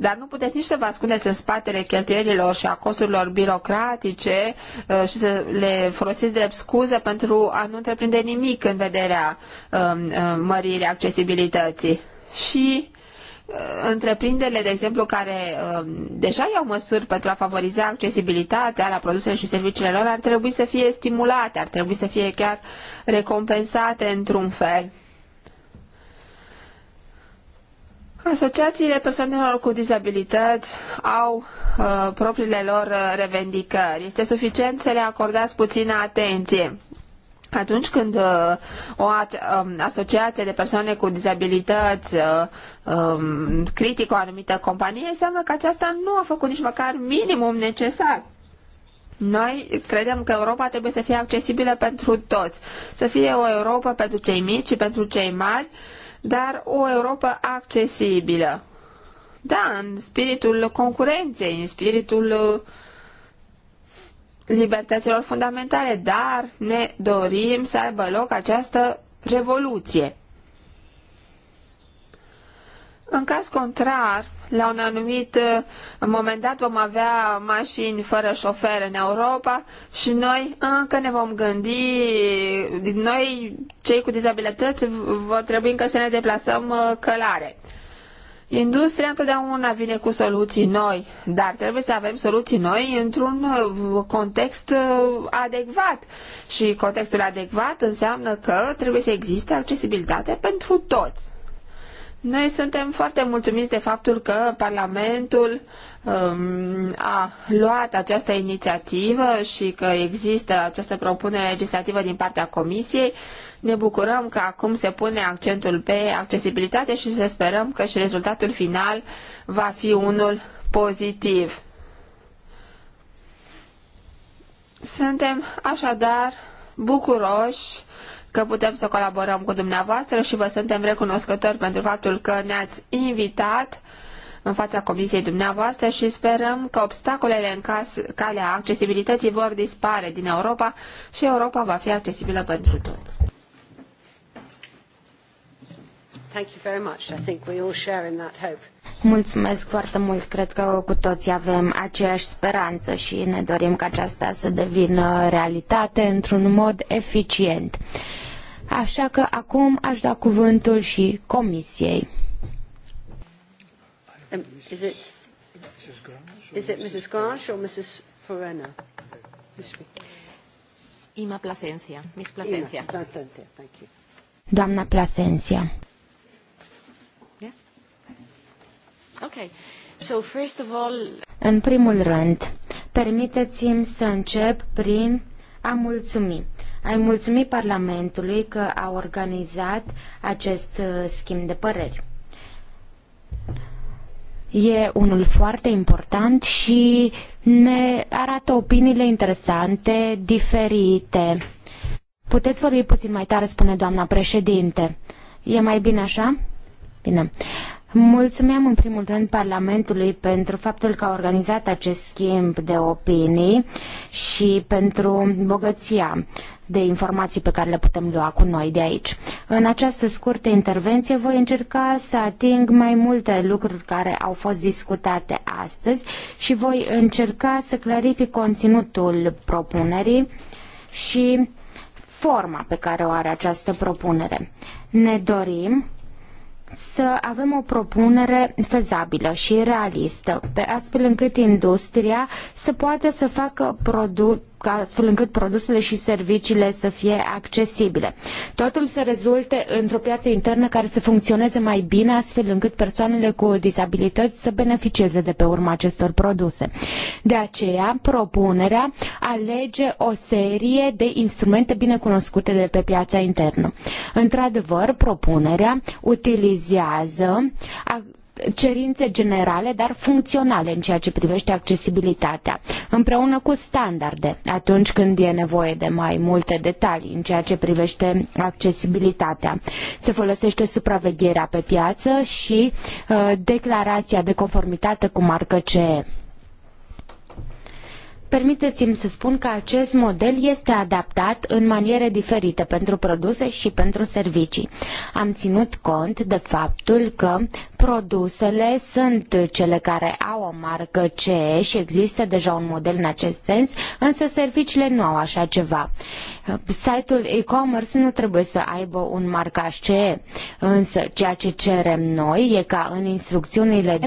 Dar nu puteți nici să vă ascundeți în spatele cheltuielilor și a costurilor birocratice uh, și să le folosiți drept scuză pentru a nu întreprinde nimic în vederea um, uh, măririi accesibilității și uh, întreprinderile, de exemplu, care uh, deja iau măsuri pentru a favoriza accesibilitatea la produsele și serviciile lor, ar trebui să fie stimulate, ar trebui să fie chiar recompensate într-un fel. Asociațiile persoanelor cu dizabilități au uh, propriile lor uh, revendicări. Este suficient să le acordați puțină atenție atunci când uh, o um, asociație de persoane cu dizabilități uh, um, critică o anumită companie, înseamnă că aceasta nu a făcut nici măcar minimum necesar. Noi credem că Europa trebuie să fie accesibilă pentru toți, să fie o Europa pentru cei mici și pentru cei mari, dar o Europa accesibilă. Da, în spiritul concurenței, în spiritul uh, libertăților fundamentale, dar ne dorim să aibă loc această revoluție. În caz contrar, la un anumit uh, moment dat vom avea mașini fără șofer în Europa și noi încă ne vom gândi, noi cei cu dizabilități vor trebui încă să ne deplasăm uh, călare. Industria întotdeauna vine cu soluții noi, dar trebuie să avem soluții noi într-un uh, context uh, adecvat. Și contextul adecvat înseamnă că trebuie să existe accesibilitate pentru toți. Noi suntem foarte mulțumiți de faptul că Parlamentul um, a luat această inițiativă și că există această propunere legislativă din partea Comisiei ne bucurăm că acum se pune accentul pe accesibilitate și să sperăm că și rezultatul final va fi unul pozitiv. Suntem așadar bucuroși că putem să colaborăm cu dumneavoastră și vă suntem recunoscători pentru faptul că ne-ați invitat în fața comisiei dumneavoastră și sperăm că obstacolele în caz, calea accesibilității vor dispare din Europa și Europa va fi accesibilă pentru toți. Thank you very much. I think we all share in that hope. Mulțumesc foarte mult. Cred că cu toții avem aceeași speranță și ne dorim ca aceasta să devină realitate într-un mod eficient. Așa că acum aș da cuvântul și comisiei. Um, is it, is it Mrs. Grange or Mrs. Forena? Ima Placencia. Miss Placencia. Ima Placencia. Thank you. Doamna Placencia. În primul rând, permiteți-mi să încep prin a mulțumi. Ai mulțumi Parlamentului că a organizat acest uh, schimb de păreri. E unul foarte important și ne arată opiniile interesante, diferite. Puteți vorbi puțin mai tare, spune doamna președinte. E mai bine așa? Bine. Mulțumim în primul rând Parlamentului pentru faptul că a organizat acest schimb de opinii și pentru bogăția de informații pe care le putem lua cu noi de aici. În această scurtă intervenție voi încerca să ating mai multe lucruri care au fost discutate astăzi și voi încerca să clarific conținutul propunerii și forma pe care o are această propunere. Ne dorim să avem o propunere fezabilă și realistă, pe astfel încât industria să poată să facă produs astfel încât produsele și serviciile să fie accesibile. Totul să rezulte într-o piață internă care să funcționeze mai bine, astfel încât persoanele cu dizabilități să beneficieze de pe urma acestor produse. De aceea, propunerea alege o serie de instrumente bine cunoscute de pe piața internă. Într-adevăr, propunerea utilizează cerințe generale, dar funcționale în ceea ce privește accesibilitatea, împreună cu standarde atunci când e nevoie de mai multe detalii în ceea ce privește accesibilitatea. Se folosește supravegherea pe piață și uh, declarația de conformitate cu marcă CE. Permiteți-mi să spun că acest model este adaptat în maniere diferite pentru produse și pentru servicii. Am ținut cont de faptul că produsele sunt cele care au o marcă CE și există deja un model în acest sens, însă serviciile nu au așa ceva. Site-ul e-commerce nu trebuie să aibă un marcaj CE, însă ceea ce cerem noi e ca în instrucțiunile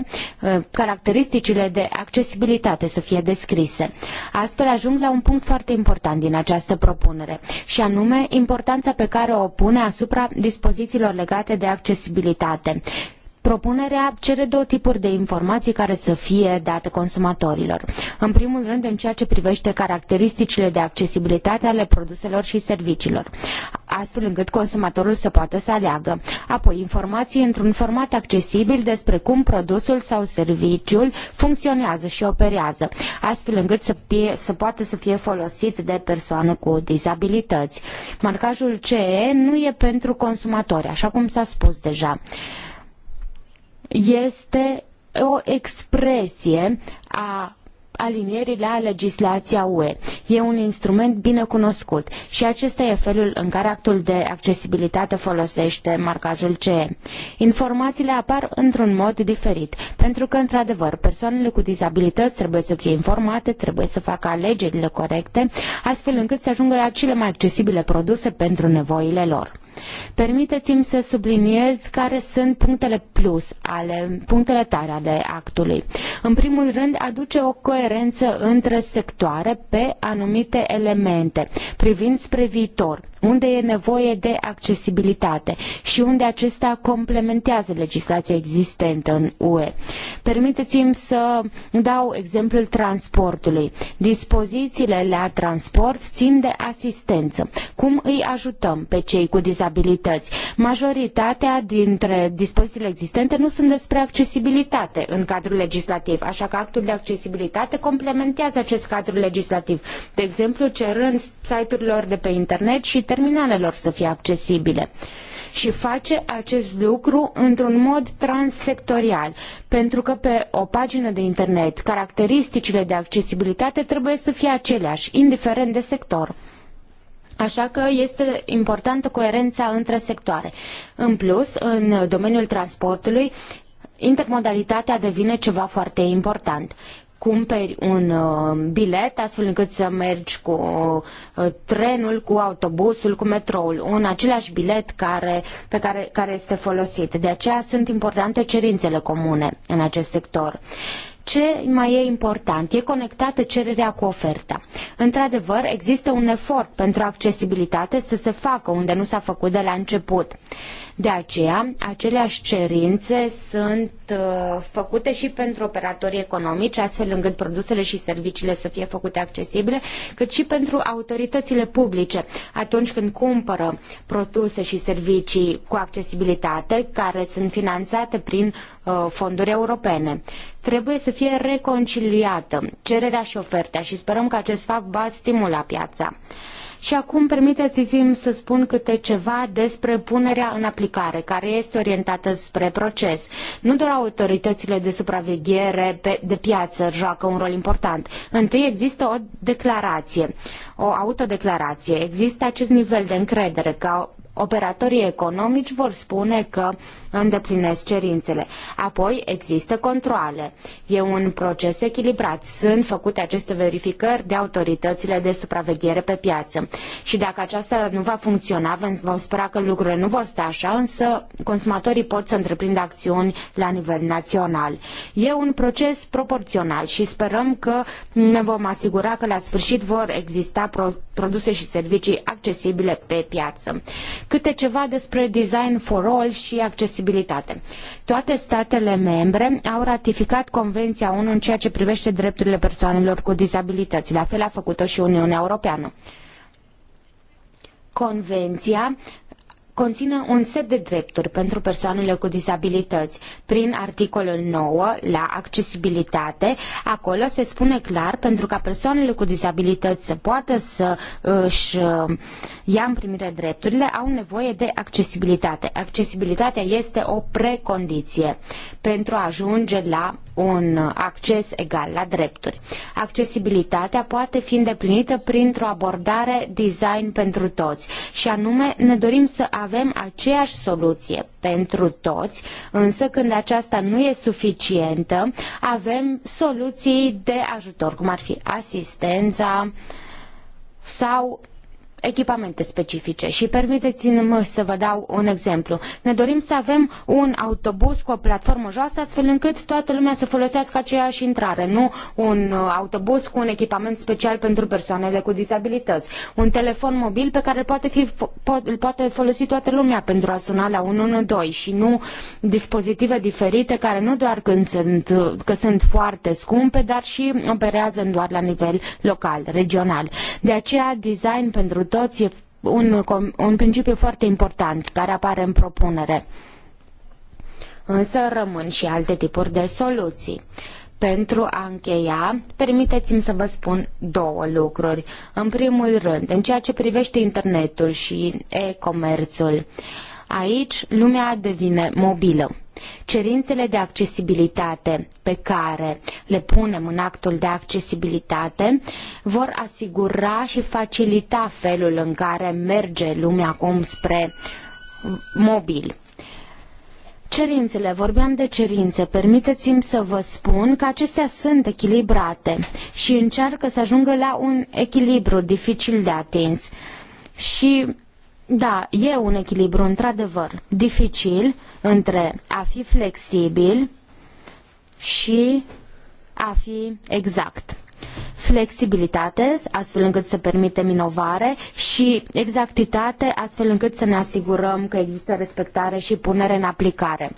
eh, caracteristicile de accesibilitate să fie descrise. Astfel ajung la un punct foarte important din această propunere, și anume importanța pe care o pune asupra dispozițiilor legate de accesibilitate. Propunerea cere două tipuri de informații care să fie date consumatorilor. În primul rând, în ceea ce privește caracteristicile de accesibilitate ale produselor și serviciilor, astfel încât consumatorul să poată să aleagă. Apoi, informații într-un format accesibil despre cum produsul sau serviciul funcționează și operează, astfel încât să, să poată să fie folosit de persoane cu dizabilități. Marcajul CE nu e pentru consumatori, așa cum s-a spus deja este o expresie a alinierii la legislația UE. E un instrument bine cunoscut și acesta e felul în care actul de accesibilitate folosește marcajul CE. Informațiile apar într-un mod diferit, pentru că, într-adevăr, persoanele cu dizabilități trebuie să fie informate, trebuie să facă alegerile corecte, astfel încât să ajungă la cele mai accesibile produse pentru nevoile lor. Permiteți-mi să subliniez care sunt punctele plus, ale punctele tare ale actului. În primul rând, aduce o coerență între sectoare pe anumite elemente, privind spre viitor unde e nevoie de accesibilitate și unde acesta complementează legislația existentă în UE. Permiteți-mi să dau exemplul transportului. Dispozițiile la transport țin de asistență. Cum îi ajutăm pe cei cu dizabilități? Majoritatea dintre dispozițiile existente nu sunt despre accesibilitate în cadrul legislativ, așa că actul de accesibilitate complementează acest cadru legislativ. De exemplu, cerând site-urilor de pe internet și terminalelor să fie accesibile și face acest lucru într-un mod transsectorial, pentru că pe o pagină de internet caracteristicile de accesibilitate trebuie să fie aceleași, indiferent de sector. Așa că este importantă coerența între sectoare. În plus, în domeniul transportului, intermodalitatea devine ceva foarte important cumperi un uh, bilet astfel încât să mergi cu uh, trenul, cu autobuzul, cu metroul, un același bilet care, pe care, care este folosit. De aceea sunt importante cerințele comune în acest sector. Ce mai e important? E conectată cererea cu oferta. Într-adevăr, există un efort pentru accesibilitate să se facă unde nu s-a făcut de la început. De aceea, aceleași cerințe sunt uh, făcute și pentru operatorii economici, astfel încât produsele și serviciile să fie făcute accesibile, cât și pentru autoritățile publice. Atunci când cumpără produse și servicii cu accesibilitate, care sunt finanțate prin uh, fonduri europene trebuie să fie reconciliată cererea și oferta și sperăm că acest fapt va stimula piața. Și acum permiteți-mi să spun câte ceva despre punerea în aplicare, care este orientată spre proces. Nu doar autoritățile de supraveghere de piață joacă un rol important. Întâi există o declarație, o autodeclarație. Există acest nivel de încredere că operatorii economici vor spune că îndeplinesc cerințele. Apoi există controle. E un proces echilibrat. Sunt făcute aceste verificări de autoritățile de supraveghere pe piață. Și dacă aceasta nu va funcționa, vom spera că lucrurile nu vor sta așa, însă consumatorii pot să întreprindă acțiuni la nivel național. E un proces proporțional și sperăm că ne vom asigura că la sfârșit vor exista produse și servicii accesibile pe piață câte ceva despre Design for All și accesibilitate. Toate statele membre au ratificat Convenția ONU în ceea ce privește drepturile persoanelor cu dizabilități. La fel a făcut-o și Uniunea Europeană. Convenția conține un set de drepturi pentru persoanele cu dizabilități. Prin articolul 9, la accesibilitate, acolo se spune clar pentru ca persoanele cu dizabilități să poată să își uh, ia în primire drepturile, au nevoie de accesibilitate. Accesibilitatea este o precondiție pentru a ajunge la un acces egal la drepturi. Accesibilitatea poate fi îndeplinită printr-o abordare design pentru toți și anume ne dorim să avem avem aceeași soluție pentru toți, însă când aceasta nu e suficientă, avem soluții de ajutor, cum ar fi asistența sau echipamente specifice și permiteți-mi să vă dau un exemplu. Ne dorim să avem un autobuz cu o platformă joasă astfel încât toată lumea să folosească aceeași intrare, nu un autobuz cu un echipament special pentru persoanele cu dizabilități, un telefon mobil pe care poate fi, po- poate folosi toată lumea pentru a suna la 112 și nu dispozitive diferite care nu doar când sunt, că sunt foarte scumpe, dar și operează doar la nivel local, regional. De aceea design pentru toți, e un, un principiu foarte important care apare în propunere. Însă rămân și alte tipuri de soluții. Pentru a încheia, permiteți-mi să vă spun două lucruri. În primul rând, în ceea ce privește internetul și e-comerțul. Uh, Aici lumea devine mobilă. Cerințele de accesibilitate pe care le punem în actul de accesibilitate vor asigura și facilita felul în care merge lumea acum spre mobil. Cerințele, vorbeam de cerințe, permiteți-mi să vă spun că acestea sunt echilibrate și încearcă să ajungă la un echilibru dificil de atins. Și da, e un echilibru într-adevăr dificil între a fi flexibil și a fi exact. Flexibilitate, astfel încât să permitem inovare și exactitate, astfel încât să ne asigurăm că există respectare și punere în aplicare.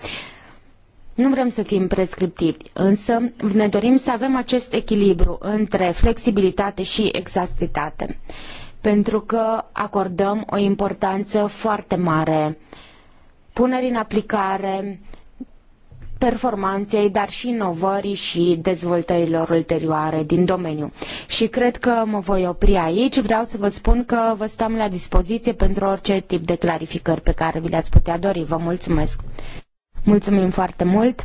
Nu vrem să fim prescriptivi, însă ne dorim să avem acest echilibru între flexibilitate și exactitate. Uh, pentru că acordăm o importanță foarte mare punerii în aplicare, performanței, dar și inovării și dezvoltărilor ulterioare din domeniu. Și cred că mă voi opri aici. Vreau să vă spun că vă stăm la dispoziție pentru orice tip de clarificări pe care vi le-ați putea dori. Vă mulțumesc! Mulțumim foarte mult!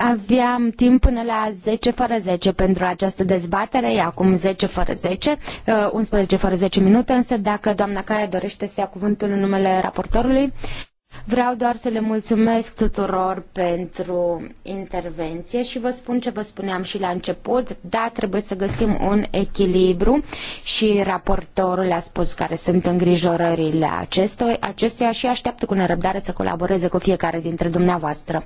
Aveam timp până la 10 fără 10 pentru această dezbatere, e acum 10 fără 10, 11 uh, fără 10 minute, însă dacă doamna Caia dorește să ia cuvântul în numele raportorului, vreau doar să le mulțumesc tuturor pentru intervenție și vă spun ce vă spuneam și la început, da, trebuie să găsim un echilibru și raportorul a spus care sunt îngrijorările acestuia și așteaptă cu nerăbdare să colaboreze cu fiecare dintre dumneavoastră.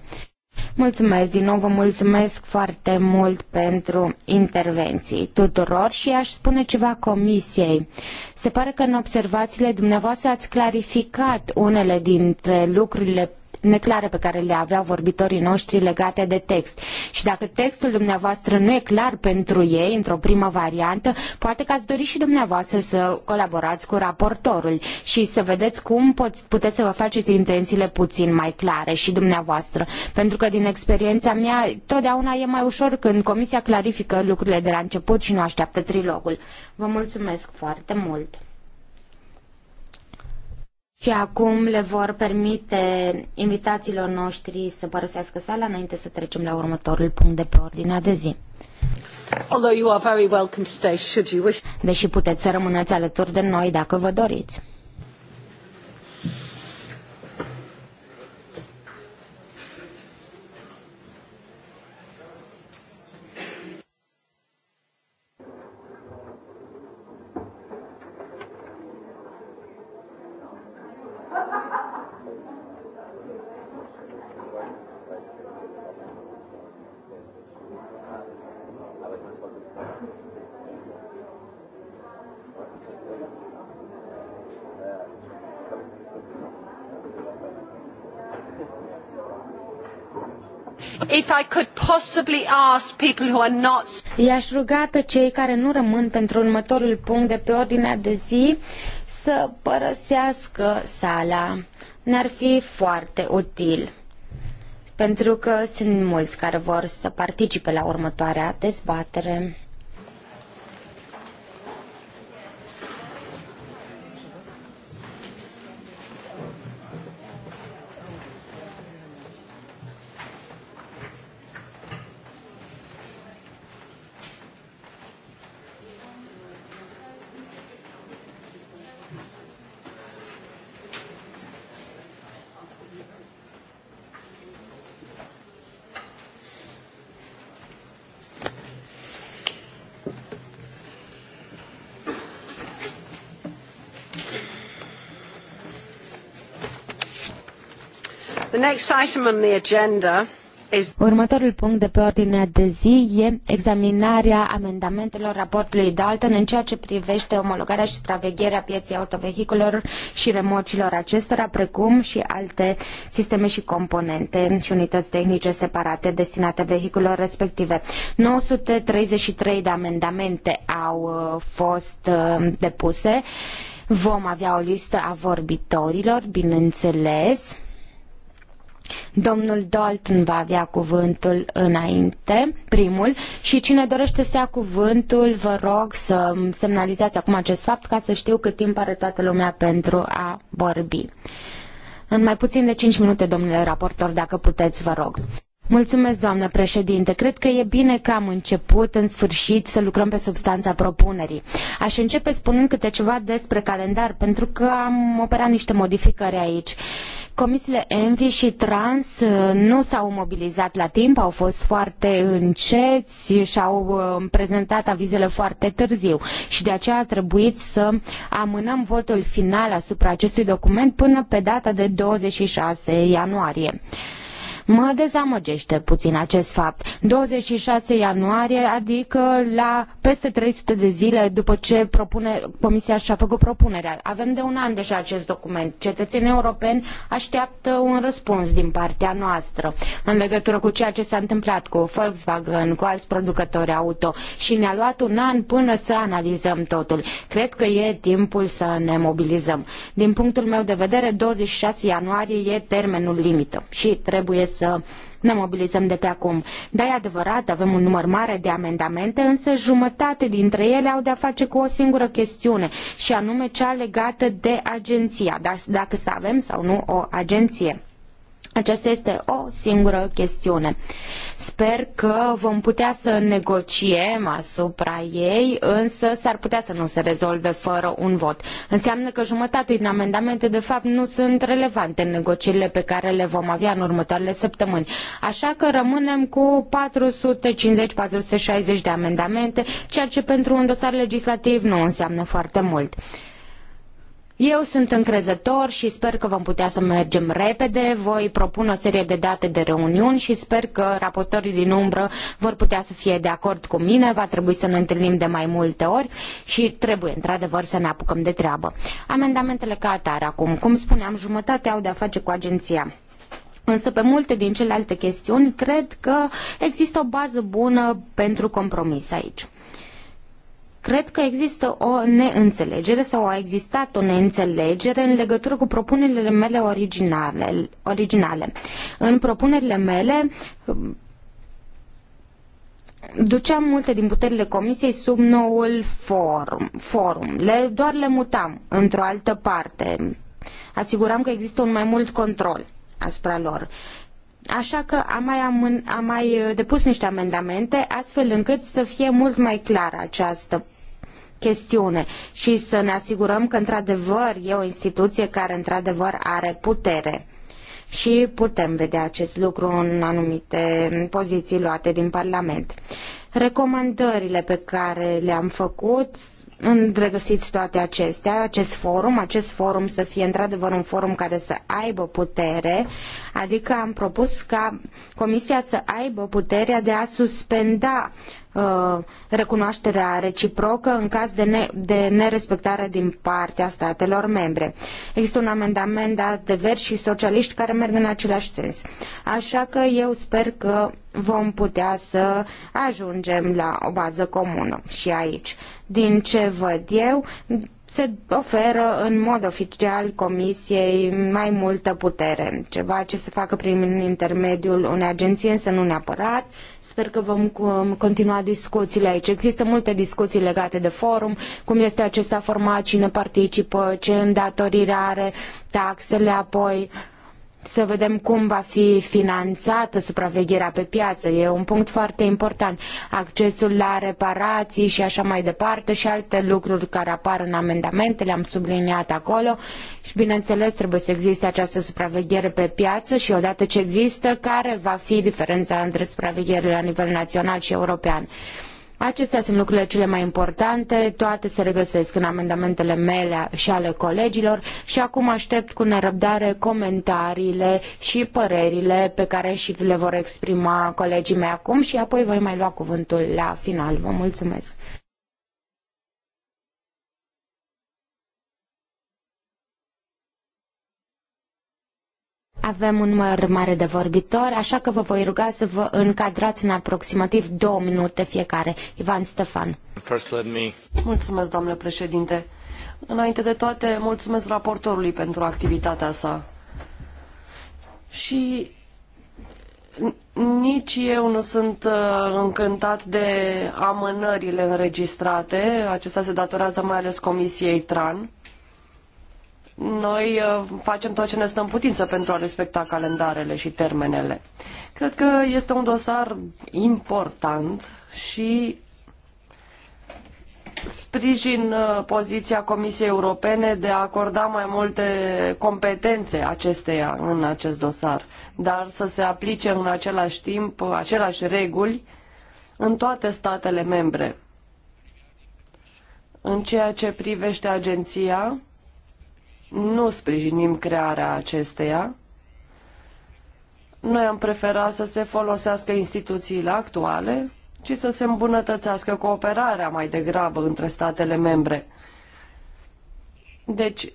Mulțumesc din nou, vă mulțumesc foarte mult pentru intervenții tuturor și aș spune ceva comisiei. Se pare că în observațiile dumneavoastră ați clarificat unele dintre lucrurile neclare pe care le aveau vorbitorii noștri legate de text. Și dacă textul dumneavoastră nu e clar pentru ei într-o primă variantă, poate că ați dori și dumneavoastră să colaborați cu raportorul și să vedeți cum puteți să vă faceți intențiile puțin mai clare și dumneavoastră. Pentru că din experiența mea, totdeauna e mai ușor când comisia clarifică lucrurile de la început și nu așteaptă trilogul. Vă mulțumesc foarte mult! Și acum le vor permite invitațiilor noștri să părăsească sala înainte să trecem la următorul punct de pe ordinea de zi. Deși puteți să rămâneți alături de noi dacă vă doriți. if I could possibly ask people who are not... I-aș ruga pe cei care nu rămân pentru următorul punct de pe ordinea de zi să părăsească sala. Ne-ar fi foarte util. Pentru că sunt mulți care vor să participe la următoarea dezbatere. Următorul punct de pe ordinea de zi e examinarea amendamentelor raportului Dalton în ceea ce privește omologarea și supravegherea pieței autovehiculelor și remorcilor acestora, precum și alte sisteme și componente și unități tehnice separate destinate vehiculelor respective. 933 de amendamente au uh, fost uh, depuse. Vom avea o listă a vorbitorilor, bineînțeles Domnul Dalton va avea cuvântul înainte, primul, și cine dorește să ia cuvântul, vă rog să semnalizați acum acest fapt ca să știu cât timp are toată lumea pentru a vorbi. În mai puțin de 5 minute, domnule raportor, dacă puteți, vă rog. Mulțumesc, doamnă președinte. Cred că e bine că am început, în sfârșit, să lucrăm pe substanța propunerii. Aș începe spunând câte ceva despre calendar, pentru că am operat niște modificări aici. Uh, Comisiile Envi și Trans uh, nu s-au mobilizat la timp, au fost foarte înceți și au uh, prezentat avizele foarte târziu și de aceea a trebuit să amânăm votul final asupra acestui document până pe data de 26 ianuarie. Mă dezamăgește puțin acest fapt. 26 ianuarie, adică la peste 300 de zile după ce propune, Comisia și-a făcut propunerea. Avem de un an deja acest document. Cetățenii europeni așteaptă un răspuns din partea noastră în legătură cu ceea ce s-a întâmplat cu Volkswagen, cu alți producători auto și ne-a luat un an până să analizăm totul. Cred că e timpul să ne mobilizăm. Din punctul meu de vedere, 26 ianuarie e termenul limită și trebuie să să ne mobilizăm de pe acum. Da, e adevărat, avem un număr mare de amendamente, însă jumătate dintre ele au de-a face cu o singură chestiune, și anume cea legată de agenția, dacă să avem sau nu o agenție. Aceasta este o singură chestiune. Sper că vom putea să negociem asupra ei, însă s-ar putea să nu se rezolve fără un vot. Înseamnă că jumătate din amendamente de fapt nu sunt relevante în negocierile pe care le vom avea în următoarele săptămâni. Așa că rămânem cu 450-460 de amendamente, ceea ce pentru un dosar legislativ nu înseamnă foarte mult. Eu sunt încrezător și sper că vom putea să mergem repede. Voi propun o serie de date de reuniuni și sper că raportorii din umbră vor putea să fie de acord cu mine. Va trebui să ne întâlnim de mai multe ori și trebuie într-adevăr să ne apucăm de treabă. Amendamentele ca atare acum. Cum spuneam, jumătate au de-a face cu agenția. Însă pe multe din celelalte chestiuni cred că există o bază bună pentru compromis aici. Cred că există o neînțelegere sau a existat o neînțelegere în legătură cu propunerile mele originale. originale. În propunerile mele um, duceam multe din puterile comisiei sub noul forum, forum. Le, doar le mutam într-o altă parte. Asiguram că există un mai mult control asupra lor. Așa că am mai, am, am mai uh, depus niște amendamente astfel încât să fie mult mai clară această chestiune și să ne asigurăm că într-adevăr e o instituție care într-adevăr are putere. Și putem vedea acest lucru în anumite poziții luate din Parlament. Recomandările pe care le-am făcut regăsiți toate acestea, acest forum, acest forum să fie într-adevăr un forum care să aibă putere, adică am propus ca Comisia să aibă puterea de a suspenda Uh, recunoașterea reciprocă în caz de, ne, de nerespectare din partea statelor membre. Există un amendament dat de verzi și socialiști care merg în același sens. Așa că eu sper că vom putea să ajungem la o bază comună și aici. Din ce văd eu, se oferă în mod oficial Comisiei mai multă putere, ceva ce se facă prin intermediul unei agenții, însă nu neapărat. Sper că vom um, continua discuțiile aici. Există multe discuții legate de forum, cum este acesta format, cine participă, ce îndatorire are, taxele, apoi uh, să vedem cum va fi finanțată supravegherea pe piață. E un punct foarte important. Accesul la reparații și așa mai departe și alte lucruri care apar în amendamente, le-am subliniat acolo și bineînțeles trebuie să existe această supraveghere pe piață și odată ce există, care va fi diferența între supraveghere la nivel național și european. Acestea sunt lucrurile cele mai importante, toate se regăsesc în amendamentele mele și ale colegilor și acum aștept cu nerăbdare comentariile și părerile pe care și le vor exprima colegii mei acum și apoi voi mai lua cuvântul la final. Vă mulțumesc! Avem un număr mare de vorbitori, așa că vă voi ruga să vă încadrați în aproximativ două minute fiecare. Ivan Stefan. Mulțumesc, domnule președinte. Înainte de toate, mulțumesc raportorului pentru activitatea sa. Și nici eu nu sunt uh, încântat de amânările înregistrate. Acestea se datorează mai ales Comisiei TRAN noi uh, facem tot ce ne stă în putință pentru a respecta calendarele și termenele. Cred că este un dosar important și sprijin uh, poziția Comisiei Europene de a acorda mai multe competențe acesteia în acest dosar, dar să se aplice în același timp uh, aceleași reguli în toate statele membre. În ceea ce privește agenția, nu sprijinim crearea acesteia. Noi am preferat să se folosească instituțiile actuale, ci să se îmbunătățească cooperarea mai degrabă între statele membre. Deci,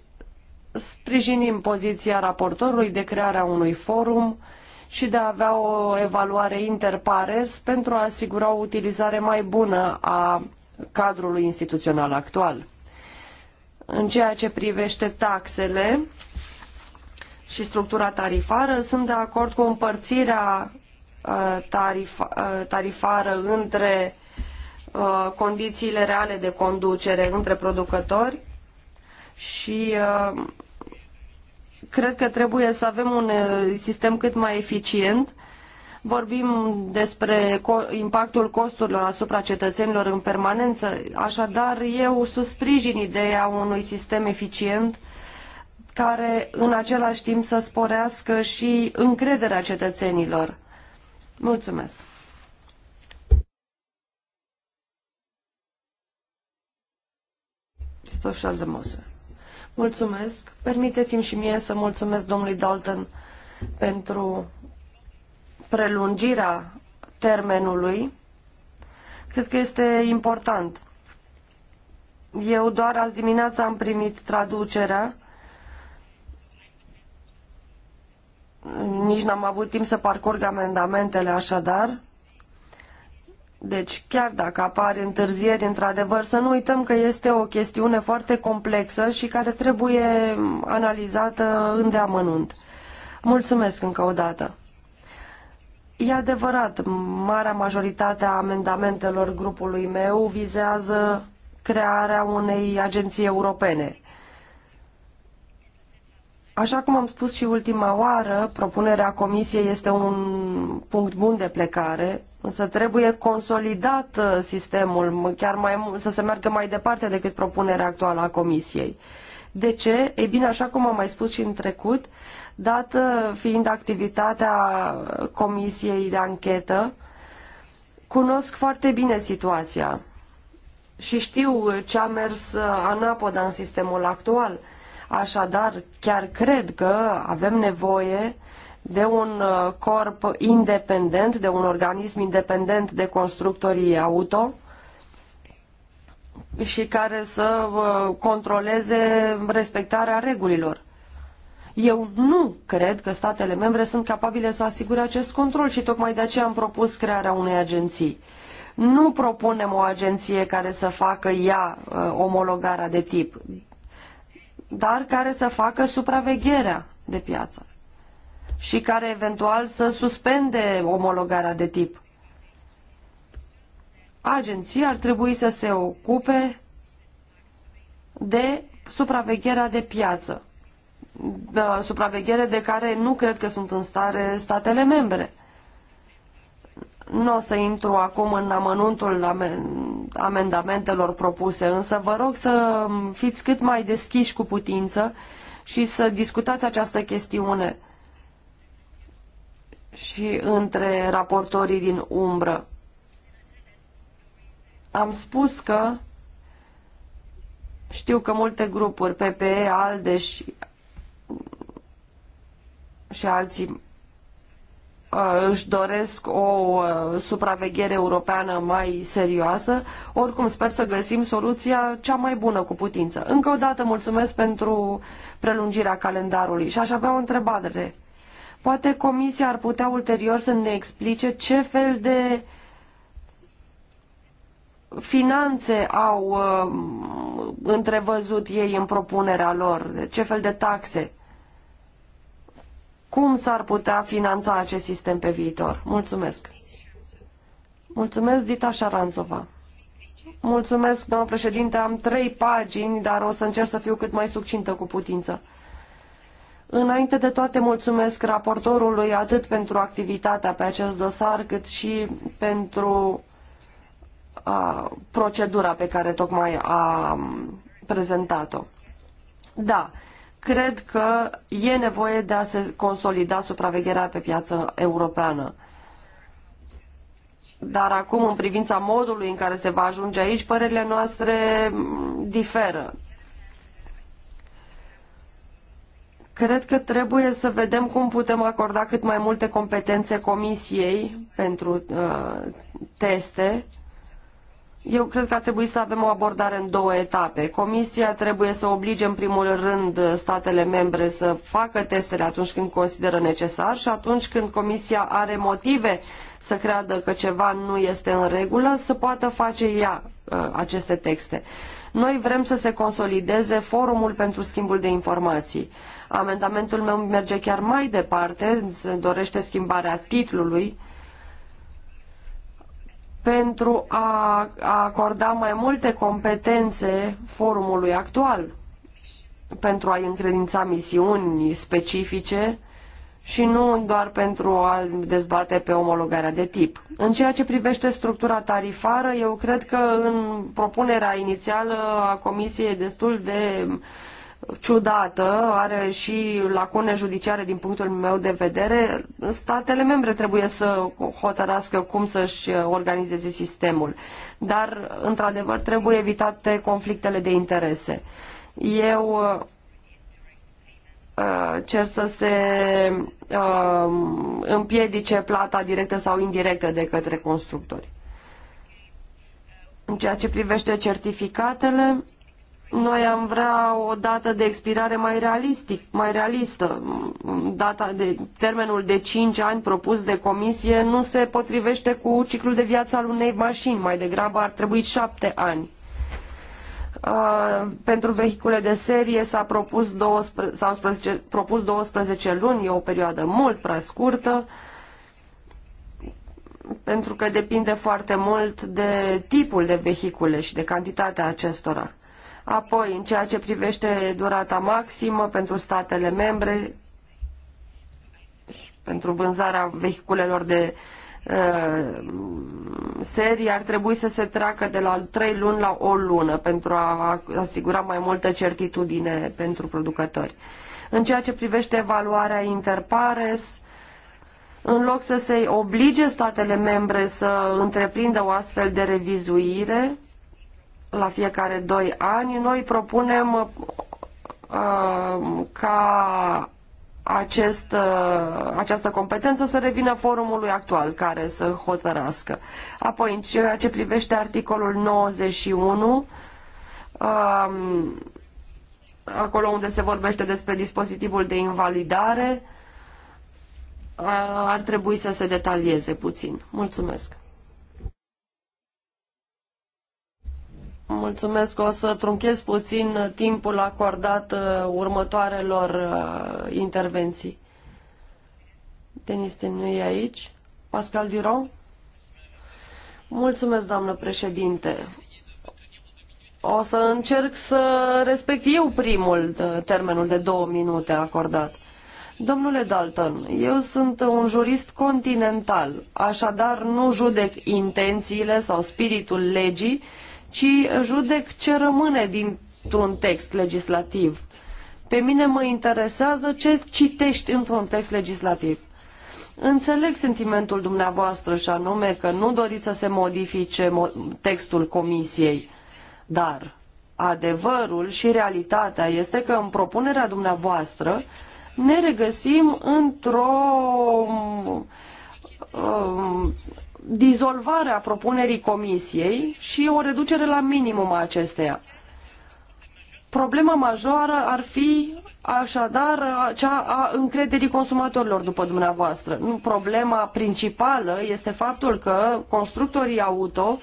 sprijinim poziția raportorului de crearea unui forum și de a avea o evaluare interpares pentru a asigura o utilizare mai bună a cadrului instituțional actual. În ceea ce privește taxele și structura tarifară, sunt de acord cu împărțirea uh, tarifa, uh, tarifară între uh, condițiile reale de conducere între producători și cred că trebuie să avem un sistem cât mai eficient Vorbim despre impactul costurilor asupra cetățenilor în permanență, așadar eu susprijin ideea unui sistem eficient care în același timp să sporească și încrederea cetățenilor. Mulțumesc! Cristof Șaldemose. Mulțumesc. Permiteți-mi și mie să mulțumesc domnului Dalton pentru prelungirea termenului, cred că este important. Eu doar azi dimineața am primit traducerea, nici n-am avut timp să parcurg amendamentele așadar. Deci chiar dacă apar întârzieri, într-adevăr, să nu uităm că este o chestiune foarte complexă și care trebuie analizată îndeamănunt. Mulțumesc încă o dată. E adevărat, marea majoritate a amendamentelor grupului meu vizează crearea unei agenții europene. Așa cum am spus și ultima oară, propunerea Comisiei este un punct bun de plecare, însă trebuie consolidat uh, sistemul, chiar mai, să se meargă mai departe decât propunerea actuală a Comisiei. De ce? Ei bine, așa cum am mai spus și în trecut, dată fiind activitatea Comisiei de Anchetă, cunosc foarte bine situația și știu ce a mers anapoda în sistemul actual. Așadar, chiar cred că avem nevoie de un corp independent, de un organism independent de constructorii auto și care să uh, controleze respectarea regulilor. Eu nu cred că statele membre sunt capabile să asigure acest control și tocmai de aceea am propus crearea unei agenții. Nu propunem o agenție care să facă ea uh, omologarea de tip, dar care să facă supravegherea de piață și care eventual să suspende omologarea de tip. Agenția ar trebui să se ocupe de supravegherea de piață supraveghere de care nu cred că sunt în stare statele membre. Nu o să intru acum în amănuntul amendamentelor propuse, însă vă rog să fiți cât mai deschiși cu putință și să discutați această chestiune și între raportorii din umbră. Am spus că știu că multe grupuri, PPE, ALDE și și alții uh, își doresc o uh, supraveghere europeană mai serioasă. Oricum, sper să găsim soluția cea mai bună cu putință. Încă o dată mulțumesc pentru prelungirea calendarului și aș avea o întrebare. Poate Comisia ar putea ulterior să ne explice ce fel de finanțe au uh, întrevăzut ei în propunerea lor, ce fel de taxe cum s-ar putea finanța acest sistem pe viitor. Mulțumesc! Mulțumesc, Dita Șaranțova! Mulțumesc, doamnă președinte, am trei pagini, dar o să încerc să fiu cât mai succintă cu putință. Înainte de toate, mulțumesc raportorului atât pentru activitatea pe acest dosar, cât și pentru a, procedura pe care tocmai a prezentat-o. Da, cred că e nevoie de a se consolida supravegherea pe piața europeană. Dar acum, în privința modului în care se va ajunge aici, părerile noastre diferă. Cred că trebuie să vedem cum putem acorda cât mai multe competențe comisiei pentru uh, teste eu cred că ar trebui să avem o abordare în două etape. Comisia trebuie să oblige în primul rând statele membre să facă testele atunci când consideră necesar și atunci când Comisia are motive să creadă că ceva nu este în regulă, să poată face ea uh, aceste texte. Noi vrem să se consolideze forumul pentru schimbul de informații. Amendamentul meu merge chiar mai departe, se dorește schimbarea titlului pentru a, acorda mai multe competențe forumului actual, pentru a-i încredința misiuni specifice și nu doar pentru a dezbate pe omologarea de tip. În ceea ce privește structura tarifară, eu cred că în propunerea inițială a Comisiei destul de uh, ciudată, are și lacune judiciare din punctul meu de vedere, statele membre trebuie să hotărască cum să-și organizeze sistemul. Dar, într-adevăr, trebuie evitate conflictele de interese. Eu uh, cer să se uh, împiedice plata directă sau indirectă de către constructori. În ceea ce privește certificatele, noi am vrea o dată de expirare mai, realistic, mai realistă. Data de, termenul de 5 ani propus de comisie nu se potrivește cu ciclul de viață al unei mașini. Mai degrabă ar trebui 7 ani. Uh, pentru vehicule de serie s-a propus 12, s a propus 12 luni, e o perioadă mult prea scurtă, pentru că depinde foarte mult de tipul de vehicule și de cantitatea acestora. Apoi, în ceea ce privește durata maximă pentru statele membre și pentru vânzarea vehiculelor de uh, ar trebui să se treacă de la 3 luni la o lună pentru a asigura mai multă certitudine pentru producători. În ceea ce privește evaluarea interpares, în loc să se oblige statele membre să întreprindă o astfel de revizuire, la fiecare doi ani, noi propunem uh, ca acest, uh, această competență să revină forumului actual care să hotărască. Apoi, în ceea ce privește articolul 91, uh, um, acolo unde se vorbește despre dispozitivul de invalidare, uh, ar trebui să se detalieze puțin. Mulțumesc! Mulțumesc, o să trunchez puțin timpul acordat uh, următoarelor uh, intervenții. Denis nu e aici. Pascal Duron? Mulțumesc, doamnă președinte. O să încerc să respect eu primul uh, termenul de două minute acordat. Domnule Dalton, eu sunt un jurist continental, așadar nu judec intențiile sau spiritul legii, ci judec ce rămâne dintr-un text legislativ. Pe mine mă interesează ce citești într-un text legislativ. Înțeleg sentimentul dumneavoastră și anume că nu doriți să se modifice textul comisiei, dar adevărul și realitatea este că în propunerea dumneavoastră ne regăsim într-o um, um, dizolvarea propunerii comisiei și o reducere la minimum a acesteia. Problema majoră ar fi așadar cea a încrederii consumatorilor, după dumneavoastră. Problema principală este faptul că constructorii auto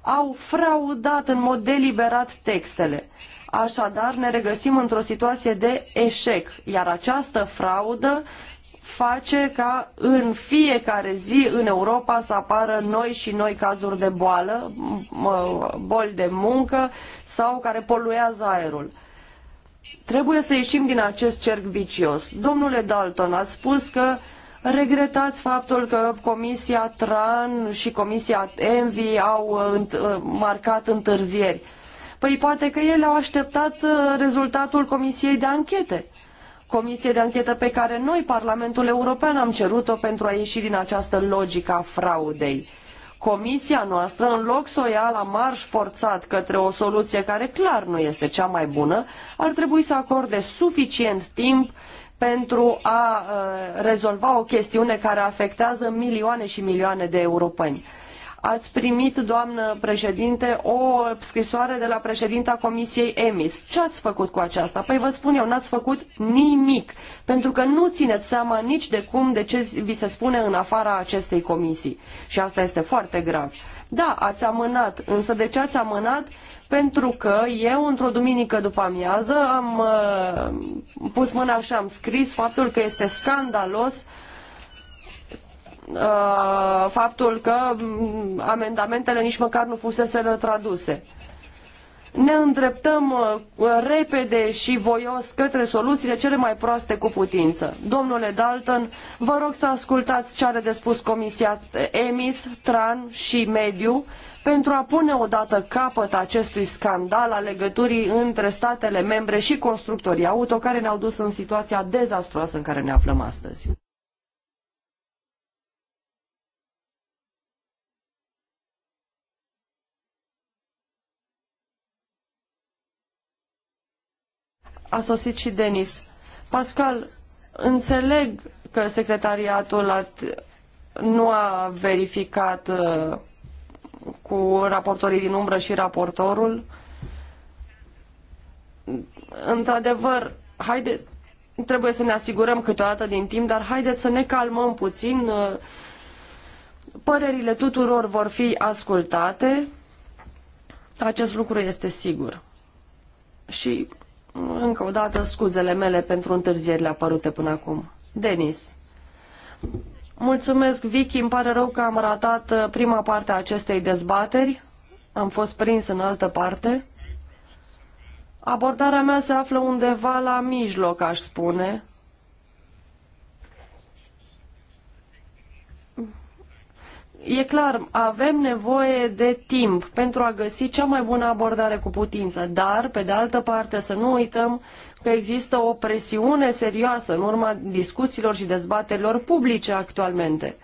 au fraudat în mod deliberat textele. Așadar, ne regăsim într-o situație de eșec, iar această fraudă face ca în fiecare zi în Europa să apară noi și noi cazuri de boală, boli de muncă sau care poluează aerul. Trebuie să ieșim din acest cerc vicios. Domnule Dalton, ați spus că regretați faptul că Comisia TRAN și Comisia ENVI au uh, uh, marcat întârzieri. Păi poate că ele au așteptat uh, rezultatul Comisiei de anchete comisie de anchetă pe care noi, Parlamentul European, am cerut-o pentru a ieși din această logică a fraudei. Comisia noastră, în loc să o ia la marș forțat către o soluție care clar nu este cea mai bună, ar trebui să acorde suficient timp pentru a uh, rezolva o chestiune care afectează milioane și milioane de europeni ați primit, doamnă președinte, o scrisoare de la președinta Comisiei EMIS. Ce ați făcut cu aceasta? Păi vă spun eu, n-ați făcut nimic, pentru că nu țineți seama nici de cum de ce vi se spune în afara acestei comisii. Și asta este foarte grav. Da, ați amânat, însă de ce ați amânat? Pentru că eu, într-o duminică după amiază, am uh, pus mâna și am scris faptul că este scandalos uh, Uh, faptul că mm, amendamentele nici măcar nu fusese traduse. Ne îndreptăm uh, repede și voios către soluțiile cele mai proaste cu putință. Domnule Dalton, vă rog să ascultați ce are de spus Comisia EMIS, TRAN și Mediu pentru a pune odată capăt acestui scandal a legăturii între statele membre și constructorii auto care ne-au dus în situația dezastruoasă în care ne aflăm astăzi. a sosit și Denis. Pascal, înțeleg că secretariatul nu a verificat uh, cu raportorii din umbră și raportorul. Într-adevăr, haide, trebuie să ne asigurăm câteodată din timp, dar haideți să ne calmăm puțin. Uh, părerile tuturor vor fi ascultate. Acest lucru este sigur. Și încă o dată scuzele mele pentru întârzierile apărute până acum. Denis. Mulțumesc, Vicky. Îmi pare rău că am ratat uh, prima parte a acestei dezbateri. Am fost prins în altă parte. Abordarea mea se află undeva la mijloc, aș spune. E clar, avem nevoie de timp pentru a găsi cea mai bună abordare cu putință, dar, pe de altă parte, să nu uităm că există o presiune serioasă în urma discuțiilor și dezbaterilor publice actualmente.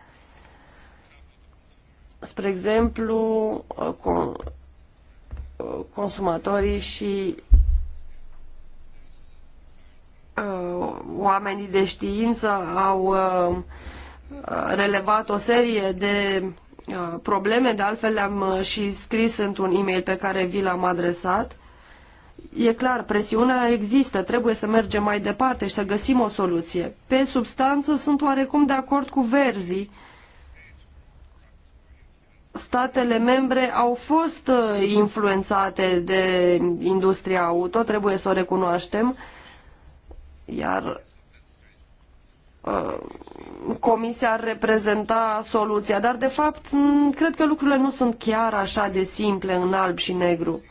Spre exemplu, consumatorii și uh, oamenii de știință au uh, relevat o serie de uh, probleme, de altfel le-am uh, și scris într-un e-mail pe care vi l-am adresat. E clar, presiunea există, trebuie să mergem mai departe și să găsim o soluție. Pe substanță sunt oarecum de acord cu verzii. Statele membre au fost uh, influențate de industria auto, trebuie să o recunoaștem, iar Uh, comisia ar reprezenta soluția, dar de fapt mm, cred că lucrurile nu sunt chiar așa de simple în alb și negru.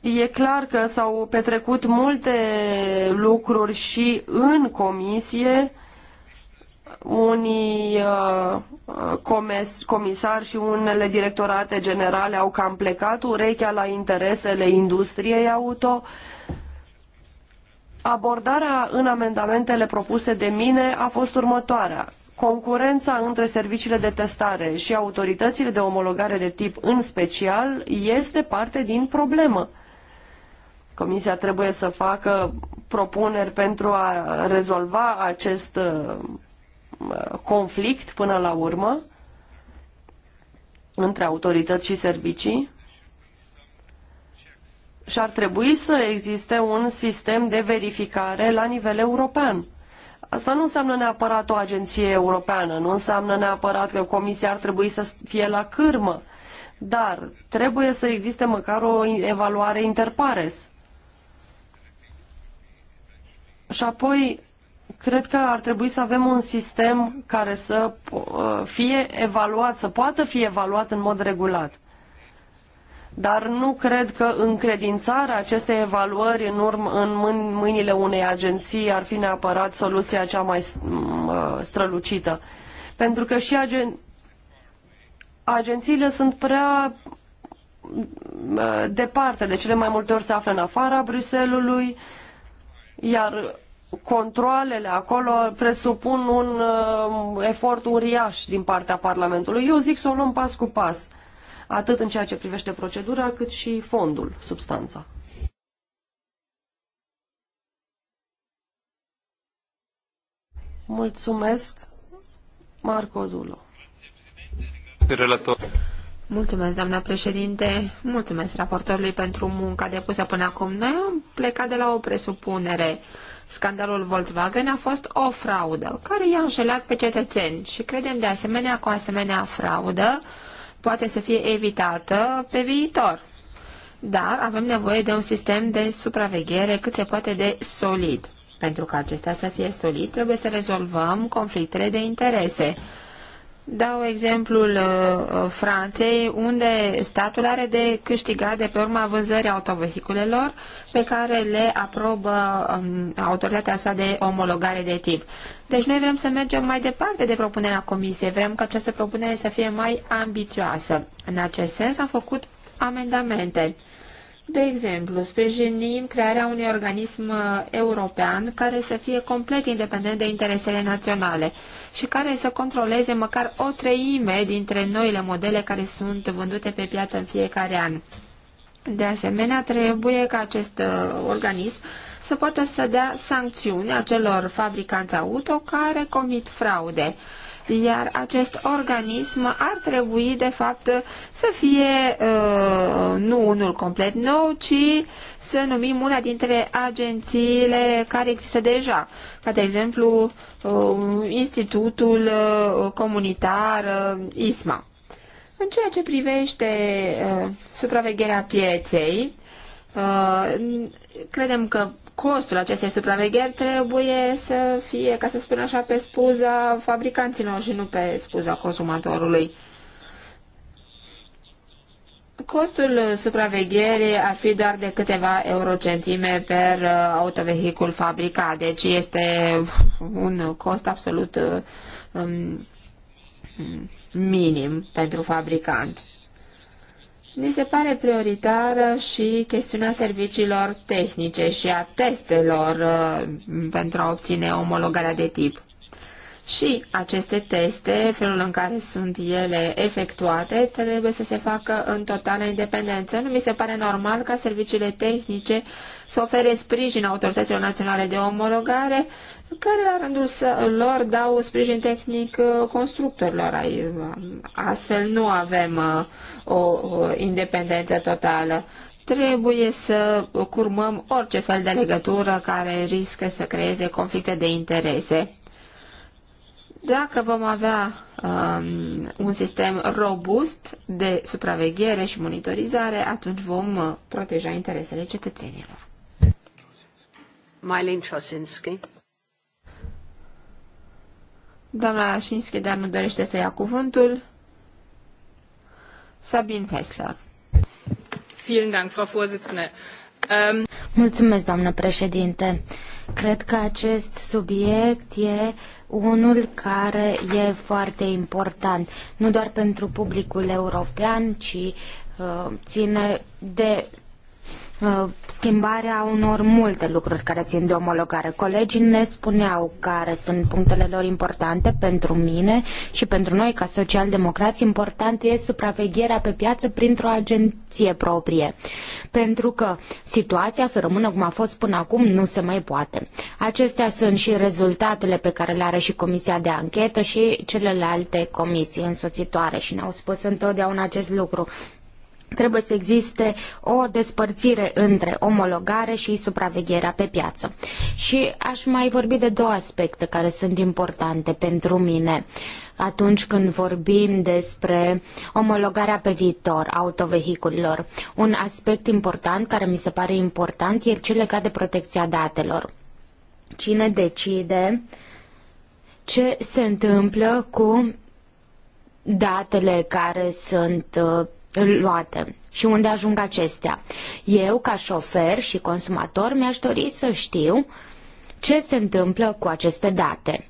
E clar că s-au petrecut multe lucruri și în comisie, unii uh, comisari și unele directorate generale au cam plecat urechea la interesele industriei auto, uh, Abordarea în amendamentele propuse de mine a fost următoarea. Concurența între serviciile de testare și autoritățile de omologare de tip în special este parte din problemă. Comisia trebuie să facă propuneri pentru a rezolva acest uh, conflict până la urmă între autorități și servicii și ar trebui să existe un sistem de verificare la nivel european. Asta nu înseamnă neapărat o agenție europeană, nu înseamnă neapărat că Comisia ar trebui să fie la cârmă, dar trebuie să existe măcar o evaluare interpares. Și apoi, cred că ar trebui să avem un sistem care să fie evaluat, să poată fi evaluat în mod regulat dar nu cred că încredințarea acestei evaluări în, în mâinile unei agenții ar fi neapărat soluția cea mai mm, ă, strălucită. Pentru că și agen... agențiile sunt prea mm, ă, departe, de cele mai multe ori se află în afara Bruselului, iar controalele acolo presupun un ă, efort uriaș din partea Parlamentului. Eu zic să o luăm pas cu pas atât în ceea ce privește procedura, cât și fondul, substanța. Mulțumesc, Marco Zulo. Relator. Mulțumesc, doamna președinte. Mulțumesc raportorului pentru munca depusă până acum. Noi am plecat de la o presupunere. Scandalul Volkswagen a fost o fraudă care i-a înșelat pe cetățeni și credem de asemenea că o asemenea fraudă poate să fie evitată pe viitor. Dar avem nevoie de un sistem de supraveghere cât se poate de solid. Pentru ca acesta să fie solid, trebuie să rezolvăm conflictele de interese Dau exemplul uh, uh, Franței, unde statul are de câștigat de pe urma vânzării autovehiculelor pe care le aprobă um, autoritatea sa de omologare de tip. Deci noi vrem să mergem mai departe de propunerea comisiei, vrem ca această propunere să fie mai ambițioasă. În acest sens am făcut amendamente. De exemplu, sprijinim crearea unui organism uh, european care să fie complet independent de interesele naționale și care să controleze măcar o treime dintre noile modele care sunt vândute pe piață în fiecare an. De asemenea, trebuie ca acest uh, organism să poată să dea sancțiuni acelor fabricanți auto care comit fraude iar acest organism ar trebui, de fapt, să fie uh, nu unul complet nou, ci să numim una dintre agențiile care există deja, ca de exemplu uh, Institutul uh, Comunitar ISMA. În ceea ce privește supravegherea pieței, credem că costul acestei supravegheri trebuie să fie, ca să spun așa, pe spuza fabricanților și nu pe spuza consumatorului. Costul supravegherii ar fi doar de câteva eurocentime per uh, autovehicul fabricat, deci este un cost absolut uh, um, minim pentru fabricant. Ni se pare prioritară și chestiunea serviciilor tehnice și a testelor uh, pentru a obține omologarea de tip. Și aceste teste, felul în care sunt ele efectuate, trebuie să se facă în totală independență. Nu mi se pare normal ca serviciile tehnice să ofere sprijin autorităților naționale de omologare care la rândul lor dau sprijin tehnic uh, constructorilor. Uh, astfel nu avem uh, o independență totală. Trebuie să curmăm orice fel de legătură care riscă să creeze conflicte de interese. Dacă vom avea um, un sistem robust de supraveghere și monitorizare, atunci vom proteja interesele cetățenilor. Mylene Trosinski. Doamna Șinski, dar nu dorește să ia cuvântul. Sabine Fessler. Vielen Dank, Frau Vorsitzende. Ähm, Mulțumesc, doamnă președinte. Cred că acest subiect e unul care e foarte important, nu doar pentru publicul european, ci uh, ține de Uh, schimbarea unor multe lucruri care țin de omologare. Colegii ne spuneau care sunt punctele lor importante pentru mine și pentru noi ca socialdemocrați. Important e supravegherea pe piață printr-o agenție proprie. Pentru că situația să rămână cum a fost până acum nu se mai poate. Acestea sunt și rezultatele pe care le are și Comisia de Anchetă și celelalte comisii însoțitoare și ne-au spus întotdeauna acest lucru trebuie să existe o despărțire între omologare și supravegherea pe piață. Și aș mai vorbi de două aspecte care sunt importante pentru mine atunci când vorbim despre omologarea pe viitor a autovehiculilor. Un aspect important care mi se pare important e cel legat de protecția datelor. Cine decide ce se întâmplă cu datele care sunt uh, luate și unde ajung acestea. Eu, ca șofer și consumator, mi-aș dori să știu ce se întâmplă cu aceste date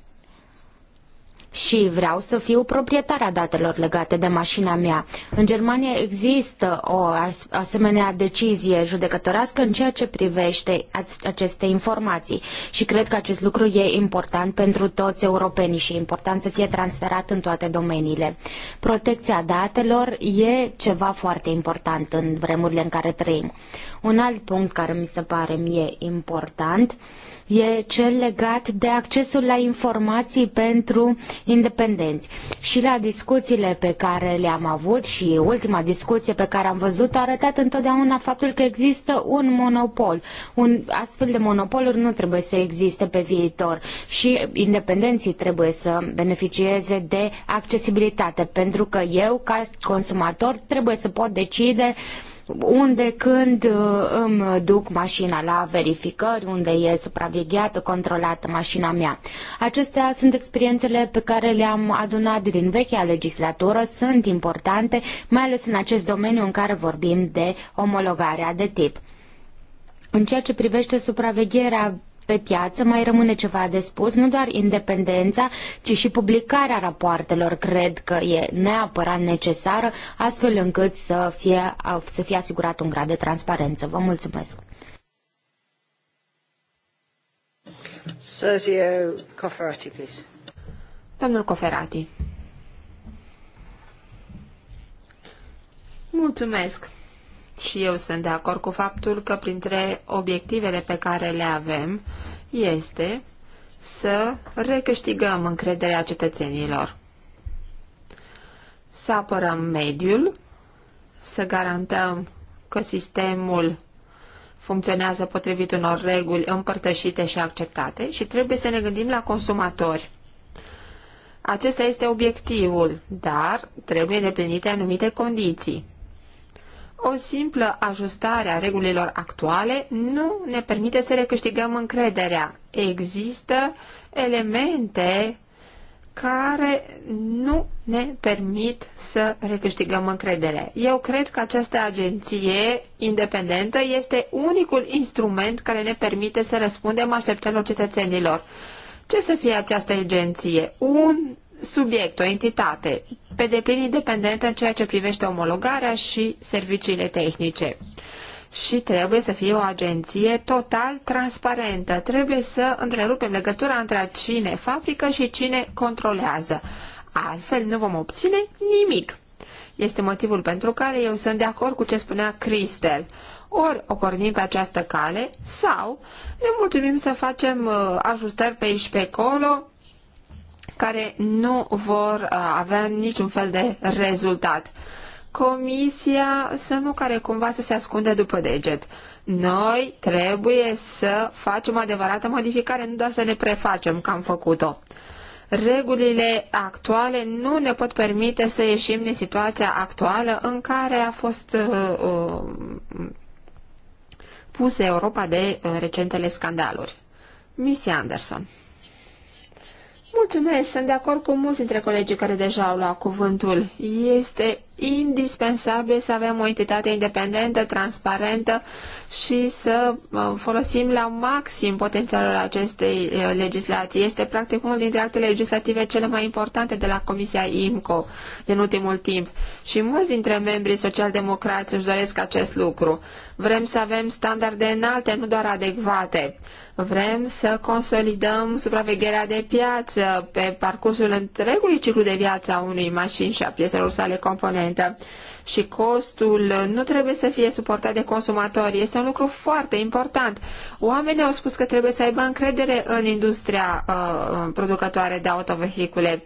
și vreau să fiu proprietarea datelor legate de mașina mea. În Germania există o asemenea decizie judecătorească în ceea ce privește aceste informații și cred că acest lucru e important pentru toți europenii și e important să fie transferat în toate domeniile. Protecția datelor e ceva foarte important în vremurile în care trăim. Un alt punct care mi se pare mie important e cel legat de accesul la informații pentru independenți. Și la discuțiile pe care le-am avut și ultima discuție pe care am văzut-o a arătat întotdeauna faptul că există un monopol. Un astfel de monopoluri nu trebuie să existe pe viitor și independenții trebuie să beneficieze de accesibilitate pentru că eu ca consumator trebuie să pot decide unde, când uh, îmi duc mașina la verificări, unde e supravegheată, controlată mașina mea. Acestea sunt experiențele pe care le-am adunat din vechea legislatură, sunt importante, mai ales în acest domeniu în care vorbim de omologarea de tip. În ceea ce privește supravegherea pe piață mai rămâne ceva de spus, nu doar independența, ci și publicarea rapoartelor cred că e neapărat necesară, astfel încât să fie, să fie asigurat un grad de transparență. Vă mulțumesc! Sergio Cofferati, please. Domnul Coferati. Mulțumesc! Și eu sunt de acord cu faptul că printre obiectivele pe care le avem este să recâștigăm încrederea cetățenilor, să apărăm mediul, să garantăm că sistemul funcționează potrivit unor reguli împărtășite și acceptate și trebuie să ne gândim la consumatori. Acesta este obiectivul, dar trebuie deplinite anumite condiții o simplă ajustare a regulilor actuale nu ne permite să recâștigăm încrederea. Există elemente care nu ne permit să recâștigăm încredere. Eu cred că această agenție independentă este unicul instrument care ne permite să răspundem așteptărilor cetățenilor. Ce să fie această agenție? Un subiect, o entitate, pe deplin independentă în ceea ce privește omologarea și serviciile tehnice. Și trebuie să fie o agenție total transparentă. Trebuie să întrerupem legătura între cine fabrică și cine controlează. Altfel nu vom obține nimic. Este motivul pentru care eu sunt de acord cu ce spunea Cristel. Ori o pornim pe această cale, sau ne mulțumim să facem uh, ajustări pe aici pe acolo, care nu vor uh, avea niciun fel de rezultat. Comisia să nu care cumva să se ascunde după deget. Noi trebuie să facem adevărată modificare, nu doar să ne prefacem că am făcut-o. Regulile actuale nu ne pot permite să ieșim din situația actuală în care a fost uh, uh, pusă Europa de uh, recentele scandaluri. Missy Anderson. Mulțumesc, sunt de acord cu mulți dintre colegii care deja au luat cuvântul. Este indispensabil să avem o entitate independentă, transparentă și să folosim la maxim potențialul acestei uh, legislații. Este practic unul dintre actele legislative cele mai importante de la Comisia IMCO din ultimul timp și mulți dintre membrii socialdemocrați își doresc acest lucru. Vrem să avem standarde înalte, nu doar adecvate Vrem să consolidăm supravegherea de piață pe parcursul întregului ciclu de viață a unei mașini și a pieselor sale componente. Și costul nu trebuie să fie suportat de consumatori. Este un lucru foarte important. Oamenii au spus că trebuie să aibă încredere în industria uh, producătoare de autovehicule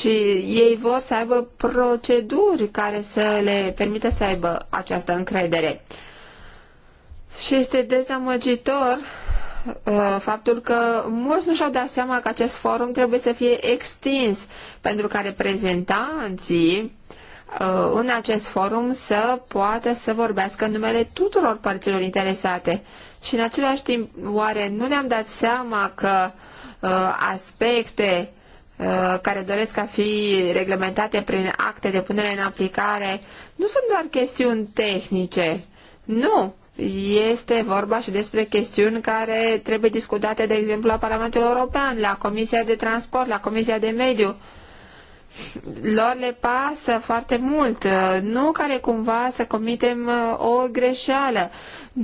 și ei vor să aibă proceduri care să le permită să aibă această încredere. Și este dezamăgitor Uh, faptul că mulți nu și-au dat seama că acest forum trebuie să fie extins pentru ca reprezentanții uh, în acest forum să poată să vorbească în numele tuturor părților interesate. Și în același timp, oare nu ne-am dat seama că uh, aspecte care doresc a fi reglementate prin acte de punere în aplicare nu sunt doar chestiuni tehnice. Nu, este vorba și despre chestiuni care trebuie discutate, de exemplu, la Parlamentul European, la Comisia de Transport, la Comisia de Mediu. Lor le pasă foarte mult, nu care cumva să comitem uh, o greșeală,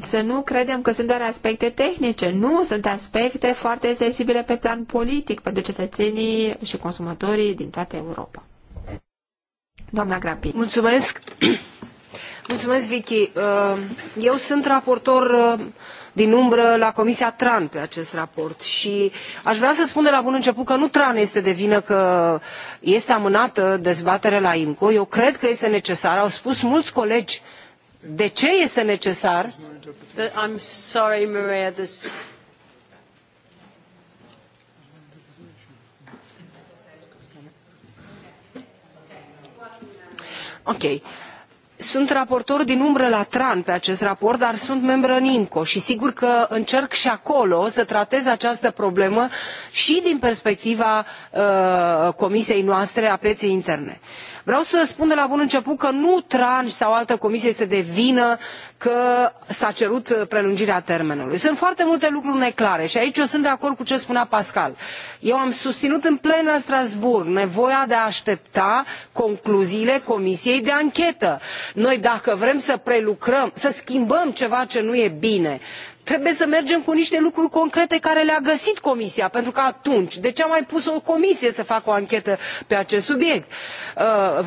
să nu credem că sunt doar aspecte tehnice, nu, sunt aspecte foarte sensibile pe plan politic pentru cetățenii și consumatorii din toată Europa. Doamna Grapi. Mulțumesc! Mulțumesc, Vicky. Uh, eu sunt raportor uh, din umbră la Comisia TRAN pe acest raport și aș vrea să spun de la bun început că nu TRAN este de vină că este amânată dezbaterea la IMCO. Eu cred că este necesar. Au spus mulți colegi de ce este necesar. I'm sorry, Maria, this... Ok sunt raportor din umbră la tran pe acest raport dar sunt membră în imco și sigur că încerc și acolo să tratez această problemă și din perspectiva uh, comisiei noastre a pieței interne vreau să spun de la bun început că nu tran sau altă comisie este de vină că s a cerut uh, prelungirea termenului. sunt foarte multe lucruri neclare și aici eu sunt de acord cu ce spunea pascal. eu am susținut în plen la strasbourg nevoia de a aștepta concluziile comisiei de anchetă. noi dacă vrem să prelucrăm să schimbăm ceva ce nu e bine trebuie să mergem cu niște lucruri concrete care le a găsit comisia pentru că atunci de ce a mai pus o comisie să facă o anchetă pe acest subiect? Uh,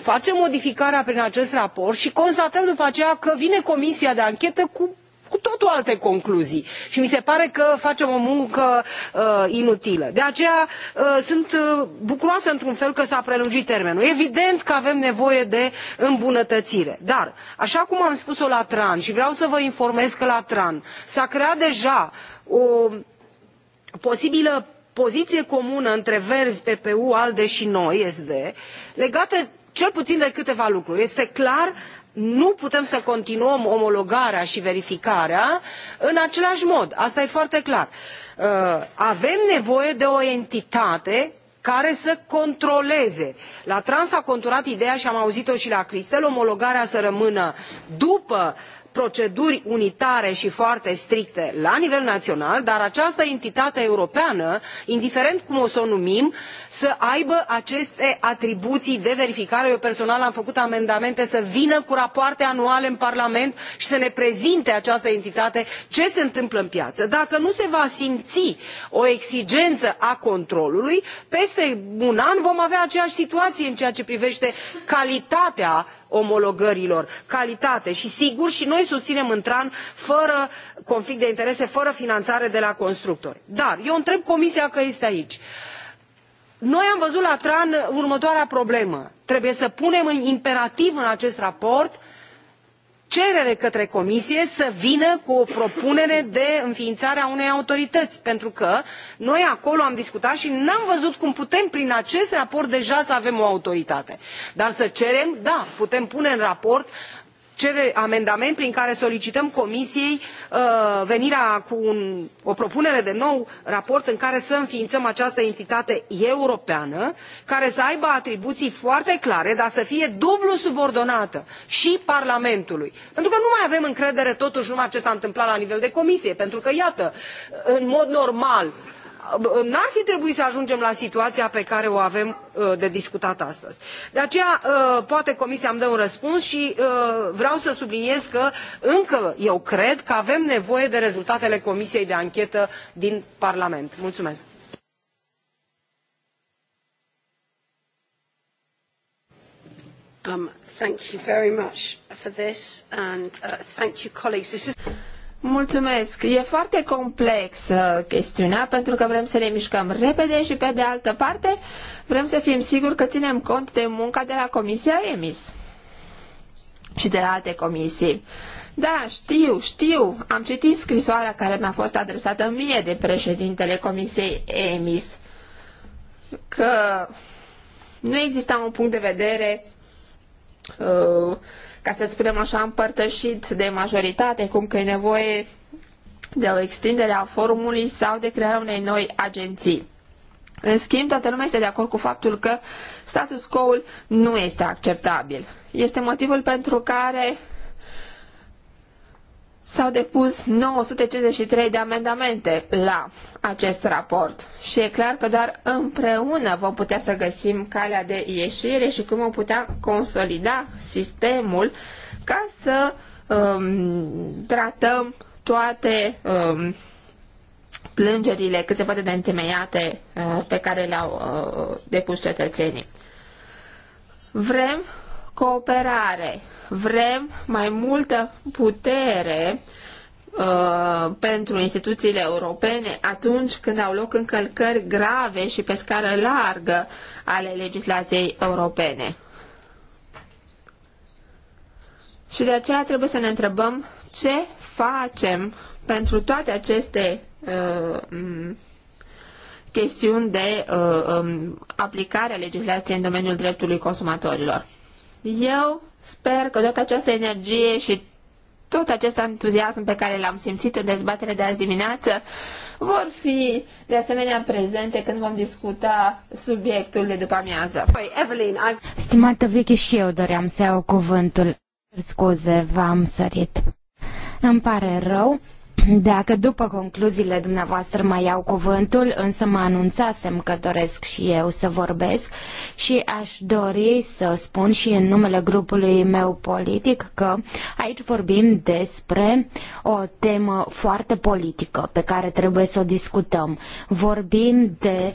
facem modificarea prin acest raport și constatăm după aceea că vine comisia de anchetă cu cu totul alte concluzii și mi se pare că facem o muncă uh, inutilă. de aceea uh, sunt uh, bucuroasă într un fel că s a prelungit termenul. evident că avem nevoie de îmbunătățire dar așa cum am spus o la tran și vreau să vă informez că la tran s a creat deja o posibilă poziție comună între verzi ppe alde și noi sd legată cel puțin de câteva lucruri este clar nu putem să continuăm omologarea și verificarea în același mod asta e foarte clar. Uh, avem nevoie de o entitate care să controleze. La trans a conturat ideea și am auzit o și la Cristel, omologarea să rămână după proceduri unitare și foarte stricte la nivel național dar această entitate europeană indiferent cum o să o numim să aibă aceste atribuții de verificare eu personal am făcut amendamente să vină cu rapoarte anuale în parlament și să ne prezinte această entitate ce se întâmplă în piață. dacă nu se va simți o exigență a controlului peste un an vom avea aceeași situație în ceea ce privește calitatea omologărilor calitate și sigur și noi susținem tran fără conflict de interese fără finanțare de la constructori. dar eu întreb comisia că este aici noi am văzut la tran următoarea problemă trebuie să punem imperativ în acest raport cerere către comisie să vină cu o propunere de înființare a unei autorități pentru că noi acolo am discutat și n am văzut cum putem prin acest raport deja să avem o autoritate dar să cerem da putem pune în raport cere amendament prin care solicităm comisiei uh, venirea cu o propunere de nou raport în care să înființăm această entitate europeană care să aibă atribuții foarte clare dar să fie dublu subordonată și parlamentului pentru că nu mai avem încredere totuși numai ce s a întâmplat la nivel de comisie pentru că iată în mod normal nu ar fi trebuit să ajungem la situația pe care o avem uh, de discutat astăzi. de aceea uh, poate comisia îmi dă un răspuns și uh, vreau să subliniez că încă eu cred că avem nevoie de rezultatele comisiei de anchetă din parlament. mulțumesc. Um, thank you very much for this and uh, thank you colleagues. This is... Mulțumesc. E foarte complexă uh, chestiunea pentru că vrem să ne mișcăm repede și pe de altă parte vrem să fim siguri că ținem cont de munca de la Comisia EMIS și de la alte comisii. Da, știu, știu. Am citit scrisoarea care mi-a fost adresată mie de președintele Comisiei EMIS că nu exista un punct de vedere uh, ca să spunem așa, împărtășit de majoritate, cum că e nevoie de o extindere a forumului sau de crearea unei noi agenții. În schimb, toată lumea este de acord cu faptul că status quo-ul nu este acceptabil. Este motivul pentru care S-au depus 953 de amendamente la acest raport și e clar că doar împreună vom putea să găsim calea de ieșire și cum vom putea consolida sistemul ca să um, tratăm toate um, plângerile cât se poate de întemeiate uh, pe care le-au uh, depus cetățenii. Vrem cooperare Vrem mai multă putere uh, pentru instituțiile europene atunci când au loc încălcări grave și pe scară largă ale legislației europene. Și de aceea trebuie să ne întrebăm ce facem pentru toate aceste uh, chestiuni de uh, um, aplicare a legislației în domeniul dreptului consumatorilor. Eu Sper că toată această energie și tot acest entuziasm pe care l-am simțit în dezbaterea de azi dimineață vor fi de asemenea prezente când vom discuta subiectul de după amiază. Păi, Evelyn, I've... Stimată Vicky și eu doream să iau cuvântul. Scuze, v-am sărit. Îmi pare rău. Dacă după concluziile dumneavoastră mai iau cuvântul, însă mă anunțasem că doresc și eu să vorbesc și aș dori să spun și în numele grupului meu politic că aici vorbim despre o temă foarte politică pe care trebuie să o discutăm. Vorbim de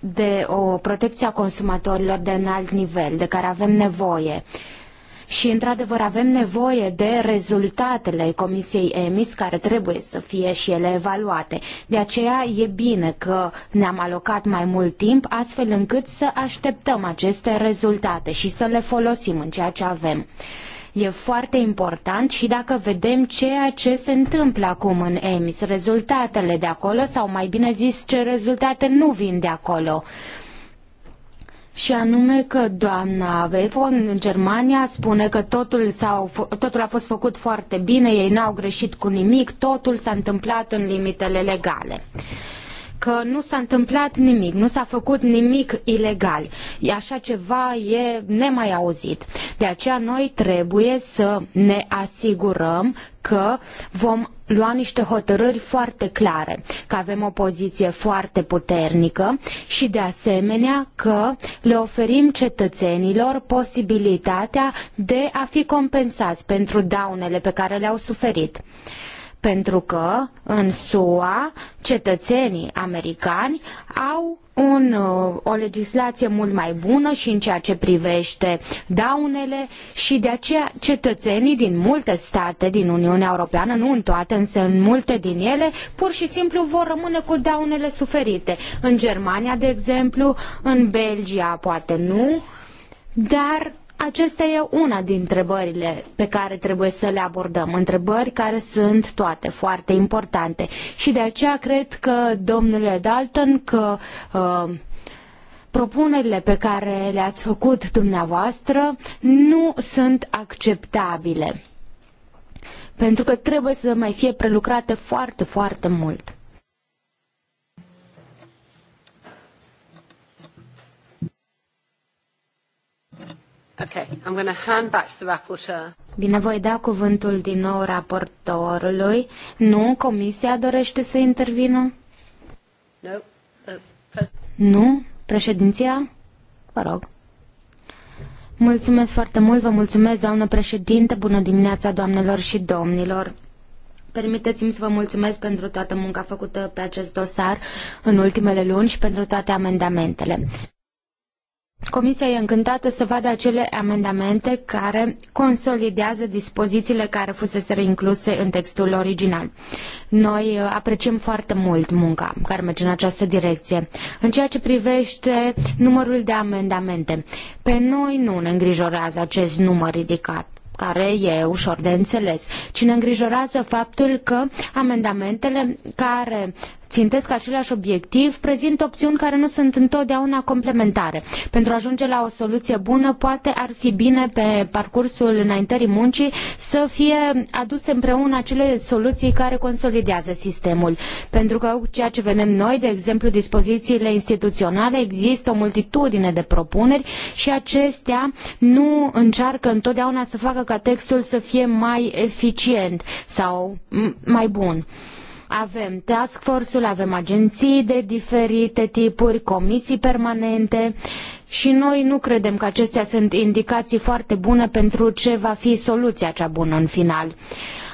de o protecție a consumatorilor de înalt nivel, de care avem nevoie. Uh, și într-adevăr avem nevoie de rezultatele Comisiei EMIS care trebuie să fie și ele evaluate. De aceea e bine că ne-am alocat mai mult timp astfel încât să așteptăm aceste rezultate și să le folosim în ceea ce avem e foarte important și dacă vedem ceea ce se întâmplă acum în EMIS, rezultatele de acolo sau mai bine zis ce rezultate nu vin de acolo și anume că doamna Weifon în Germania spune că totul, s totul a fost făcut foarte bine, ei n-au greșit cu nimic, totul s-a întâmplat în limitele legale că nu s-a întâmplat nimic, nu s-a făcut nimic ilegal. Așa ceva e nemai auzit. De aceea noi trebuie să ne asigurăm că vom lua niște hotărâri foarte clare, că avem o poziție foarte puternică și de asemenea că le oferim cetățenilor posibilitatea de a fi compensați pentru daunele pe care le-au suferit pentru că în SUA cetățenii americani au un, uh, o legislație mult mai bună și în ceea ce privește daunele și de aceea cetățenii din multe state din Uniunea Europeană, nu în toate, însă în multe din ele, pur și simplu vor rămâne cu daunele suferite. În Germania, de exemplu, în Belgia poate nu, dar acesta e una din întrebările pe care trebuie să le abordăm, întrebări care sunt toate foarte importante și de aceea cred că, domnule Dalton, că uh, propunerile pe care le-ați făcut dumneavoastră nu sunt acceptabile, pentru că trebuie să mai fie prelucrate foarte, foarte mult. Okay, I'm going to hand back to the rapporteur. Bine, voi da cuvântul din nou raportorului. Nu, comisia dorește să intervină? No. Uh, nu, președinția? Vă rog. Mulțumesc foarte mult, vă mulțumesc, doamnă președinte, bună dimineața, doamnelor și domnilor. Permiteți-mi să vă mulțumesc pentru toată munca făcută pe acest dosar în ultimele luni și pentru toate amendamentele. Comisia e încântată să vadă acele amendamente care consolidează dispozițiile care fusese incluse în textul original. Noi uh, apreciem foarte mult munca care merge în această direcție. În ceea ce privește numărul de amendamente, pe noi nu ne îngrijorează acest număr ridicat care e ușor de înțeles, ci ne îngrijorează faptul că amendamentele care țintesc același obiectiv, prezint opțiuni care nu sunt întotdeauna complementare. Pentru a ajunge la o soluție bună, poate ar fi bine pe parcursul înaintării muncii să fie aduse împreună acele soluții care consolidează sistemul. Pentru că ceea ce vedem noi, de exemplu, dispozițiile instituționale, există o multitudine de propuneri și acestea nu încearcă întotdeauna să facă ca textul să fie mai eficient sau mai bun. Avem task force-ul, avem agenții de diferite tipuri, comisii permanente și noi nu credem că acestea sunt indicații foarte bune pentru ce va fi soluția cea bună în final.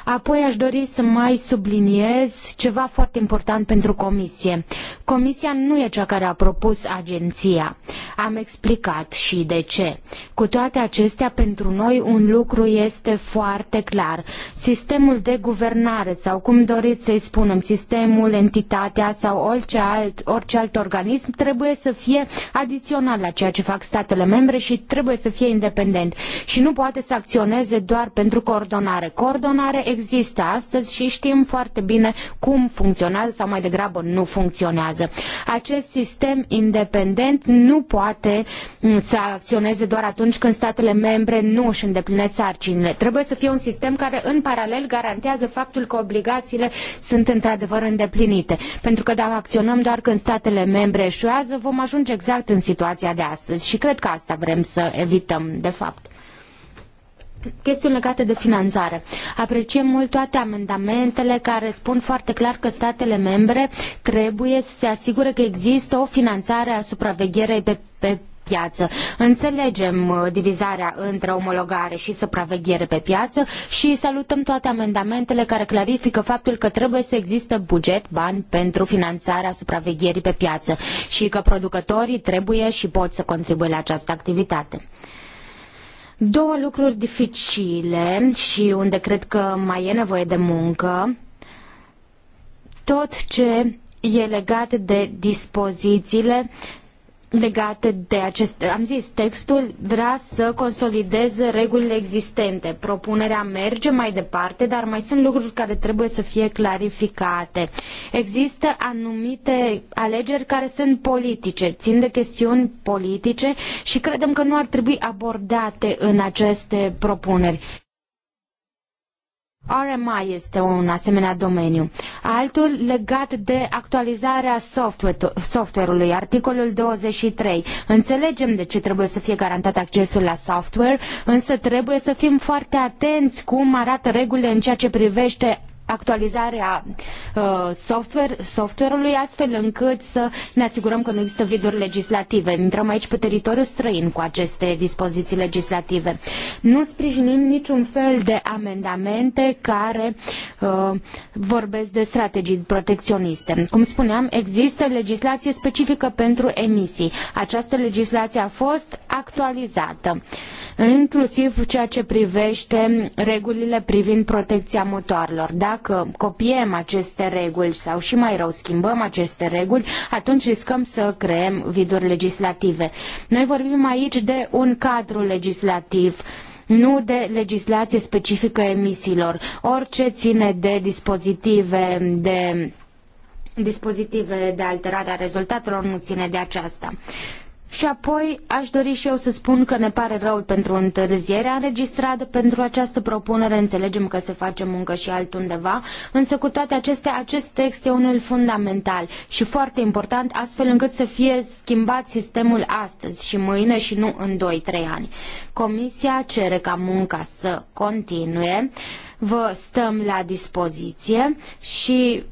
Apoi aș dori să mai subliniez ceva foarte important pentru Comisie. Comisia nu e cea care a propus agenția. Am explicat și de ce. Cu toate acestea, pentru noi un lucru este foarte clar. Sistemul de guvernare sau cum doriți să-i spunem, sistemul, entitatea sau orice alt, orice alt organism trebuie să fie adițional la ceea ce fac statele membre și trebuie să fie independent și nu poate să acționeze doar pentru coordonare. Coordonare există astăzi și știm foarte bine cum funcționează sau mai degrabă nu funcționează. Acest sistem independent nu poate mm, să acționeze doar atunci când statele membre nu își îndeplinesc sarcinile. Trebuie să fie un sistem care în paralel garantează faptul că obligațiile sunt într-adevăr îndeplinite. Pentru că dacă acționăm doar când statele membre eșuează, vom ajunge exact în situația de astăzi și cred că asta vrem să evităm, de fapt chestiuni legate de finanțare. Apreciem mult toate amendamentele care spun foarte clar că statele membre trebuie să se asigure că există o finanțare a supravegherei pe, pe piață. Înțelegem uh, divizarea între omologare și supraveghere pe piață și salutăm toate amendamentele care clarifică faptul că trebuie să existe buget, bani pentru finanțarea supravegherii pe piață și că producătorii trebuie și pot să contribuie la această activitate. Două lucruri dificile și unde cred că mai e nevoie de muncă. Tot ce e legat de dispozițiile legate de acest, am zis, textul vrea să consolideze regulile existente. Propunerea merge mai departe, dar mai sunt lucruri care trebuie să fie clarificate. Există anumite alegeri care sunt politice, țin de chestiuni politice și credem că nu ar trebui abordate în aceste propuneri. RMI este un asemenea domeniu. Altul legat de actualizarea software-ului, articolul 23. Înțelegem de ce trebuie să fie garantat accesul la software, însă trebuie să fim foarte atenți cum arată regulile în ceea ce privește actualizarea uh, software, ului astfel încât să ne asigurăm că nu există viduri legislative. Intrăm aici pe teritoriul străin cu aceste dispoziții legislative. Nu sprijinim niciun fel de amendamente care uh, vorbesc de strategii protecționiste. Cum spuneam, există legislație specifică pentru emisii. Această legislație a fost actualizată. Uh, inclusiv ceea ce privește regulile privind protecția motoarelor. Dacă copiem aceste reguli sau și mai rău schimbăm aceste reguli, atunci riscăm să creăm viduri legislative. Noi vorbim aici de un cadru legislativ nu de legislație specifică emisiilor. Orice ține de dispozitive de dispozitive de alterare a rezultatelor nu ține de aceasta. Și apoi aș dori și eu să spun că ne pare rău pentru întârzierea înregistrată pentru această propunere. Înțelegem că se face muncă și altundeva, însă cu toate acestea, acest text e unul fundamental și foarte important, astfel încât să fie schimbat sistemul astăzi și mâine și nu în 2-3 ani. Comisia cere ca munca să continue. Vă stăm la dispoziție și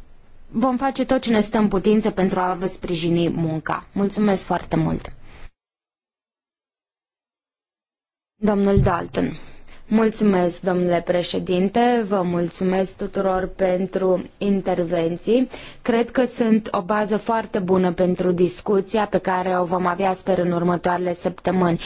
vom face tot ce ne stă în putință pentru a vă sprijini munca. Mulțumesc foarte mult! Domnul Dalton. Mulțumesc, domnule președinte, vă mulțumesc tuturor pentru intervenții. Cred că sunt o bază foarte bună pentru discuția pe care o vom avea, sper, în următoarele săptămâni.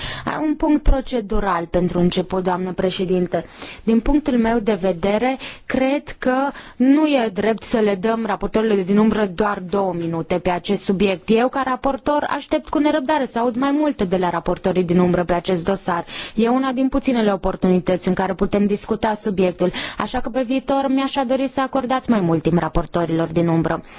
Un punct procedural pentru început, doamnă președinte. Din punctul meu de vedere, cred că nu e drept să le dăm raportorilor din umbră doar două minute pe acest subiect. Eu, ca raportor, aștept cu nerăbdare să aud mai multe de la raportorii din umbră pe acest dosar. E una din puținele oportunități în care putem discuta subiectul, așa că pe viitor mi-aș dori să acordați mai mult timp raportorilor din umbră. Uh,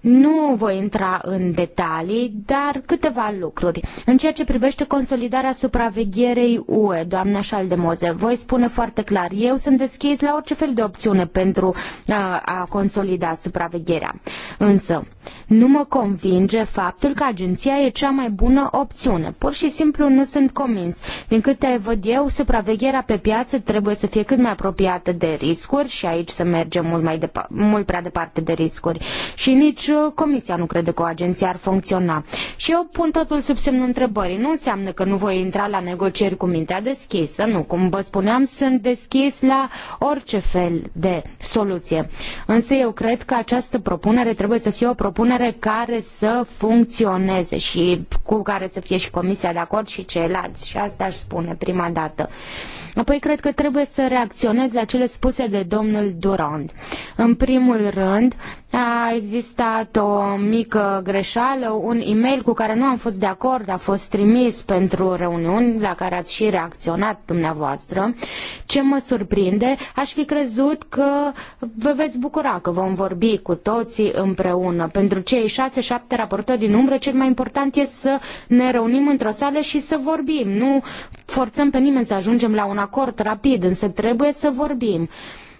nu voi intra în detalii, dar câteva lucruri. În ceea ce privește consolidarea supravegherei UE, doamna Șaldemoze, voi spune foarte clar, eu sunt deschis la orice fel de opțiune pentru a, uh, a consolida supravegherea. Însă, nu mă convinge faptul că agenția e cea mai bună opțiune. Pur și simplu nu sunt convins. Din câte văd eu, supravegherea pe piață trebuie să fie cât mai apropiată de riscuri și aici să mergem mult, mai depar- mult prea departe de riscuri. Și nici nici deci, uh, comisia nu crede că o agenție ar funcționa. Și eu pun totul sub semnul întrebării. Nu înseamnă că nu voi intra la negocieri cu mintea deschisă, nu. Cum vă spuneam, sunt deschis la orice fel de soluție. Însă eu cred că această propunere trebuie să fie o propunere care să funcționeze și cu care să fie și comisia de acord și ceilalți. Și asta aș spune prima dată. Apoi cred că trebuie să reacționez la cele spuse de domnul Durand. În primul rând, a existat o mică greșeală, un e-mail cu care nu am fost de acord, a fost trimis pentru reuniuni la care ați și reacționat dumneavoastră. Ce mă surprinde, aș fi crezut că vă veți bucura că vom vorbi cu toții împreună. Pentru cei șase, șapte raportori din umbră, cel mai important este să ne reunim într-o sală și să vorbim, nu forțăm pe nimeni să ajungem la un acord rapid, însă trebuie să vorbim.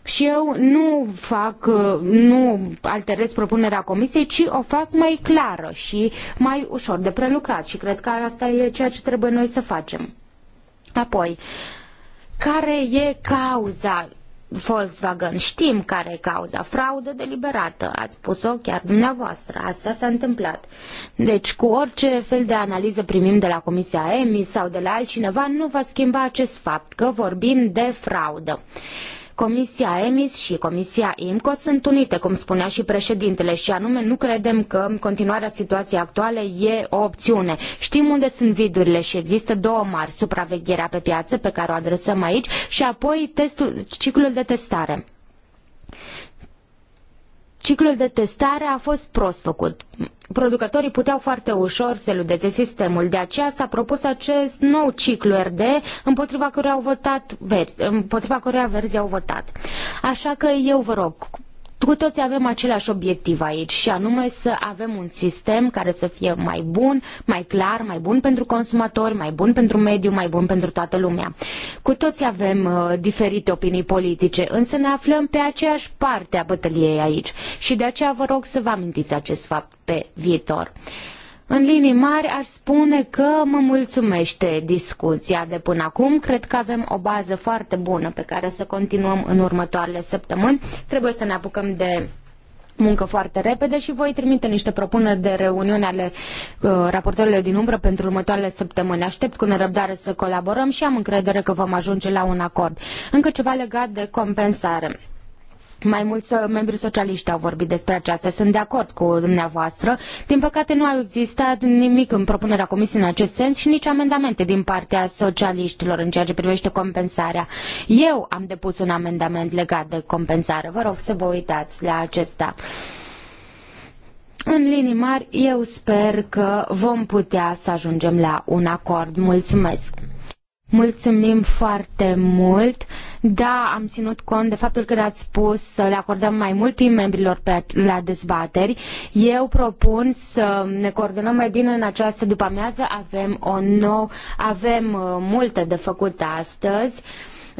Și eu nu fac, uh, nu alterez propunerea comisiei, ci o fac mai clară și mai ușor de prelucrat și cred că asta e ceea ce trebuie noi să facem. Apoi, care e cauza Volkswagen. Știm care e cauza. Fraudă deliberată. Ați spus-o chiar dumneavoastră. Asta s-a întâmplat. Deci cu orice fel de analiză primim de la Comisia EMI sau de la altcineva, nu va schimba acest fapt că vorbim de fraudă. Comisia EMIS și Comisia IMCO sunt unite, cum spunea și președintele, și anume nu credem că continuarea situației actuale e o opțiune. Știm unde sunt vidurile și există două mari, supravegherea pe piață pe care o adresăm aici și apoi testul, ciclul de testare. Ciclul de testare a fost prost făcut producătorii puteau foarte ușor să ludeze sistemul. De aceea s-a propus acest nou ciclu RD împotriva căruia au votat verzi, împotriva căruia verzi au votat. Așa că eu vă rog, cu toți avem același obiectiv aici și anume să avem un sistem care să fie mai bun, mai clar, mai bun pentru consumatori, mai bun pentru mediu, mai bun pentru toată lumea. Cu toți avem uh, diferite opinii politice, însă ne aflăm pe aceeași parte a bătăliei aici și de aceea vă rog să vă amintiți acest fapt pe viitor. Uh, în linii mari aș spune că mă mulțumește discuția de până acum. Cred că avem o bază foarte bună pe care să continuăm în următoarele săptămâni. Trebuie să ne apucăm de muncă foarte repede și voi trimite niște propuneri de reuniune ale uh, raportorilor din umbră pentru următoarele săptămâni. Aștept cu nerăbdare să colaborăm și am încredere că vom ajunge la un acord. Încă ceva legat de compensare. Mai mulți membri socialiști au vorbit despre aceasta. Sunt de acord cu dumneavoastră. Din păcate nu a existat nimic în propunerea comisiei în acest sens și nici amendamente din partea socialiștilor în ceea ce privește compensarea. Eu am depus un amendament legat de compensare. Vă rog să vă uitați la acesta. În linii mari, eu sper că vom putea să ajungem la un acord. Mulțumesc! Mulțumim foarte mult! Da, am ținut cont de faptul că ați spus să le acordăm mai mult timp membrilor pe, la dezbateri. Eu propun să ne coordonăm mai bine în această după-amiază. Avem, o nou, avem uh, multe de făcut astăzi.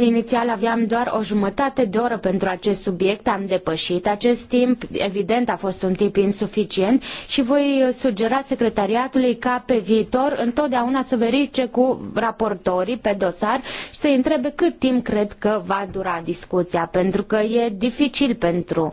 Inițial aveam doar o jumătate de oră pentru acest subiect, am depășit acest timp, evident a fost un timp insuficient și voi sugera secretariatului ca pe viitor întotdeauna să verice cu raportorii pe dosar și să-i întrebe cât timp cred că va dura discuția, pentru că e dificil pentru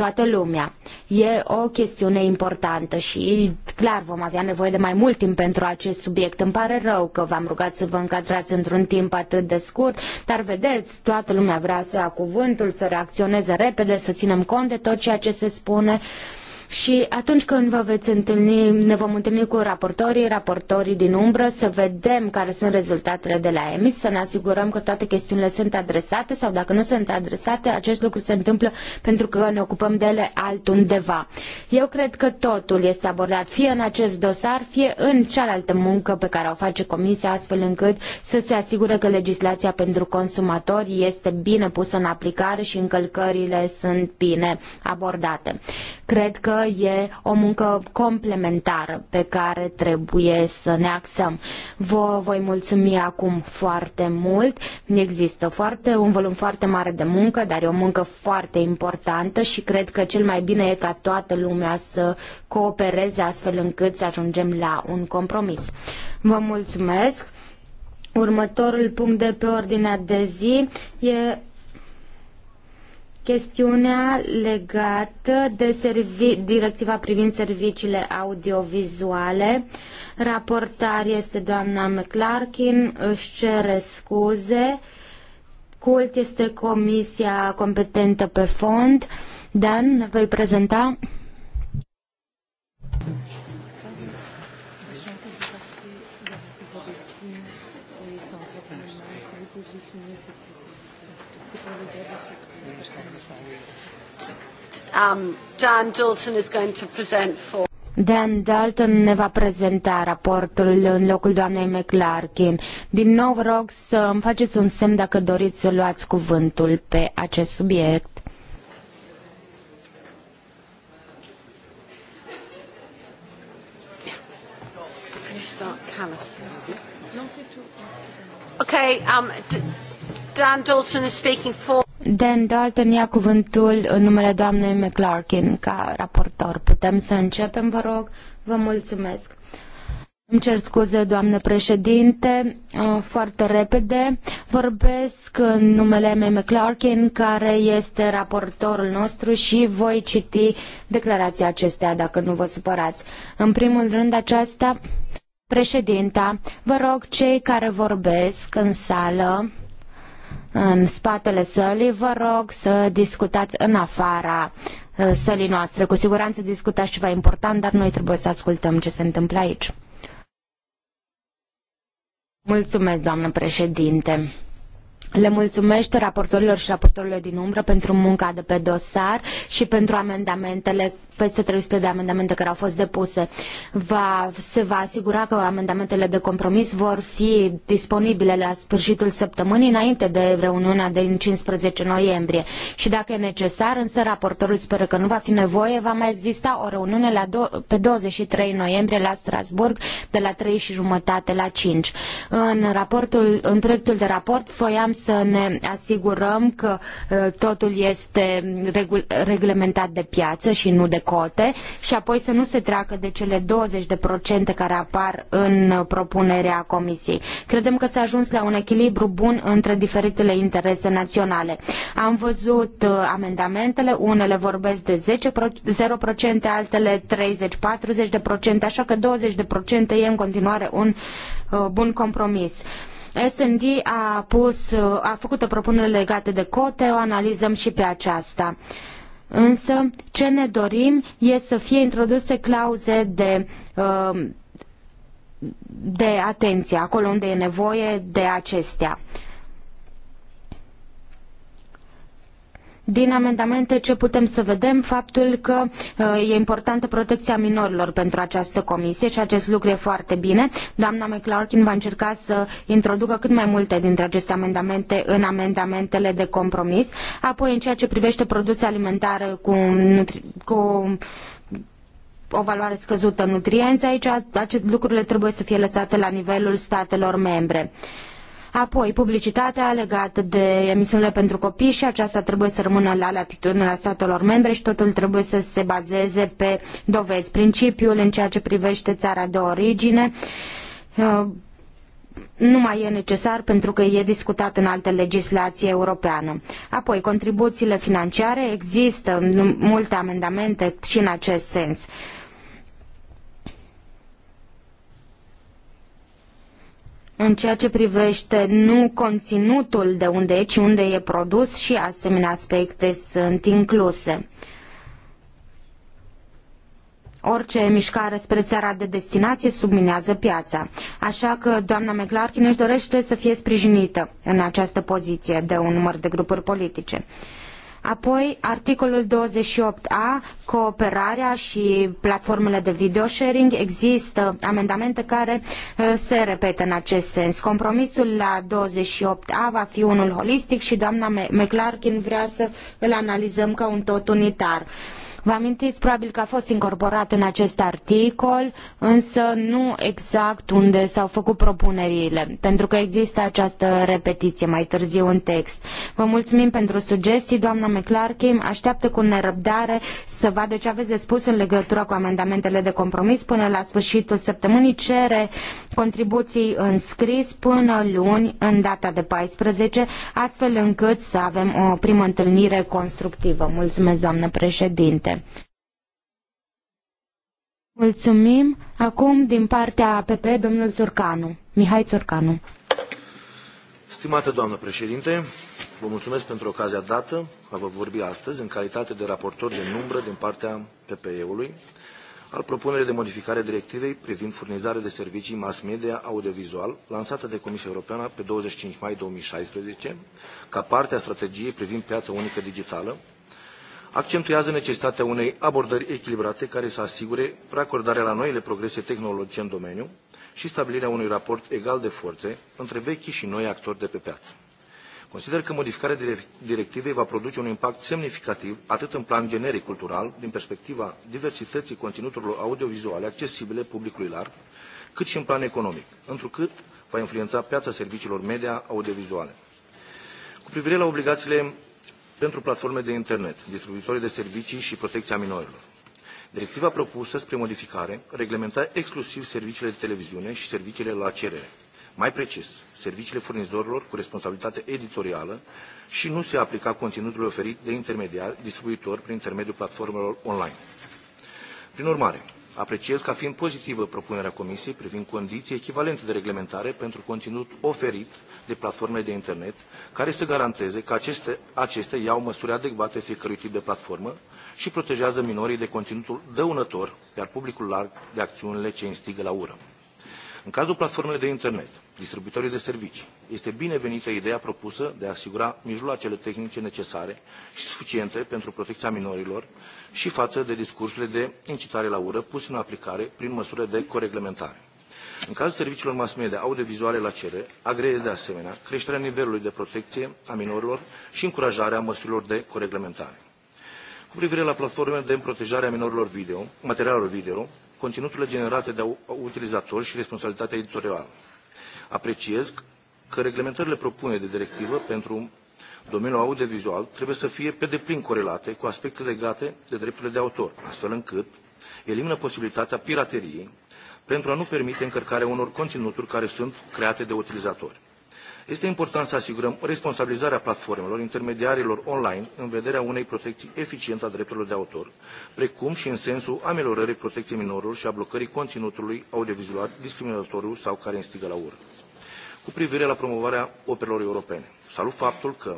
toată lumea. E o chestiune importantă și clar vom avea nevoie de mai mult timp pentru acest subiect. Îmi pare rău că v-am rugat să vă încadrați într-un timp atât de scurt, dar vedeți, toată lumea vrea să ia cuvântul, să reacționeze repede, să ținem cont de tot ceea ce se spune și atunci când vă veți întâlni, ne vom întâlni cu raportorii, raportorii din umbră, să vedem care sunt rezultatele de la emis, să ne asigurăm că toate chestiunile sunt adresate sau dacă nu sunt adresate, acest lucru se întâmplă pentru că ne ocupăm de ele altundeva. Eu cred că totul este abordat fie în acest dosar, fie în cealaltă muncă pe care o face Comisia, astfel încât să se asigure că legislația pentru consumatori este bine pusă în aplicare și încălcările sunt bine abordate. Cred că e o muncă complementară pe care trebuie să ne axăm. Vă voi mulțumi acum foarte mult. Există foarte, un volum foarte mare de muncă, dar e o muncă foarte importantă și cred că cel mai bine e ca toată lumea să coopereze astfel încât să ajungem la un compromis. Vă mulțumesc! Următorul punct de pe ordinea de zi e chestiunea legată de directiva privind serviciile audiovizuale. Raportar este doamna McClarkin, își cere scuze. Cult este comisia competentă pe fond. Dan, ne vei prezenta? Um, Dan Dalton is going to present for... Dan Dalton ne va prezenta raportul în locul doamnei McClarkin. Din nou vă rog să îmi faceți un semn dacă doriți să luați cuvântul pe acest subiect. Okay, um, Dan Dalton is speaking for... Dan Dalton ia cuvântul în numele doamnei McClarkin ca raportor. Putem să începem, vă rog? Vă mulțumesc. Îmi cer scuze, doamnă președinte, uh, foarte repede. Vorbesc în numele mei McClarkin, care este raportorul nostru și voi citi declarația acestea, dacă nu vă supărați. În primul rând, aceasta, președinta, vă rog cei care vorbesc în sală, în spatele sălii, vă rog să discutați în afara uh, sălii noastre. Cu siguranță discutați ceva important, dar noi trebuie să ascultăm ce se întâmplă aici. Mulțumesc, doamnă președinte. Le mulțumesc raportorilor și raportorilor din umbră pentru munca de pe dosar și pentru amendamentele, peste 300 de amendamente care au fost depuse. Va, se va asigura că amendamentele de compromis vor fi disponibile la sfârșitul săptămânii înainte de reuniunea din 15 noiembrie. Și dacă e necesar, însă raportorul speră că nu va fi nevoie, va mai exista o reuniune la do- pe 23 noiembrie la Strasbourg de la 3 și jumătate la 5. În, raportul, în proiectul de raport voiam să ne asigurăm că uh, totul este reglementat de piață și nu de cote și apoi să nu se treacă de cele 20% care apar în uh, propunerea Comisiei. Credem că s-a ajuns la un echilibru bun între diferitele interese naționale. Am văzut uh, amendamentele, unele vorbesc de 10, 0%, altele 30-40%, așa că 20% e în continuare un bun compromis. S&D a, pus, a făcut o propunere legată de cote, o analizăm și pe aceasta. Însă, ce ne dorim e să fie introduse clauze de uh, de atenție acolo unde e nevoie de acestea. din amendamente ce putem să vedem faptul că uh, e importantă protecția minorilor pentru această comisie și acest lucru e foarte bine. Doamna McClarkin va încerca să introducă cât mai multe dintre aceste amendamente în amendamentele de compromis. Apoi, în ceea ce privește produse alimentare cu, cu o valoare scăzută nutrienți, aici acest, lucrurile trebuie să fie lăsate la nivelul statelor membre. Uh, Apoi, publicitatea legată de emisiunile pentru copii și aceasta trebuie să rămână la latitudinea statelor membre și totul trebuie să se bazeze pe dovezi. Principiul în ceea ce privește țara de origine uh, nu mai e necesar pentru că e discutat în alte legislații europeană. Apoi, contribuțiile financiare, există multe amendamente și în acest sens. în ceea ce privește nu conținutul de unde e, ci unde e produs și asemenea aspecte sunt incluse. Orice mișcare spre țara de destinație subminează piața. Așa că doamna McClarkin își dorește să fie sprijinită în această poziție de un număr de grupuri politice. Apoi, articolul 28a, cooperarea și platformele de video sharing, există amendamente care uh, se repetă în acest sens. Compromisul la 28a va fi unul holistic și doamna McClarkin vrea să îl analizăm ca un tot unitar. Uh, Vă amintiți probabil că a fost incorporat în acest articol, însă nu exact unde s-au făcut propunerile, pentru că există această repetiție mai târziu în text. Vă mulțumim pentru sugestii, doamna McClarkin, așteaptă cu nerăbdare să vadă ce aveți de spus în legătură cu amendamentele de compromis până la sfârșitul săptămânii, cere contribuții în scris până luni, în data de 14, astfel încât să avem o primă întâlnire constructivă. Mulțumesc, doamnă președinte. Unite. Mulțumim. Acum, din partea PP, domnul Țurcanu. Mihai Țurcanu. Stimată doamnă președinte, vă mulțumesc pentru ocazia dată a vă vorbi astăzi în calitate de raportor de numbră din partea PPE-ului al propunerii de modificare directivei privind furnizarea de servicii mass media audiovizual lansată de Comisia Europeană pe 25 mai 2016 ca parte a strategiei privind piața unică digitală accentuează necesitatea unei abordări echilibrate care să asigure preacordarea la noile progrese tehnologice în domeniu și stabilirea unui raport egal de forțe între vechi și noi actori de pe piață. Consider că modificarea directivei va produce un impact semnificativ atât în plan generic cultural, din perspectiva diversității conținuturilor audiovizuale accesibile publicului larg, cât și în plan economic, întrucât va influența piața serviciilor media audiovizuale. Cu privire la obligațiile pentru platforme de internet, distribuitorii de servicii și protecția minorilor. Directiva propusă spre modificare reglementa exclusiv serviciile de televiziune și serviciile la cerere. Mai precis, serviciile furnizorilor cu responsabilitate editorială și nu se aplica conținutului oferit de intermediari distribuitori prin intermediul platformelor online. Prin urmare, apreciez ca fiind pozitivă propunerea Comisiei privind condiții echivalente de reglementare pentru conținut oferit de platforme de internet, care să garanteze că aceste, acestea iau măsuri adecvate fiecărui tip de platformă și protejează minorii de conținutul dăunător, iar publicul larg de acțiunile ce instigă la ură. În cazul platformelor de internet, distribuitorii de servicii, este binevenită ideea propusă de a asigura mijloacele tehnice necesare și suficiente pentru protecția minorilor și față de discursurile de incitare la ură puse în aplicare prin măsurile de coreglementare. În cazul serviciilor mass media audiovizuale la cerere, agreiez de asemenea creșterea nivelului de protecție a minorilor și încurajarea măsurilor de coreglementare. Cu privire la platformele de protejare a minorilor video, materialelor video, conținuturile generate de utilizatori și responsabilitatea editorială. Apreciez că reglementările propune de directivă pentru domeniul audiovizual trebuie să fie pe deplin corelate cu aspecte legate de drepturile de autor, astfel încât elimină posibilitatea pirateriei, pentru a nu permite încărcarea unor conținuturi care sunt create de utilizatori. Este important să asigurăm responsabilizarea platformelor, intermediarilor online, în vederea unei protecții eficiente a drepturilor de autor, precum și în sensul ameliorării protecției minorilor și a blocării conținutului audiovizual discriminatoriu sau care instigă la ură. Cu privire la promovarea operelor europene, salut faptul că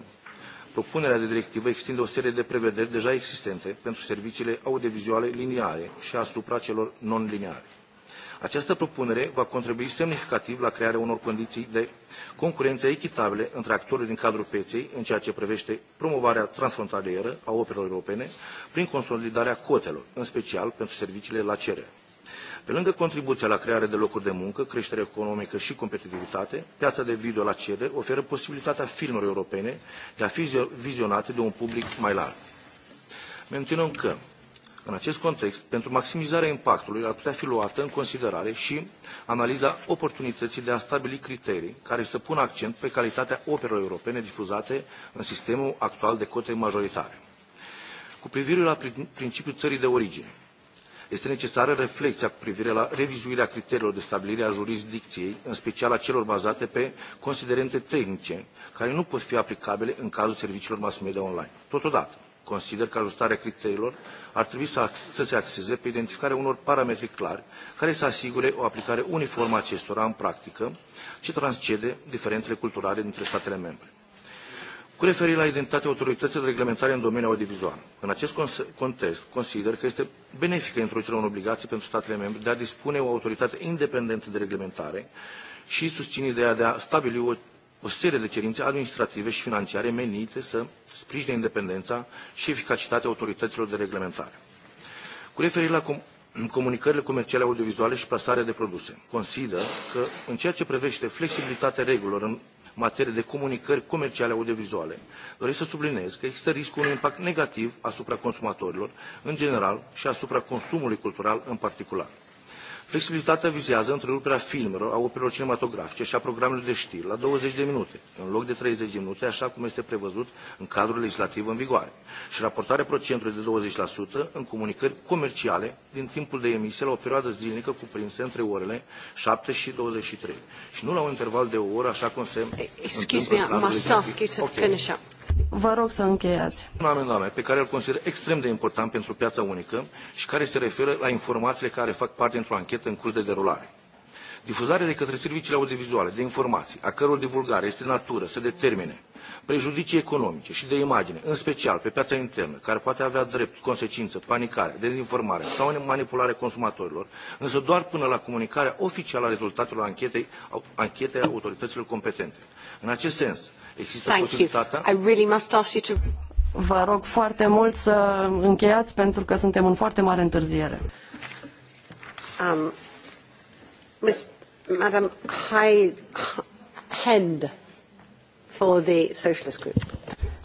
propunerea de directivă extinde o serie de prevederi deja existente pentru serviciile audiovizuale lineare și asupra celor non-lineare. Această propunere va contribui semnificativ la crearea unor condiții de concurență echitabile între actorii din cadrul pieței în ceea ce privește promovarea transfrontalieră a operelor europene prin consolidarea cotelor, în special pentru serviciile la cerere. Pe lângă contribuția la crearea de locuri de muncă, creștere economică și competitivitate, piața de video la cerere oferă posibilitatea filmelor europene de a fi vizionate de un public mai larg. Menționăm că în acest context, pentru maximizarea impactului ar putea fi luată în considerare și analiza oportunității de a stabili criterii care să pună accent pe calitatea operelor europene difuzate în sistemul actual de cote majoritare. Cu privire la principiul țării de origine, este necesară reflexia cu privire la revizuirea criteriilor de stabilire a jurisdicției, în special a celor bazate pe considerente tehnice, care nu pot fi aplicabile în cazul serviciilor mass media online. Totodată, consider că ajustarea criteriilor ar trebui să, să se axeze pe identificarea unor parametri clari care să asigure o aplicare uniformă a acestora în practică ce transcede diferențele culturale dintre statele membre. Cu referire la identitatea autorităților reglementare în domeniul audiovizual, în acest context consider că este benefică introducerea unor obligații pentru statele membre de a dispune o autoritate independentă de reglementare și susțin ideea de a stabili o o serie de cerințe administrative și financiare menite să sprijine independența și eficacitatea autorităților de reglementare. Cu referire la comunicările comerciale audiovizuale și plasarea de produse, consider că în ceea ce privește flexibilitatea regulilor în materie de comunicări comerciale audiovizuale, doresc să subliniez că există riscul unui impact negativ asupra consumatorilor în general și asupra consumului cultural în particular. Flexibilitatea vizează întreruperea filmelor, a operelor cinematografice și a programelor de știri la 20 de minute, în loc de 30 de minute, așa cum este prevăzut în cadrul legislativ în vigoare, și raportarea procentului de 20% în comunicări comerciale din timpul de emisie la o perioadă zilnică cuprinsă între orele 7 și 23, și nu la un interval de o oră, așa cum se Excuse întâmplă me, I must ask you to finish up. Vă rog să încheiați. Un amendament pe care îl consider extrem de important pentru piața unică și care se referă la informațiile care fac parte într-o anchetă în curs de derulare. Difuzarea de către serviciile audiovizuale de informații, a căror divulgare este natură să determine prejudicii economice și de imagine, în special pe piața internă, care poate avea drept consecință panicare, dezinformare sau manipulare consumatorilor, însă doar până la comunicarea oficială a rezultatelor anchetei, anchetei autorităților competente. În acest sens, există Thank posibilitatea... You. I really must ask you to... Vă rog foarte mult să încheiați pentru că suntem în foarte mare întârziere. Um, Miss, Madam Head for the Socialist Group.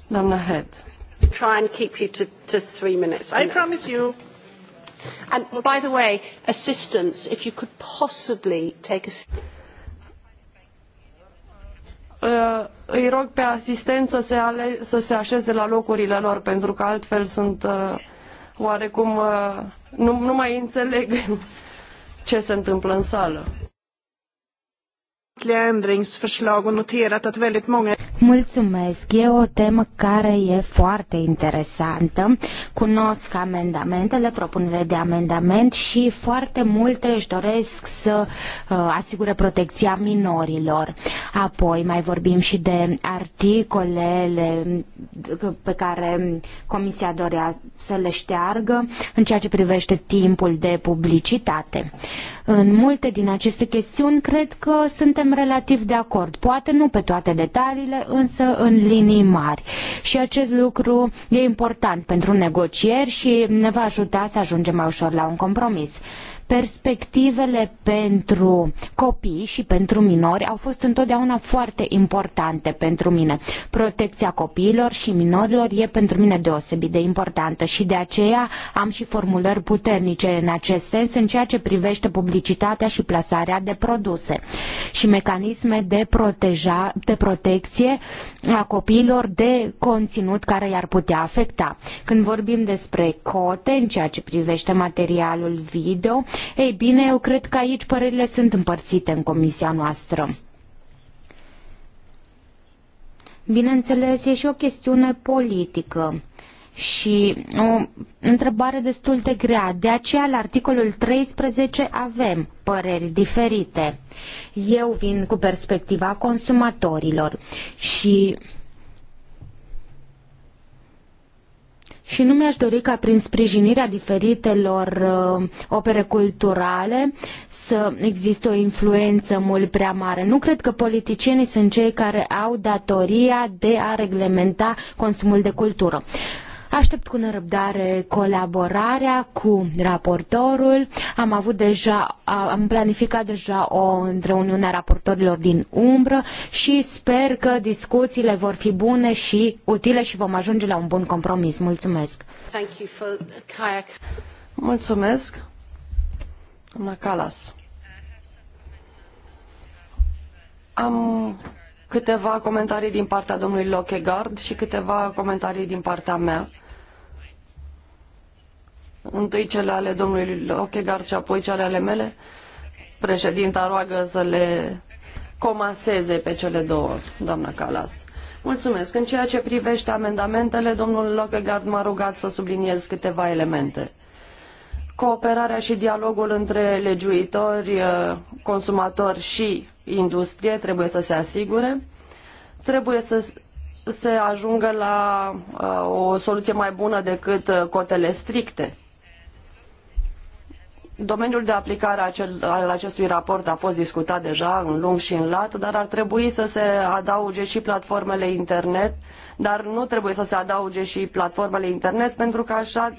Doamna Head. Try and keep you to, to three minutes. I promise you. And by the way, assistance, if you could possibly take a... Uh, îi rog pe asistenți să se, ale, să se așeze la locurile lor, pentru că altfel sunt uh, oarecum... Uh, nu, nu mai înțeleg [LAUGHS] ce se întâmplă în sală. Mulțumesc, e o temă care e foarte interesantă. Cunosc amendamentele, propunerile de amendament și foarte multe își doresc să uh, asigure protecția minorilor. Apoi mai vorbim și de articolele uh, pe care Comisia dorea să le șteargă în ceea ce privește timpul de publicitate. În multe din aceste chestiuni cred că suntem relativ de acord. Poate nu pe toate detaliile, însă în linii mari. Și acest lucru e important pentru negocieri și ne va ajuta să ajungem mai ușor la un compromis. Perspectivele pentru copii și pentru minori au fost întotdeauna foarte importante pentru mine. Protecția copiilor și minorilor e pentru mine deosebit de importantă și de aceea am și formulări puternice în acest sens în ceea ce privește publicitatea și plasarea de produse și mecanisme de, proteja, de protecție a copiilor de conținut care i-ar putea afecta. Când vorbim despre cote în ceea ce privește materialul video, ei bine, eu cred că aici părerile sunt împărțite în comisia noastră. Bineînțeles, e și o chestiune politică și o întrebare destul de grea. De aceea, la articolul 13 avem păreri diferite. Eu vin cu perspectiva consumatorilor și și nu mi-aș dori ca prin sprijinirea diferitelor uh, opere culturale să existe o influență mult prea mare. Nu cred că politicienii sunt cei care au datoria de a reglementa consumul de cultură. Aștept cu nerăbdare colaborarea cu raportorul. Am avut deja, am planificat deja o reuniune a raportorilor din umbră și sper că discuțiile vor fi bune și utile și vom ajunge la un bun compromis. Mulțumesc! Thank you for kayak. Mulțumesc! Doamna Calas. Am câteva comentarii din partea domnului Lockegard și câteva comentarii din partea mea întâi cele ale domnului Ochegar și apoi cele ale mele. Președinta roagă să le comaseze pe cele două, doamna Calas. Mulțumesc. În ceea ce privește amendamentele, domnul Lockegard m-a rugat să subliniez câteva elemente. Cooperarea și dialogul între legiuitori, eh, consumatori și industrie trebuie să se asigure. Trebuie să se ajungă la eh, o soluție mai bună decât eh, cotele stricte Domeniul de aplicare al acestui raport a fost discutat deja în lung și în lat, dar ar trebui să se adauge și platformele internet, dar nu trebuie să se adauge și platformele internet, pentru că așa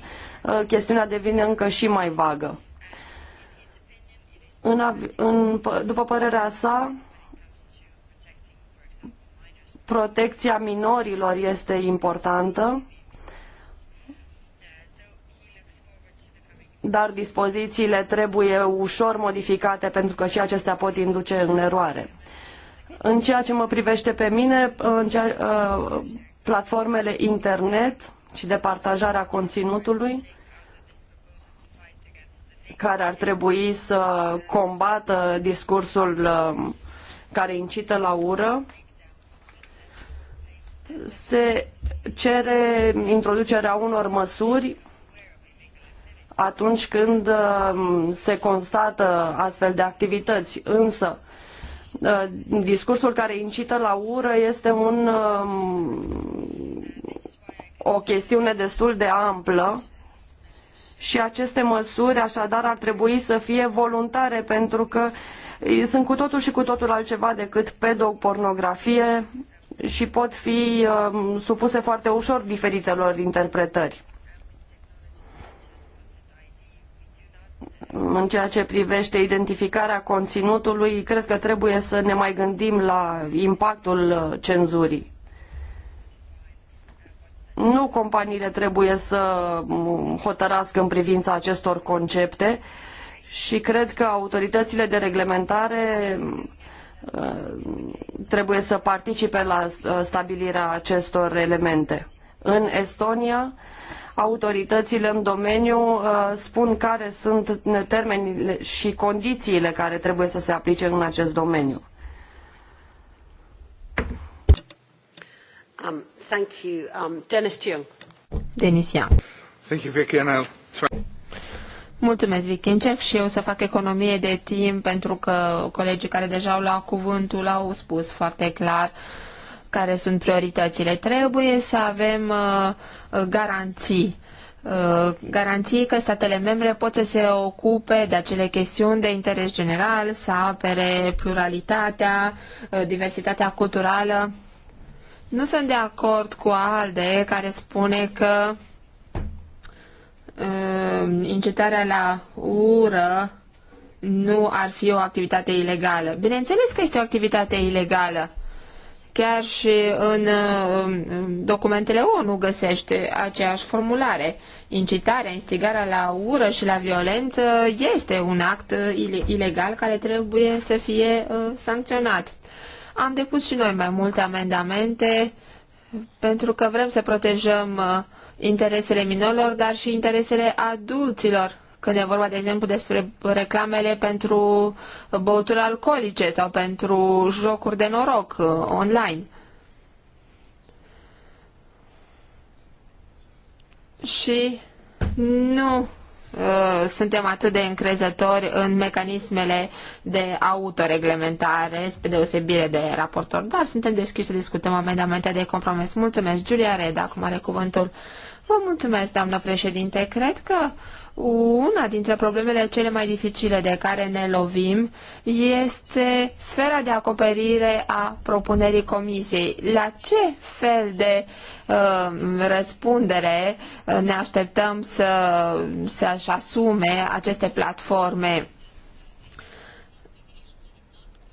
ă, chestiunea devine încă și mai vagă. În, în, după părerea sa, protecția minorilor este importantă dar dispozițiile trebuie ușor modificate pentru că și acestea pot induce în eroare. În ceea ce mă privește pe mine, în ceea, uh, platformele internet și de partajarea conținutului, care ar trebui să combată discursul uh, care incită la ură, se cere introducerea unor măsuri atunci când uh, se constată astfel de activități. Însă, uh, discursul care incită la ură este un, um, o chestiune destul de amplă și aceste măsuri așadar ar trebui să fie voluntare pentru că uh, sunt cu totul și cu totul altceva decât pedopornografie și pot fi um, supuse foarte ușor diferitelor interpretări. În ceea ce privește identificarea conținutului, cred că trebuie să ne mai gândim la impactul uh, cenzurii. Nu companiile trebuie să mm, hotărască în privința acestor concepte și cred că autoritățile de reglementare uh, trebuie să participe la uh, stabilirea acestor elemente. În Estonia, autoritățile în domeniu uh, spun care sunt termenile și condițiile care trebuie să se aplice în acest domeniu. Um, thank you. Um, Dennis Young. Denis Young. Thank you, Vicky, and I'll try. Mulțumesc, Vicky. Încerc și eu să fac economie de timp pentru că colegii care deja au luat cuvântul au spus foarte clar uh, care sunt prioritățile. Trebuie să avem uh, uh garanții. Uh, garanții că statele membre pot să se ocupe de acele chestiuni de interes general, să apere pluralitatea, uh, diversitatea culturală. Nu sunt de acord cu ALDE care spune că incitarea la ură nu ar fi o activitate ilegală. Bineînțeles că este o activitate ilegală Chiar și în um, documentele ONU găsește aceeași formulare. Incitarea, instigarea la ură și la violență este un act uh, ilegal care trebuie să fie uh, sancționat. Am depus și noi mai multe amendamente pentru că vrem să protejăm uh, interesele minorilor, dar și interesele adulților când e vorba, de exemplu, despre reclamele pentru băuturi alcoolice sau pentru jocuri de noroc uh, online. Și nu uh, suntem atât de încrezători în mecanismele de autoreglementare, spre deosebire de raportor, dar suntem deschiși să discutăm amendamente de compromis. Mulțumesc, Giulia Reda, acum are cuvântul. Vă mulțumesc, doamnă președinte. Cred că una dintre problemele cele mai dificile de care ne lovim este sfera de acoperire a propunerii comisiei. La ce fel de uh, răspundere uh, ne așteptăm să, să asume aceste platforme?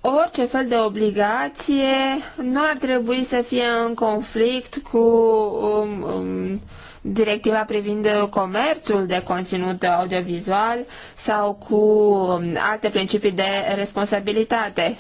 orice fel de obligație nu ar trebui să fie în conflict cu um, um, directiva privind comerțul de conținut audiovizual sau cu um, alte principii de responsabilitate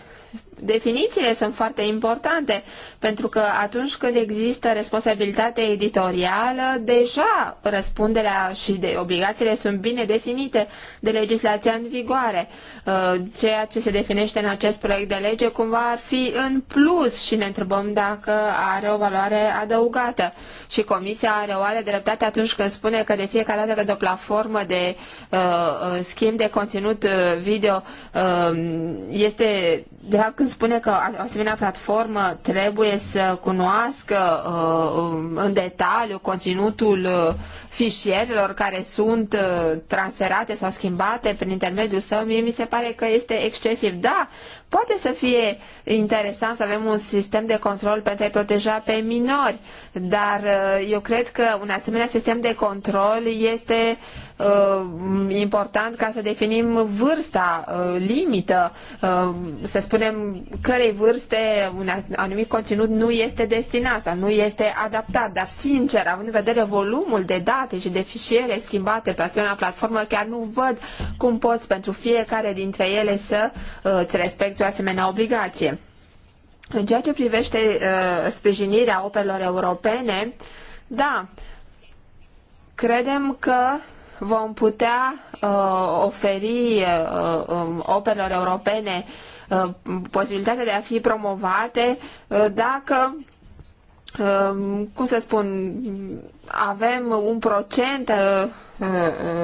definițiile sunt foarte importante, pentru că atunci când există responsabilitate editorială, deja răspunderea și de obligațiile sunt bine definite de legislația în vigoare. Uh, ceea ce se definește în acest proiect de lege cumva ar fi în plus și ne întrebăm dacă are o valoare adăugată. Și Comisia are oare dreptate atunci când spune că de fiecare dată când o platformă de uh, schimb de conținut uh, video uh, este de fapt când spune că o asemenea platformă trebuie să cunoască uh, în detaliu conținutul uh, fișierelor care sunt uh, transferate sau schimbate prin intermediul său, mie mi se pare că este excesiv. Da, poate să fie interesant să avem un sistem de control pentru a-i proteja pe minori, dar eu cred că un asemenea sistem de control este Uh, important ca să definim vârsta uh, limită, uh, să spunem cărei vârste un anumit conținut nu este destinat sau nu este adaptat, dar sincer, având în vedere volumul de date și de fișiere schimbate pe asemenea platformă, chiar nu văd cum poți pentru fiecare dintre ele să îți respecti o asemenea obligație. În ceea ce privește uh, sprijinirea operelor europene, da, credem că vom putea uh, oferi uh, um, europene uh, posibilitatea de a fi promovate uh, dacă um, cum să spun, avem un procent uh,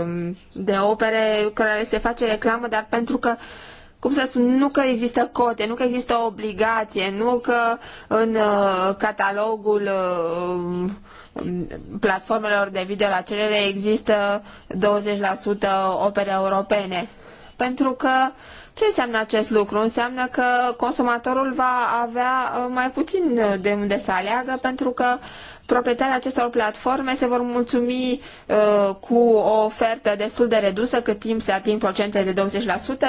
um, de opere care se face reclamă, dar pentru că cum să spun, nu că există cote, nu că există obligație, nu că în uh, catalogul uh, platformelor de video la cerere există 20% opere europene. Pentru că ce înseamnă acest lucru? Înseamnă că consumatorul va avea uh, mai puțin uh, de unde să aleagă pentru că proprietarii acestor platforme se vor mulțumi uh, cu o ofertă destul de redusă cât timp se ating procente de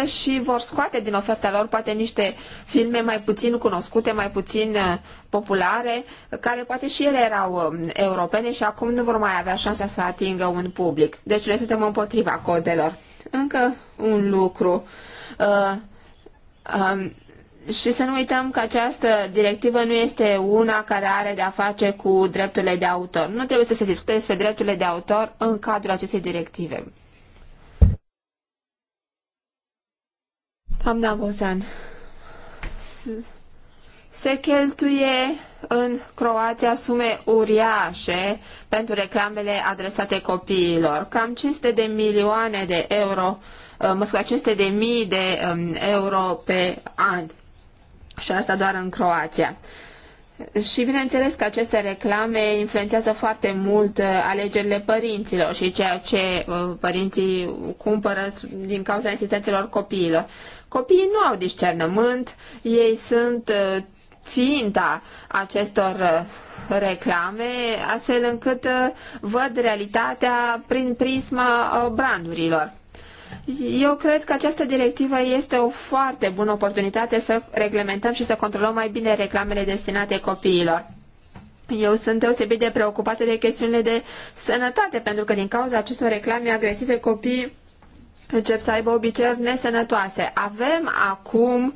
20% și vor scoate din oferta lor poate niște filme mai puțin cunoscute, mai puțin uh, populare, care poate și ele erau um, europene și acum nu vor mai avea șansa să atingă un public. Deci noi suntem împotriva codelor. Încă un lucru. Uh, Uh, um, și să nu uităm că această directivă nu este una care are de-a face cu drepturile de autor. Nu trebuie să se discute despre drepturile de autor în cadrul acestei directive. Doamna Bozan, se cheltuie în Croația sume uriașe pentru reclamele adresate copiilor, cam 500 de milioane de euro Uh, mă aceste 500 de mii de um, euro pe an. Și asta doar în Croația. Și bineînțeles că aceste reclame influențează foarte mult uh, alegerile părinților și ceea ce uh, părinții cumpără din cauza insistențelor copiilor. Copiii nu au discernământ, ei sunt ținta acestor reclame, astfel încât văd realitatea prin prisma brandurilor. Eu cred că această directivă este o foarte bună oportunitate să reglementăm și să controlăm mai bine reclamele destinate copiilor. Eu sunt deosebit de preocupată de chestiunile de sănătate, pentru că din cauza acestor reclame agresive copiii încep să aibă obiceiuri nesănătoase. Avem acum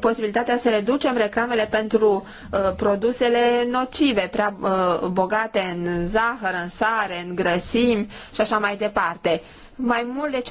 posibilitatea să reducem reclamele pentru uh, produsele nocive, prea uh, bogate în zahăr, în sare, în grăsimi și așa mai departe. Uh, mai mult de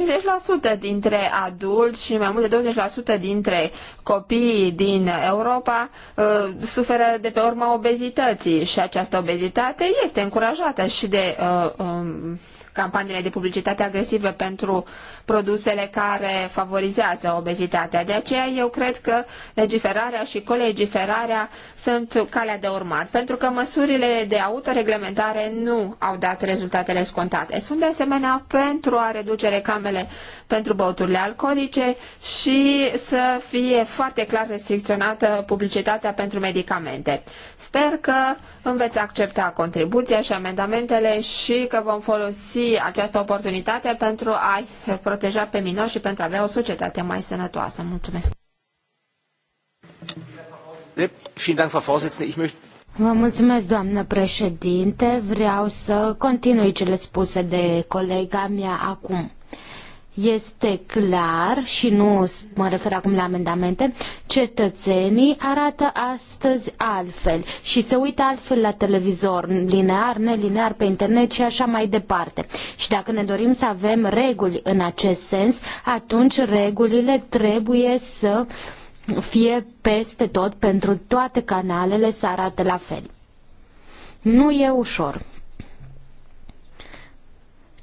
50% dintre adulți și mai mult de 20% dintre copiii din Europa uh, suferă de pe urma obezității și această obezitate este încurajată și de uh, um, campaniile de publicitate agresivă pentru produsele care favorizează obezitatea. De aceea eu cred că legiferarea și colegiferarea sunt calea de urmat, pentru că măsurile de autoreglementare nu au dat rezultatele scontate. Sunt de asemenea pentru a reduce reclamele pentru băuturile alcoolice și să fie foarte clar restricționată publicitatea pentru medicamente. Sper că îmi veți accepta contribuția și amendamentele și că vom folosi această oportunitate pentru a-i proteja pe minori și pentru a avea o societate mai sănătoasă. Mulțumesc! Vă mulțumesc, doamnă președinte. Vreau să continui cele spuse de colega mea acum. Este clar, și nu mă refer acum la amendamente, cetățenii arată astăzi altfel și se uită altfel la televizor, linear, nelinear, pe internet și așa mai departe. Și dacă ne dorim să avem reguli în acest sens, atunci regulile trebuie să fie peste tot pentru toate canalele să arate la fel. Nu e ușor.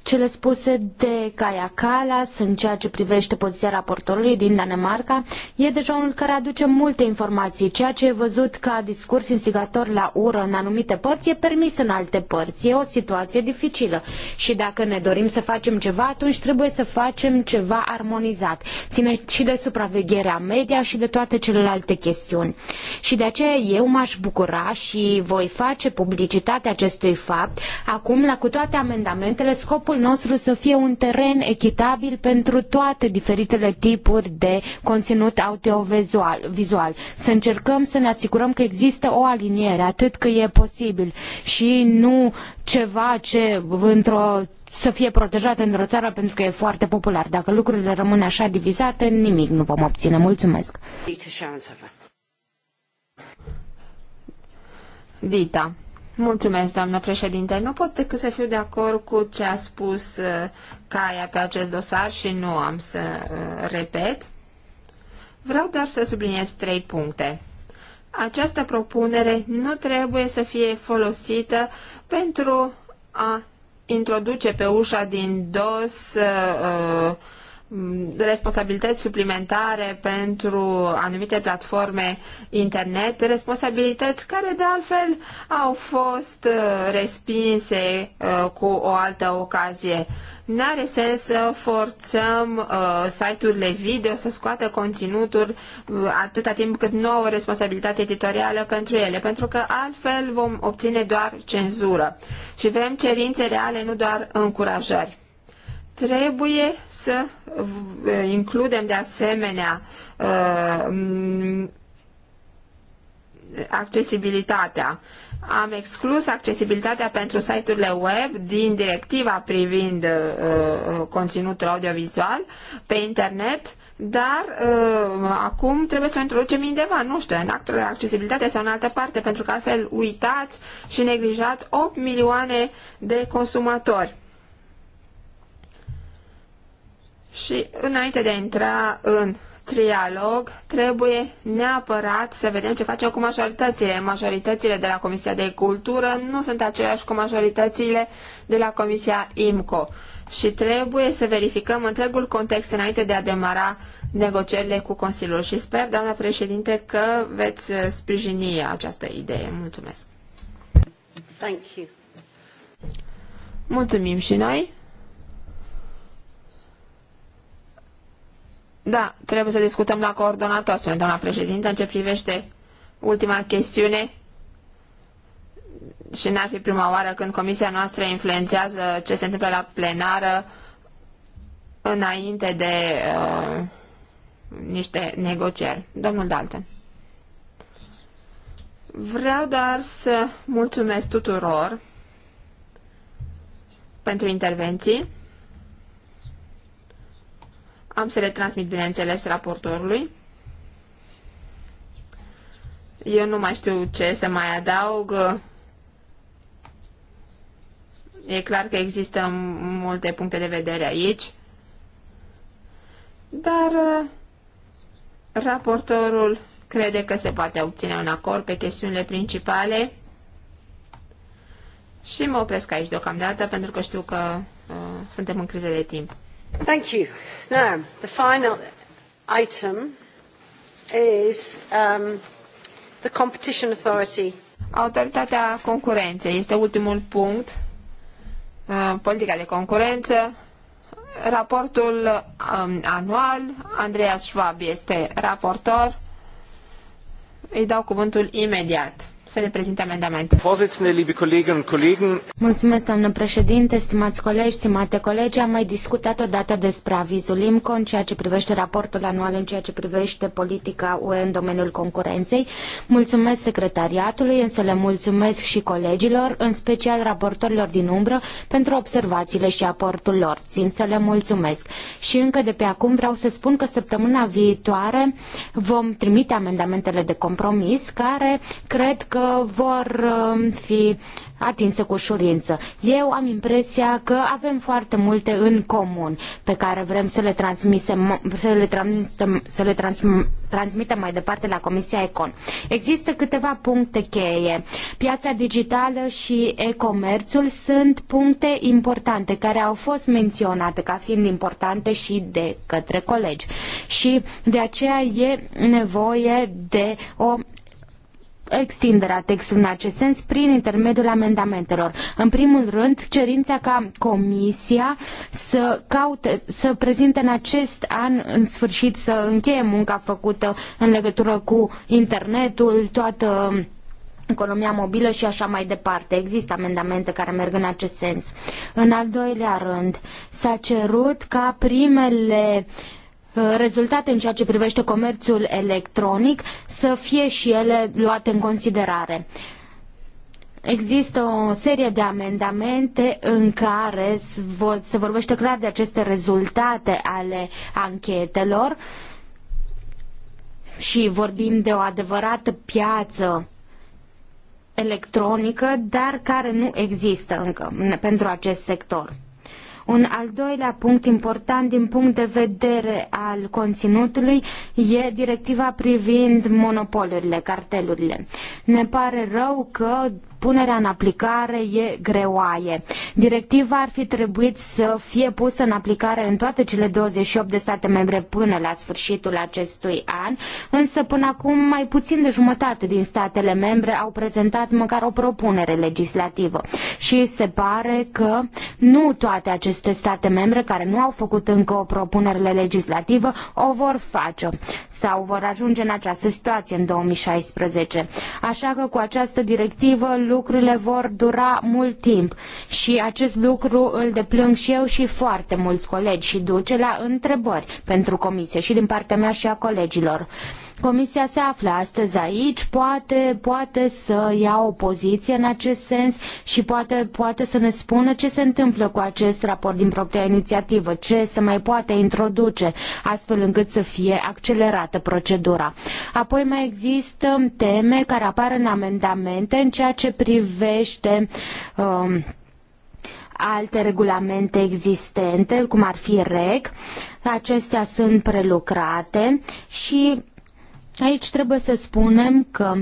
Cele spuse de Kaya Kalas în ceea ce privește poziția raportorului din Danemarca e deja unul care aduce multe informații. Ceea ce e văzut ca discurs instigator la ură în anumite părți e permis în alte părți. E o situație dificilă și dacă ne dorim să facem ceva, atunci trebuie să facem ceva armonizat. Ține și de supravegherea media și de toate celelalte chestiuni. Și de aceea eu m-aș bucura și voi face publicitatea acestui fapt acum la cu toate amendamentele scopul scopul nostru să fie un teren echitabil pentru toate diferitele tipuri de conținut audiovizual. Să încercăm să ne asigurăm că există o aliniere atât cât e posibil și nu ceva ce într-o să fie protejat într-o țară pentru că e foarte popular. Dacă lucrurile rămân așa divizate, nimic nu vom obține. Mulțumesc! Dita. Mulțumesc, doamnă președinte. Nu pot decât să fiu de acord cu ce a spus uh, Caia pe acest dosar și nu am să uh, repet. Vreau doar să subliniez trei puncte. Această propunere nu trebuie să fie folosită pentru a introduce pe ușa din dos uh, uh Mm, responsabilități suplimentare pentru anumite platforme internet, responsabilități care de altfel au fost uh, respinse uh, cu o altă ocazie. N-are sens să forțăm uh, site-urile video să scoată conținuturi uh, atâta timp cât nu au o responsabilitate editorială pentru ele, pentru că altfel vom obține doar cenzură. Și vrem cerințe reale, nu doar încurajări. Trebuie să eh, includem de asemenea eh, accesibilitatea. Am exclus accesibilitatea pentru site-urile web din directiva privind uh, conținutul audiovizual pe internet, dar uh, acum trebuie să o introducem undeva, nu știu, în actul de accesibilitate sau în altă parte, pentru că altfel uitați și neglijați 8 milioane de consumatori. Și înainte de a intra în trialog, trebuie neapărat să vedem ce facem cu majoritățile. Majoritățile de la Comisia de Cultură nu sunt aceleași cu majoritățile de la Comisia IMCO și trebuie să verificăm întregul context înainte de a demara negocierile cu Consiliul și sper, doamna președinte, că veți uh, sprijini această idee. Mulțumesc! Thank you. Mulțumim și noi! Da, trebuie să discutăm la coordonator, spune doamna președintă, în ce privește ultima chestiune și n-ar fi prima oară când comisia noastră influențează ce se întâmplă la plenară înainte de uh, niște negocieri. Domnul Dalton. Vreau doar să mulțumesc tuturor pentru intervenții. Am să le transmit, bineînțeles, raportorului. Eu nu mai știu ce să mai adaug. E clar că există multe puncte de vedere aici. Dar uh, raportorul crede că se poate obține un acord pe chestiunile principale. Și mă opresc aici deocamdată pentru că știu că uh, suntem în criză de timp. Thank you. Now, the final item is um, the Competition Authority. Autoritatea concurenței este ultimul punct. Uh, politica de concurență. Raportul um, anual. Andreas Schwab este raportor. Îi dau cuvântul imediat să le prezinte amendamente. Mulțumesc, doamnă președinte, stimați colegi, stimate colegi. Am mai discutat odată despre avizul IMCO în ceea ce privește raportul anual, în ceea ce privește politica UE în domeniul concurenței. Mulțumesc secretariatului, însă le mulțumesc și colegilor, în special raportorilor din umbră, pentru observațiile și aportul lor. Țin să le mulțumesc. Și încă de pe acum vreau să spun că săptămâna viitoare vom trimite amendamentele de compromis care cred că vor um, fi atinse cu ușurință. Eu am impresia că avem foarte multe în comun pe care vrem să le, transmitem, să le, transmitem, să le transmitem mai departe la Comisia Econ. Există câteva puncte cheie. Piața digitală și e-comerțul sunt puncte importante care au fost menționate ca fiind importante și de către colegi. Și de aceea e nevoie de o extinderea textului în acest sens prin intermediul amendamentelor. În primul rând, cerința ca Comisia să caute, să prezinte în acest an, în sfârșit, să încheie munca făcută în legătură cu internetul, toată economia mobilă și așa mai departe. Există amendamente care merg în acest sens. În al doilea rând, s-a cerut ca primele uh, Uh, rezultate în ceea ce privește comerțul electronic să fie și ele luate în considerare. Există o serie de amendamente în care se vorbește clar de aceste rezultate ale anchetelor și vorbim de o adevărată piață electronică, dar care nu există încă pentru acest sector. Un al doilea punct important din punct de vedere al conținutului e directiva privind monopolurile, cartelurile. Ne pare rău că punerea în aplicare e greoaie. Directiva ar fi trebuit să fie pusă în aplicare în toate cele 28 de state membre până la sfârșitul acestui an, însă până acum mai puțin de jumătate din statele membre au prezentat măcar o propunere legislativă și se pare că nu toate aceste state membre care nu au făcut încă o propunere legislativă o vor face sau vor ajunge în această situație în 2016. Așa că cu această directivă lucrurile vor dura mult timp și acest lucru îl deplâng și eu și foarte mulți colegi și duce la întrebări pentru comisie și din partea mea și a colegilor. Comisia se află astăzi aici, poate, poate să ia o poziție în acest sens și poate, poate să ne spună ce se întâmplă cu acest raport din propria inițiativă, ce se mai poate introduce astfel încât să fie accelerată procedura. Apoi mai există teme care apar în amendamente în ceea ce privește um, alte regulamente existente, cum ar fi REG, acestea sunt prelucrate și Aici trebuie să spunem că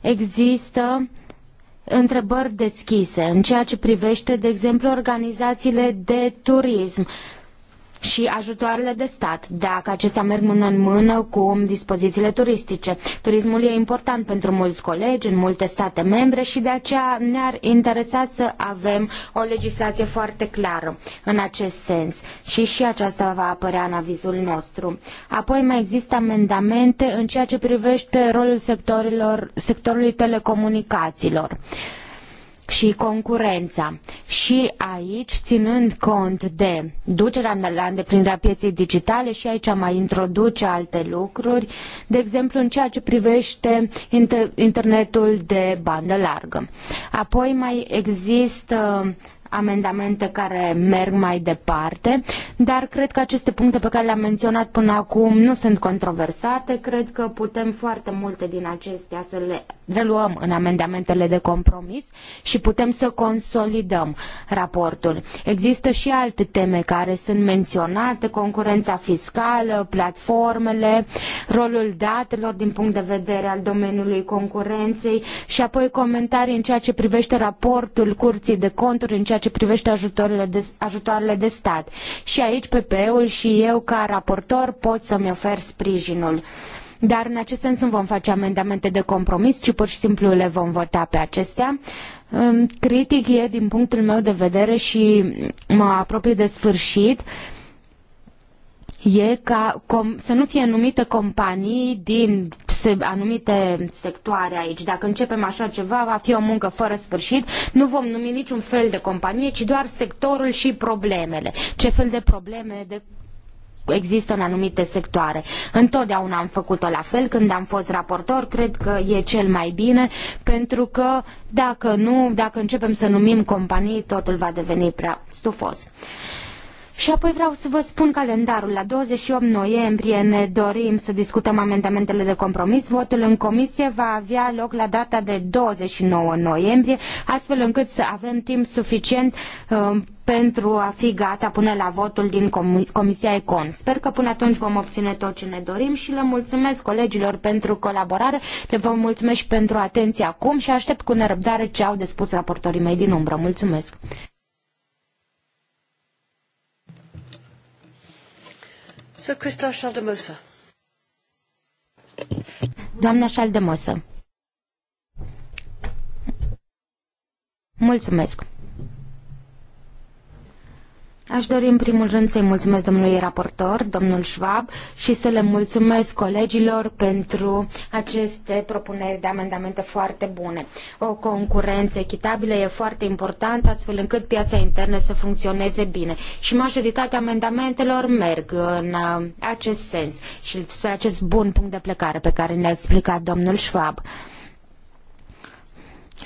există întrebări deschise în ceea ce privește, de exemplu, organizațiile de turism și ajutoarele de stat, dacă acestea merg mână în mână cu dispozițiile turistice. Turismul e important pentru mulți colegi în multe state membre și de aceea ne-ar interesa să avem o legislație foarte clară în acest sens și și aceasta va apărea în avizul nostru. Apoi mai există amendamente în ceea ce privește rolul sectorilor, sectorului telecomunicațiilor și concurența. Și aici, ținând cont de ducerea la îndeplinirea pieței digitale și aici mai introduce alte lucruri, de exemplu în ceea ce privește internetul de bandă largă. Apoi mai există amendamente care merg mai departe, dar cred că aceste puncte pe care le-am menționat până acum nu sunt controversate. Cred că putem foarte multe din acestea să le reluăm în amendamentele de compromis și putem să consolidăm raportul. Există și alte teme care sunt menționate, concurența fiscală, platformele, rolul datelor din punct de vedere al domeniului concurenței și apoi comentarii în ceea ce privește raportul Curții de Conturi în ceea ceea ce privește ajutoarele de, ajutoarele de stat. Și aici PPE-ul și eu ca raportor pot să-mi ofer sprijinul. Dar în acest sens nu vom face amendamente de compromis, ci pur și simplu le vom vota pe acestea. Critic e din punctul meu de vedere și mă apropii de sfârșit e ca com, să nu fie numite companii din se, anumite sectoare aici. Dacă începem așa ceva, va fi o muncă fără sfârșit. Nu vom numi niciun fel de companie, ci doar sectorul și problemele. Ce fel de probleme de există în anumite sectoare. Întotdeauna am făcut-o la fel când am fost raportor, cred că e cel mai bine, pentru că dacă nu, dacă începem să numim companii, totul va deveni prea stufos. Uh, și apoi vreau să vă spun calendarul. La 28 noiembrie ne dorim să discutăm amendamentele de compromis. Votul în comisie va avea loc la data de 29 noiembrie, astfel încât să avem timp suficient uh, pentru a fi gata până la votul din com Comisia Econ. Sper că până atunci vom obține tot ce ne dorim și le mulțumesc colegilor pentru colaborare, le vă mulțumesc și pentru atenție acum și aștept cu nerăbdare ce au de spus raportorii mei din umbră. Mulțumesc! So, Christa Doamna Schaldemose. Mulțumesc. Aș dori în primul rând să-i mulțumesc domnului raportor, domnul Schwab, și să le mulțumesc colegilor pentru aceste propuneri de amendamente foarte bune. O concurență echitabilă e foarte importantă, astfel încât piața internă să funcționeze bine. Și majoritatea amendamentelor merg în uh, acest sens și spre acest bun punct de plecare pe care ne-a explicat domnul Schwab.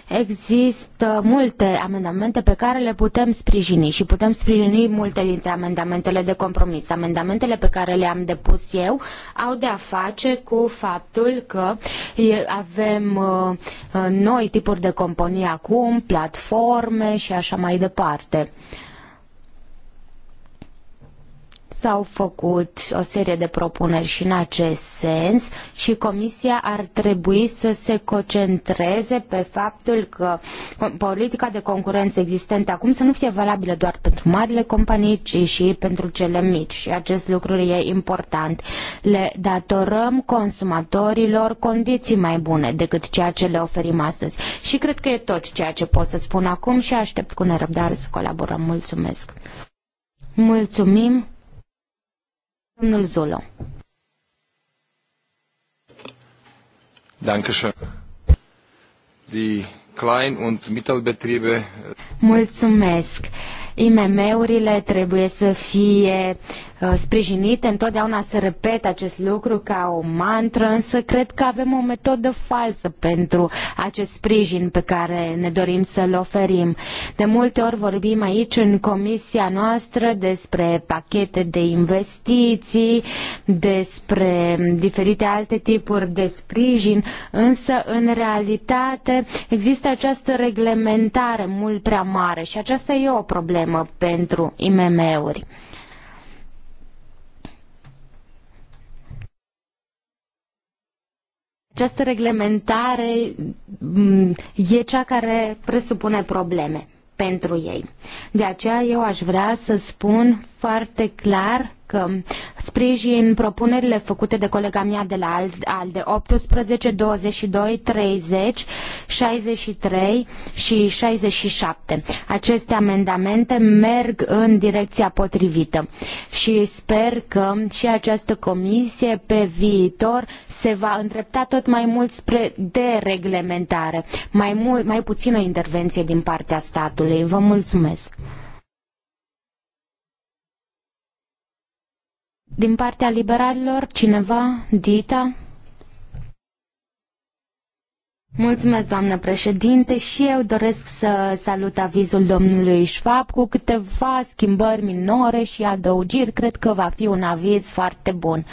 Există multe amendamente pe care le putem sprijini și putem sprijini multe dintre amendamentele de compromis. Amendamentele pe care le-am depus eu au de a face cu faptul că avem uh, uh, noi tipuri de companii acum, platforme și așa mai departe. S-au făcut o serie de propuneri și în acest sens și Comisia ar trebui să se concentreze pe faptul că politica de concurență existentă acum să nu fie valabilă doar pentru marile companii, ci și pentru cele mici și acest lucru e important. Le datorăm consumatorilor condiții mai bune decât ceea ce le oferim astăzi și cred că e tot ceea ce pot să spun acum și aștept cu nerăbdare să colaborăm. Mulțumesc! Mulțumim! Domnul Dankeschön. Die Klein- und Mittelbetriebe. Äh, Mulțumesc. IMM-urile trebuie să fie Uh, sprijinite. Întotdeauna se repete acest lucru ca o mantră, însă cred că avem o metodă falsă pentru acest sprijin pe care ne dorim să-l oferim. De multe ori vorbim aici în comisia noastră despre pachete de investiții, despre diferite alte tipuri de sprijin, însă în realitate există această reglementare mult prea mare și aceasta e o problemă pentru IMM-uri. Această reglementare mm, e cea care presupune probleme pentru ei. De aceea eu aș vrea să spun foarte clar că sprijin propunerile făcute de colega mea de la ALDE 18, 22, 30, 63 și 67. Aceste amendamente merg în direcția potrivită și sper că și această comisie pe viitor se va îndrepta tot mai mult spre dereglementare, mai, mult, mai puțină intervenție din partea statului. Vă mulțumesc! Din partea liberalilor, cineva? Dita? Mulțumesc, doamnă președinte, și eu doresc să salut avizul domnului Schwab cu câteva schimbări minore și adăugiri. Cred că va fi un aviz foarte bun.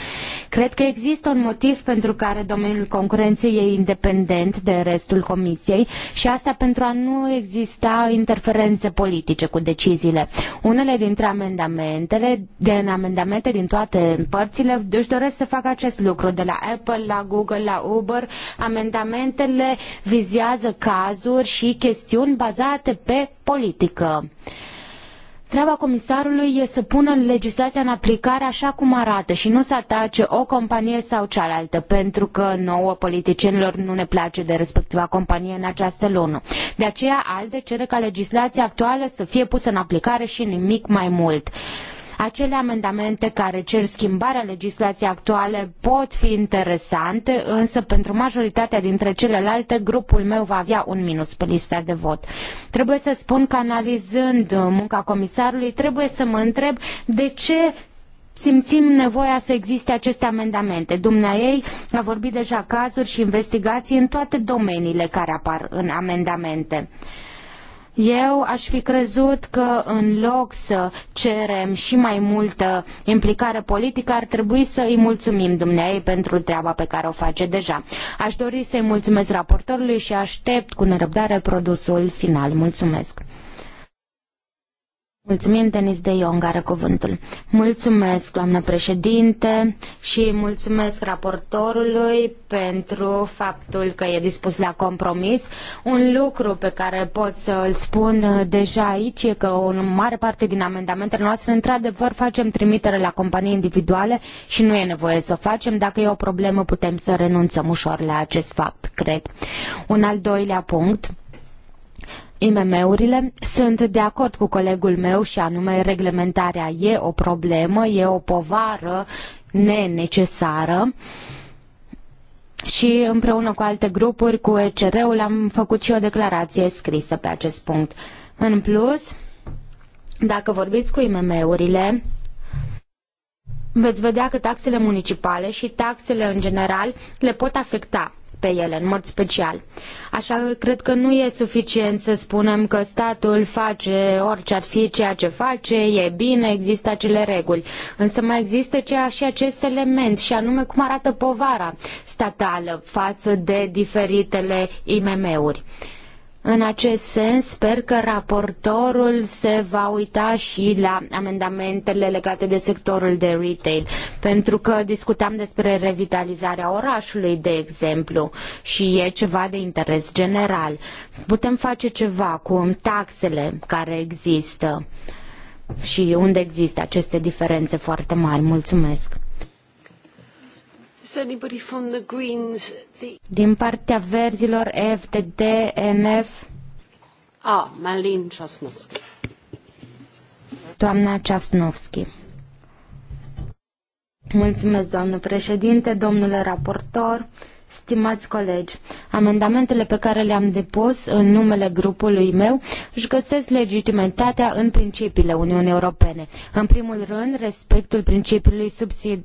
Cred că există un motiv pentru care domeniul concurenței e independent de restul comisiei și asta pentru a nu exista interferențe politice cu deciziile. Unele dintre amendamentele, din amendamente din toate părțile, își doresc să facă acest lucru, de la Apple, la Google, la Uber, amendamentele care vizează cazuri și chestiuni bazate pe politică. Treaba comisarului e să pună legislația în aplicare așa cum arată și nu să atace o companie sau cealaltă, pentru că nouă politicienilor nu ne place de respectiva companie în această lună. De aceea ALDE cere ca legislația actuală să fie pusă în aplicare și nimic mai mult. Acele amendamente care cer schimbarea legislației actuale pot fi interesante, însă pentru majoritatea dintre celelalte, grupul meu va avea un minus pe lista de vot. Trebuie să spun că analizând munca comisarului, trebuie să mă întreb de ce simțim nevoia să existe aceste amendamente. Dumneaei a vorbit deja cazuri și investigații în toate domeniile care apar în amendamente. Uh, eu aș fi crezut că în loc să cerem și mai multă implicare politică, ar trebui să îi mulțumim dumneai pentru treaba pe care o face deja. Aș dori să-i mulțumesc raportorului și aștept cu nerăbdare produsul final. Mulțumesc! Mulțumim, Denis de ion are cuvântul. Mulțumesc, doamnă președinte, și mulțumesc raportorului pentru faptul că e dispus la compromis. Un lucru pe care pot să îl spun uh, deja aici e că o mare parte din amendamentele noastre, într-adevăr, facem trimitere la companii individuale și nu e nevoie să o facem. Dacă e o problemă, putem să renunțăm ușor la acest fapt, cred. Un al doilea punct IMM-urile, sunt de acord cu colegul meu și anume reglementarea e o problemă, e o povară nenecesară și împreună cu alte grupuri, cu ECR-ul, am făcut și o declarație scrisă pe acest punct. În plus, dacă vorbiți cu IMM-urile, veți vedea că taxele municipale și taxele în general le pot afecta pe ele în mod special. Așa că cred că nu e suficient să spunem că statul face orice ar fi ceea ce face, e bine, există acele reguli. Însă mai există ceea și acest element și anume cum arată povara statală față de diferitele IMM-uri. Uh, în acest sens, sper că raportorul se va uita și la amendamentele legate de sectorul de retail, pentru că discutam despre revitalizarea orașului, de exemplu, și e ceva de interes general. Putem face ceva cu taxele care există și unde există aceste diferențe foarte mari. Mulțumesc! Din partea verzilor, FDD, NF. Ah, Malin Czasnowski. Doamna Czasnowski. Mulțumesc, doamnă președinte, domnule raportor. Stimați colegi, amendamentele pe care le-am depus în numele grupului meu își găsesc legitimitatea în principiile Uniunii Europene. În primul rând, respectul principiului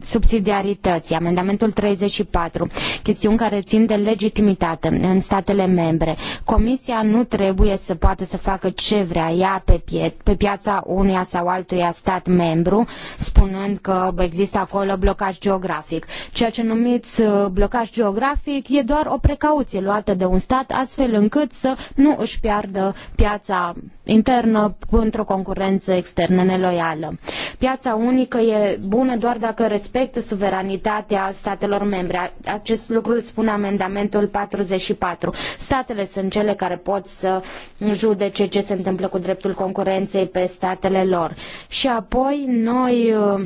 subsidiarității, amendamentul 34, chestiuni care țin de legitimitate în statele membre. Comisia nu trebuie să poată să facă ce vrea ea pe, pie- pe piața uneia sau altuia stat membru, spunând că există acolo blocaj geografic. Ceea ce numiți uh, blocaj geografic trafic e doar o precauție luată de un stat astfel încât să nu își piardă piața internă într-o concurență externă neloială. Piața unică e bună doar dacă respectă suveranitatea statelor membre. Acest lucru îl spune amendamentul 44. Statele sunt cele care pot să judece ce se întâmplă cu dreptul concurenței pe statele lor. Și apoi noi uh,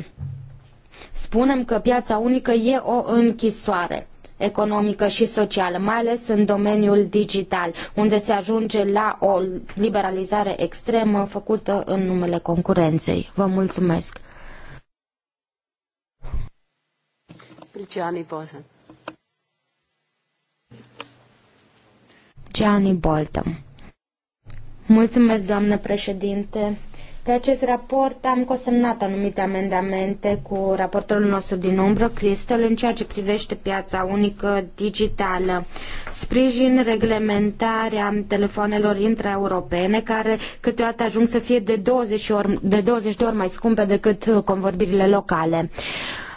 spunem că piața unică e o închisoare economică și socială, mai ales în domeniul digital, unde se ajunge la o liberalizare extremă făcută în numele concurenței. Vă mulțumesc! Gianni Bolton. Gianni Bolton. Mulțumesc, doamnă președinte. Pe acest raport am consemnat anumite amendamente cu raportorul nostru din umbră, Cristel, în ceea ce privește piața unică digitală. Sprijin reglementarea telefonelor intraeuropene, care câteodată ajung să fie de 20, ori, de 20 de ori mai scumpe decât convorbirile locale. Uh,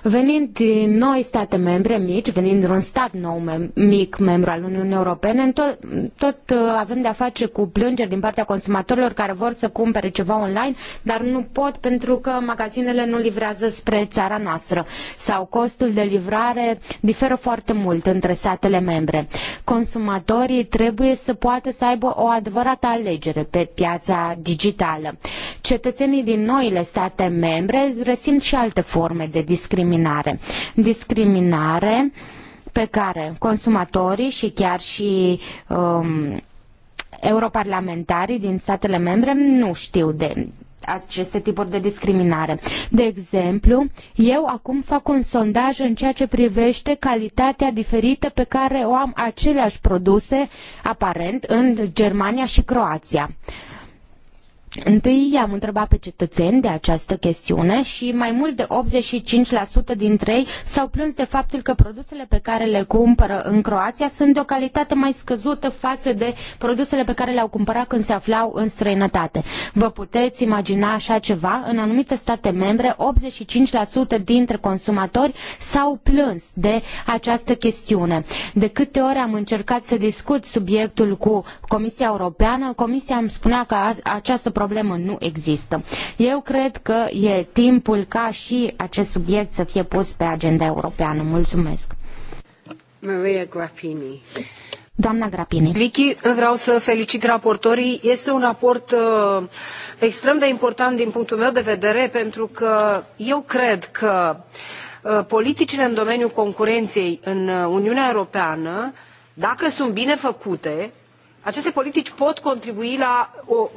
Venind din noi state membre mici, venind din un stat nou mem- mic membru al Uniunii Europene, tot, tot uh, avem de-a face cu plângeri din partea consumatorilor care vor să cumpere ceva online, dar nu pot pentru că magazinele nu livrează spre țara noastră sau costul de livrare diferă foarte mult între statele membre. Consumatorii trebuie să poată să aibă o adevărată alegere pe piața digitală. Cetățenii din noile state membre resimt și alte forme de discriminare discriminare. Discriminare pe care consumatorii și chiar și um, europarlamentarii din statele membre nu știu de aceste tipuri de discriminare. De exemplu, eu acum fac un sondaj în ceea ce privește calitatea diferită pe care o am aceleași produse aparent în Germania și Croația. Uh, Întâi i-am întrebat pe cetățeni de această chestiune și mai mult de 85% dintre ei s-au plâns de faptul că produsele pe care le cumpără în Croația sunt de o calitate mai scăzută față de produsele pe care le-au cumpărat când se aflau în străinătate. Vă puteți imagina așa ceva? În anumite state membre, 85% dintre consumatori s-au plâns de această chestiune. De câte ori am încercat să discut subiectul cu Comisia Europeană, Comisia îmi spunea că această problemă nu există. Eu cred că e timpul ca și acest subiect să fie pus pe agenda europeană. Mulțumesc! Maria Grappini. Doamna Grapini. Vicky, vreau să felicit raportorii. Este un raport uh, extrem de important din punctul meu de vedere, pentru că eu cred că uh, politicile în domeniul concurenței în uh, Uniunea Europeană, dacă sunt bine făcute, aceste politici pot contribui la o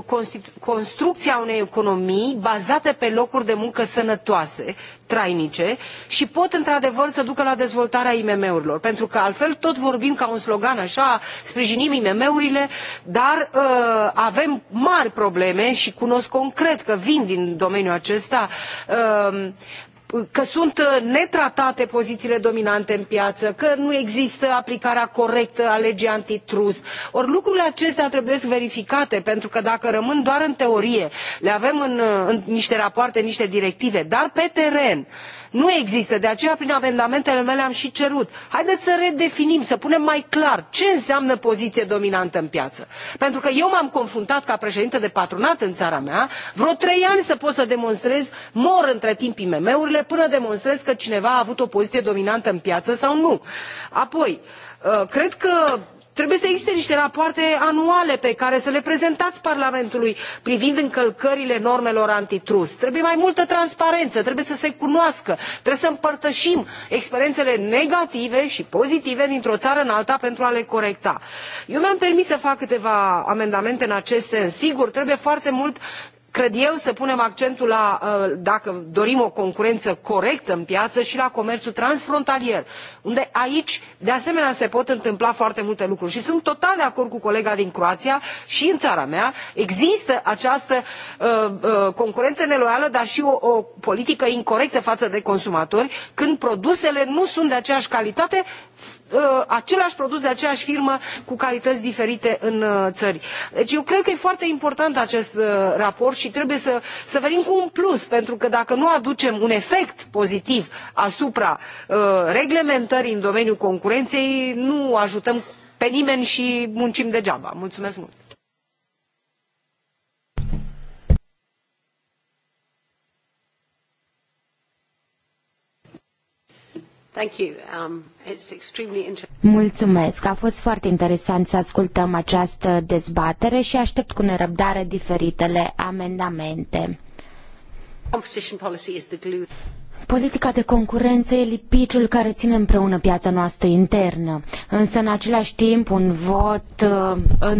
construcția unei economii bazate pe locuri de muncă sănătoase, trainice și pot într-adevăr să ducă la dezvoltarea IMM-urilor. Pentru că altfel tot vorbim ca un slogan așa, sprijinim IMM-urile, dar uh, avem mari probleme și cunosc concret că vin din domeniul acesta uh, că sunt uh, netratate pozițiile dominante în piață că nu există aplicarea corectă a legii antitrust ori lucrurile acestea trebuie verificate pentru că dacă rămân doar în teorie le avem în, uh, niște rapoarte în niște directive dar pe teren nu nu există. De aceea, prin amendamentele mele am și cerut. Haideți să redefinim, să punem mai clar ce înseamnă poziție dominantă în piață. Pentru că eu m-am confruntat ca președinte de patronat în țara mea, vreo trei ani să pot să demonstrez, mor între timp IMM urile până demonstrez că cineva a avut o poziție dominantă în piață sau nu. Apoi, uh, cred că trebuie să existe niște rapoarte anuale pe care să le prezentați parlamentului privind încălcările normelor antitrust trebuie mai multă transparență trebuie să se cunoască trebuie să împărtășim experiențele negative și pozitive dintr o țară în alta pentru a le corecta. eu mi am permis să fac câteva amendamente în acest sens sigur trebuie foarte mult cred eu să punem accentul la, uh, dacă dorim o concurență corectă în piață și la comerțul transfrontalier unde aici de asemenea se pot întâmpla foarte multe lucruri și sunt total de acord cu colega din croația și în țara mea există această uh, uh, concurență neloială dar și o, o politică incorectă față de consumatori când produsele nu sunt de aceeași calitate Uh, același produs de aceeași firmă cu calități diferite în uh, țări. Deci eu cred că e foarte important acest uh, raport și trebuie să, să venim cu un plus, pentru că dacă nu aducem un efect pozitiv asupra reglementării în domeniul concurenței, nu ajutăm pe nimeni și muncim degeaba. Mulțumesc mult! Thank you. Um, it's extremely Mulțumesc. A fost foarte interesant să ascultăm această dezbatere și aștept cu nerăbdare diferitele amendamente. Politica de concurență e lipiciul care ține împreună piața noastră internă, însă în același timp un vot uh,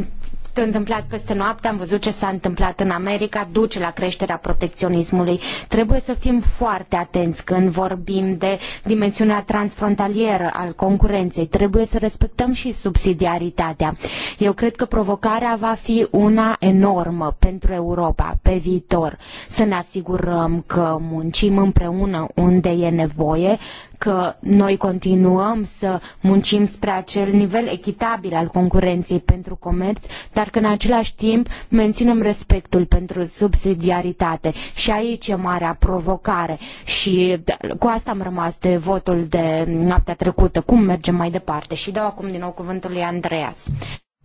fost întâmplat peste noapte, am văzut ce s-a întâmplat în America, duce la creșterea protecționismului. Trebuie să fim foarte atenți când vorbim de dimensiunea transfrontalieră al concurenței. Trebuie să respectăm și subsidiaritatea. Eu cred că provocarea va fi una enormă pentru Europa pe viitor. Să ne asigurăm că muncim împreună unde e nevoie, că noi continuăm să muncim spre acel nivel echitabil al concurenței pentru comerț, dar că în același timp menținem respectul pentru subsidiaritate. Și aici e marea provocare și cu asta am rămas de votul de noaptea trecută. Cum mergem mai departe? Și dau acum din nou cuvântul lui Andreas.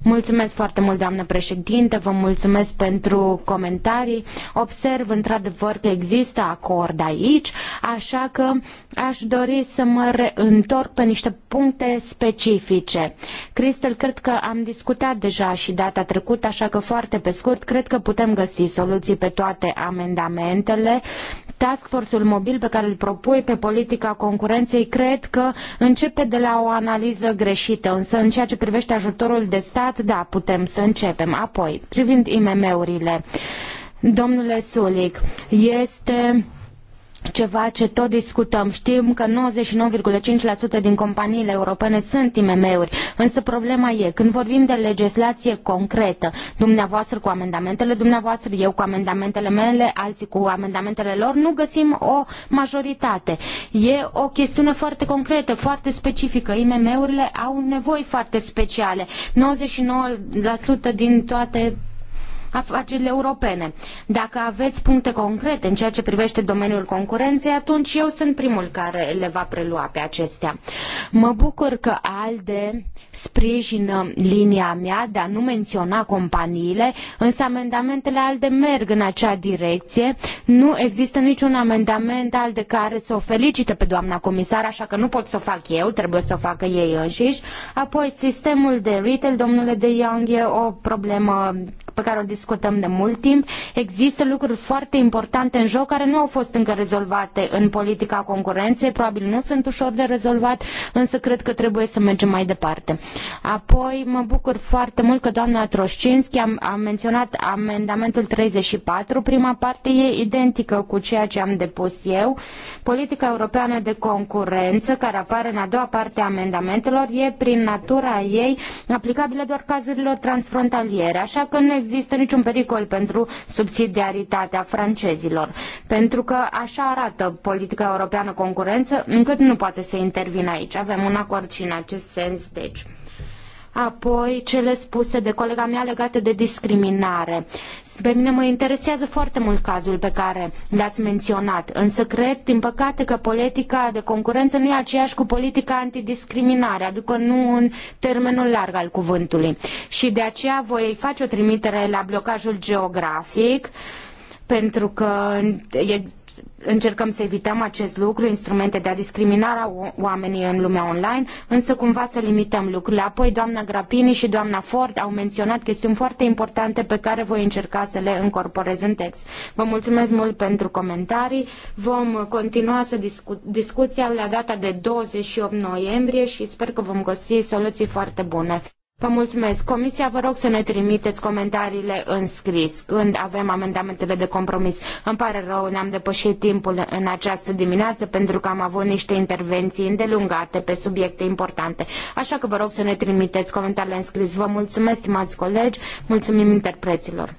Mulțumesc foarte mult, doamnă președinte, vă mulțumesc pentru comentarii. Observ într-adevăr că există acord aici, așa că aș dori să mă reîntorc pe niște puncte specifice. Cristel, cred că am discutat deja și data trecută, așa că foarte pe scurt, cred că putem găsi soluții pe toate amendamentele. Task Force-ul mobil pe care îl propui pe politica concurenței, cred că începe de la o analiză greșită, însă în ceea ce privește ajutorul de stat, dat, da, putem să începem. Apoi, privind IMM-urile, domnule Sulic, este ceva ce tot discutăm. Știm că 99,5% din companiile europene sunt IMM-uri, însă problema e, când vorbim de legislație concretă, dumneavoastră cu amendamentele dumneavoastră, eu cu amendamentele mele, alții cu amendamentele lor, nu găsim o majoritate. E o chestiune foarte concretă, foarte specifică. IMM-urile au nevoi foarte speciale. 99% din toate afacerile europene. Dacă aveți puncte concrete în ceea ce privește domeniul concurenței, atunci eu sunt primul care le va prelua pe acestea. Mă bucur că ALDE sprijină linia mea de a nu menționa companiile, însă amendamentele ALDE merg în acea direcție. Nu există niciun amendament ALDE care să o felicite pe doamna comisar, așa că nu pot să o fac eu, trebuie să o facă ei înșiși. Apoi, sistemul de retail, domnule de Young, e o problemă pe care o discutăm discutăm de mult timp. Există lucruri foarte importante în joc care nu au fost încă rezolvate în politica concurenței, probabil nu sunt ușor de rezolvat, însă cred că trebuie să mergem mai departe. Apoi mă bucur foarte mult că doamna Troșcinski a, a menționat amendamentul 34. Prima parte e identică cu ceea ce am depus eu. Politica europeană de concurență, care apare în a doua parte a amendamentelor, e prin natura ei aplicabilă doar cazurilor transfrontaliere, așa că nu există niciun pericol pentru subsidiaritatea francezilor, pentru că așa arată politica europeană concurență, încât nu poate să intervină aici. Avem un acord și în acest sens, deci. Apoi, cele spuse de colega mea legate de discriminare. Pe mine mă interesează foarte mult cazul pe care l-ați menționat, însă cred, din păcate, că politica de concurență nu e aceeași cu politica antidiscriminare, adică nu în termenul larg al cuvântului. Și de aceea voi face o trimitere la blocajul geografic, pentru că încercăm să evităm acest lucru, instrumente de a discrimina oamenii în lumea online, însă cumva să limităm lucrurile. Apoi doamna Grapini și doamna Ford au menționat chestiuni foarte importante pe care voi încerca să le încorporez în text. Vă mulțumesc mult pentru comentarii. Vom continua să discu- discuția la data de 28 noiembrie și sper că vom găsi soluții foarte bune. Vă mulțumesc. Comisia, vă rog să ne trimiteți comentariile în scris când avem amendamentele de compromis. Îmi pare rău, ne-am depășit timpul în această dimineață pentru că am avut niște intervenții îndelungate pe subiecte importante. Așa că vă rog să ne trimiteți comentariile în scris. Vă mulțumesc, stimați colegi, mulțumim interpreților.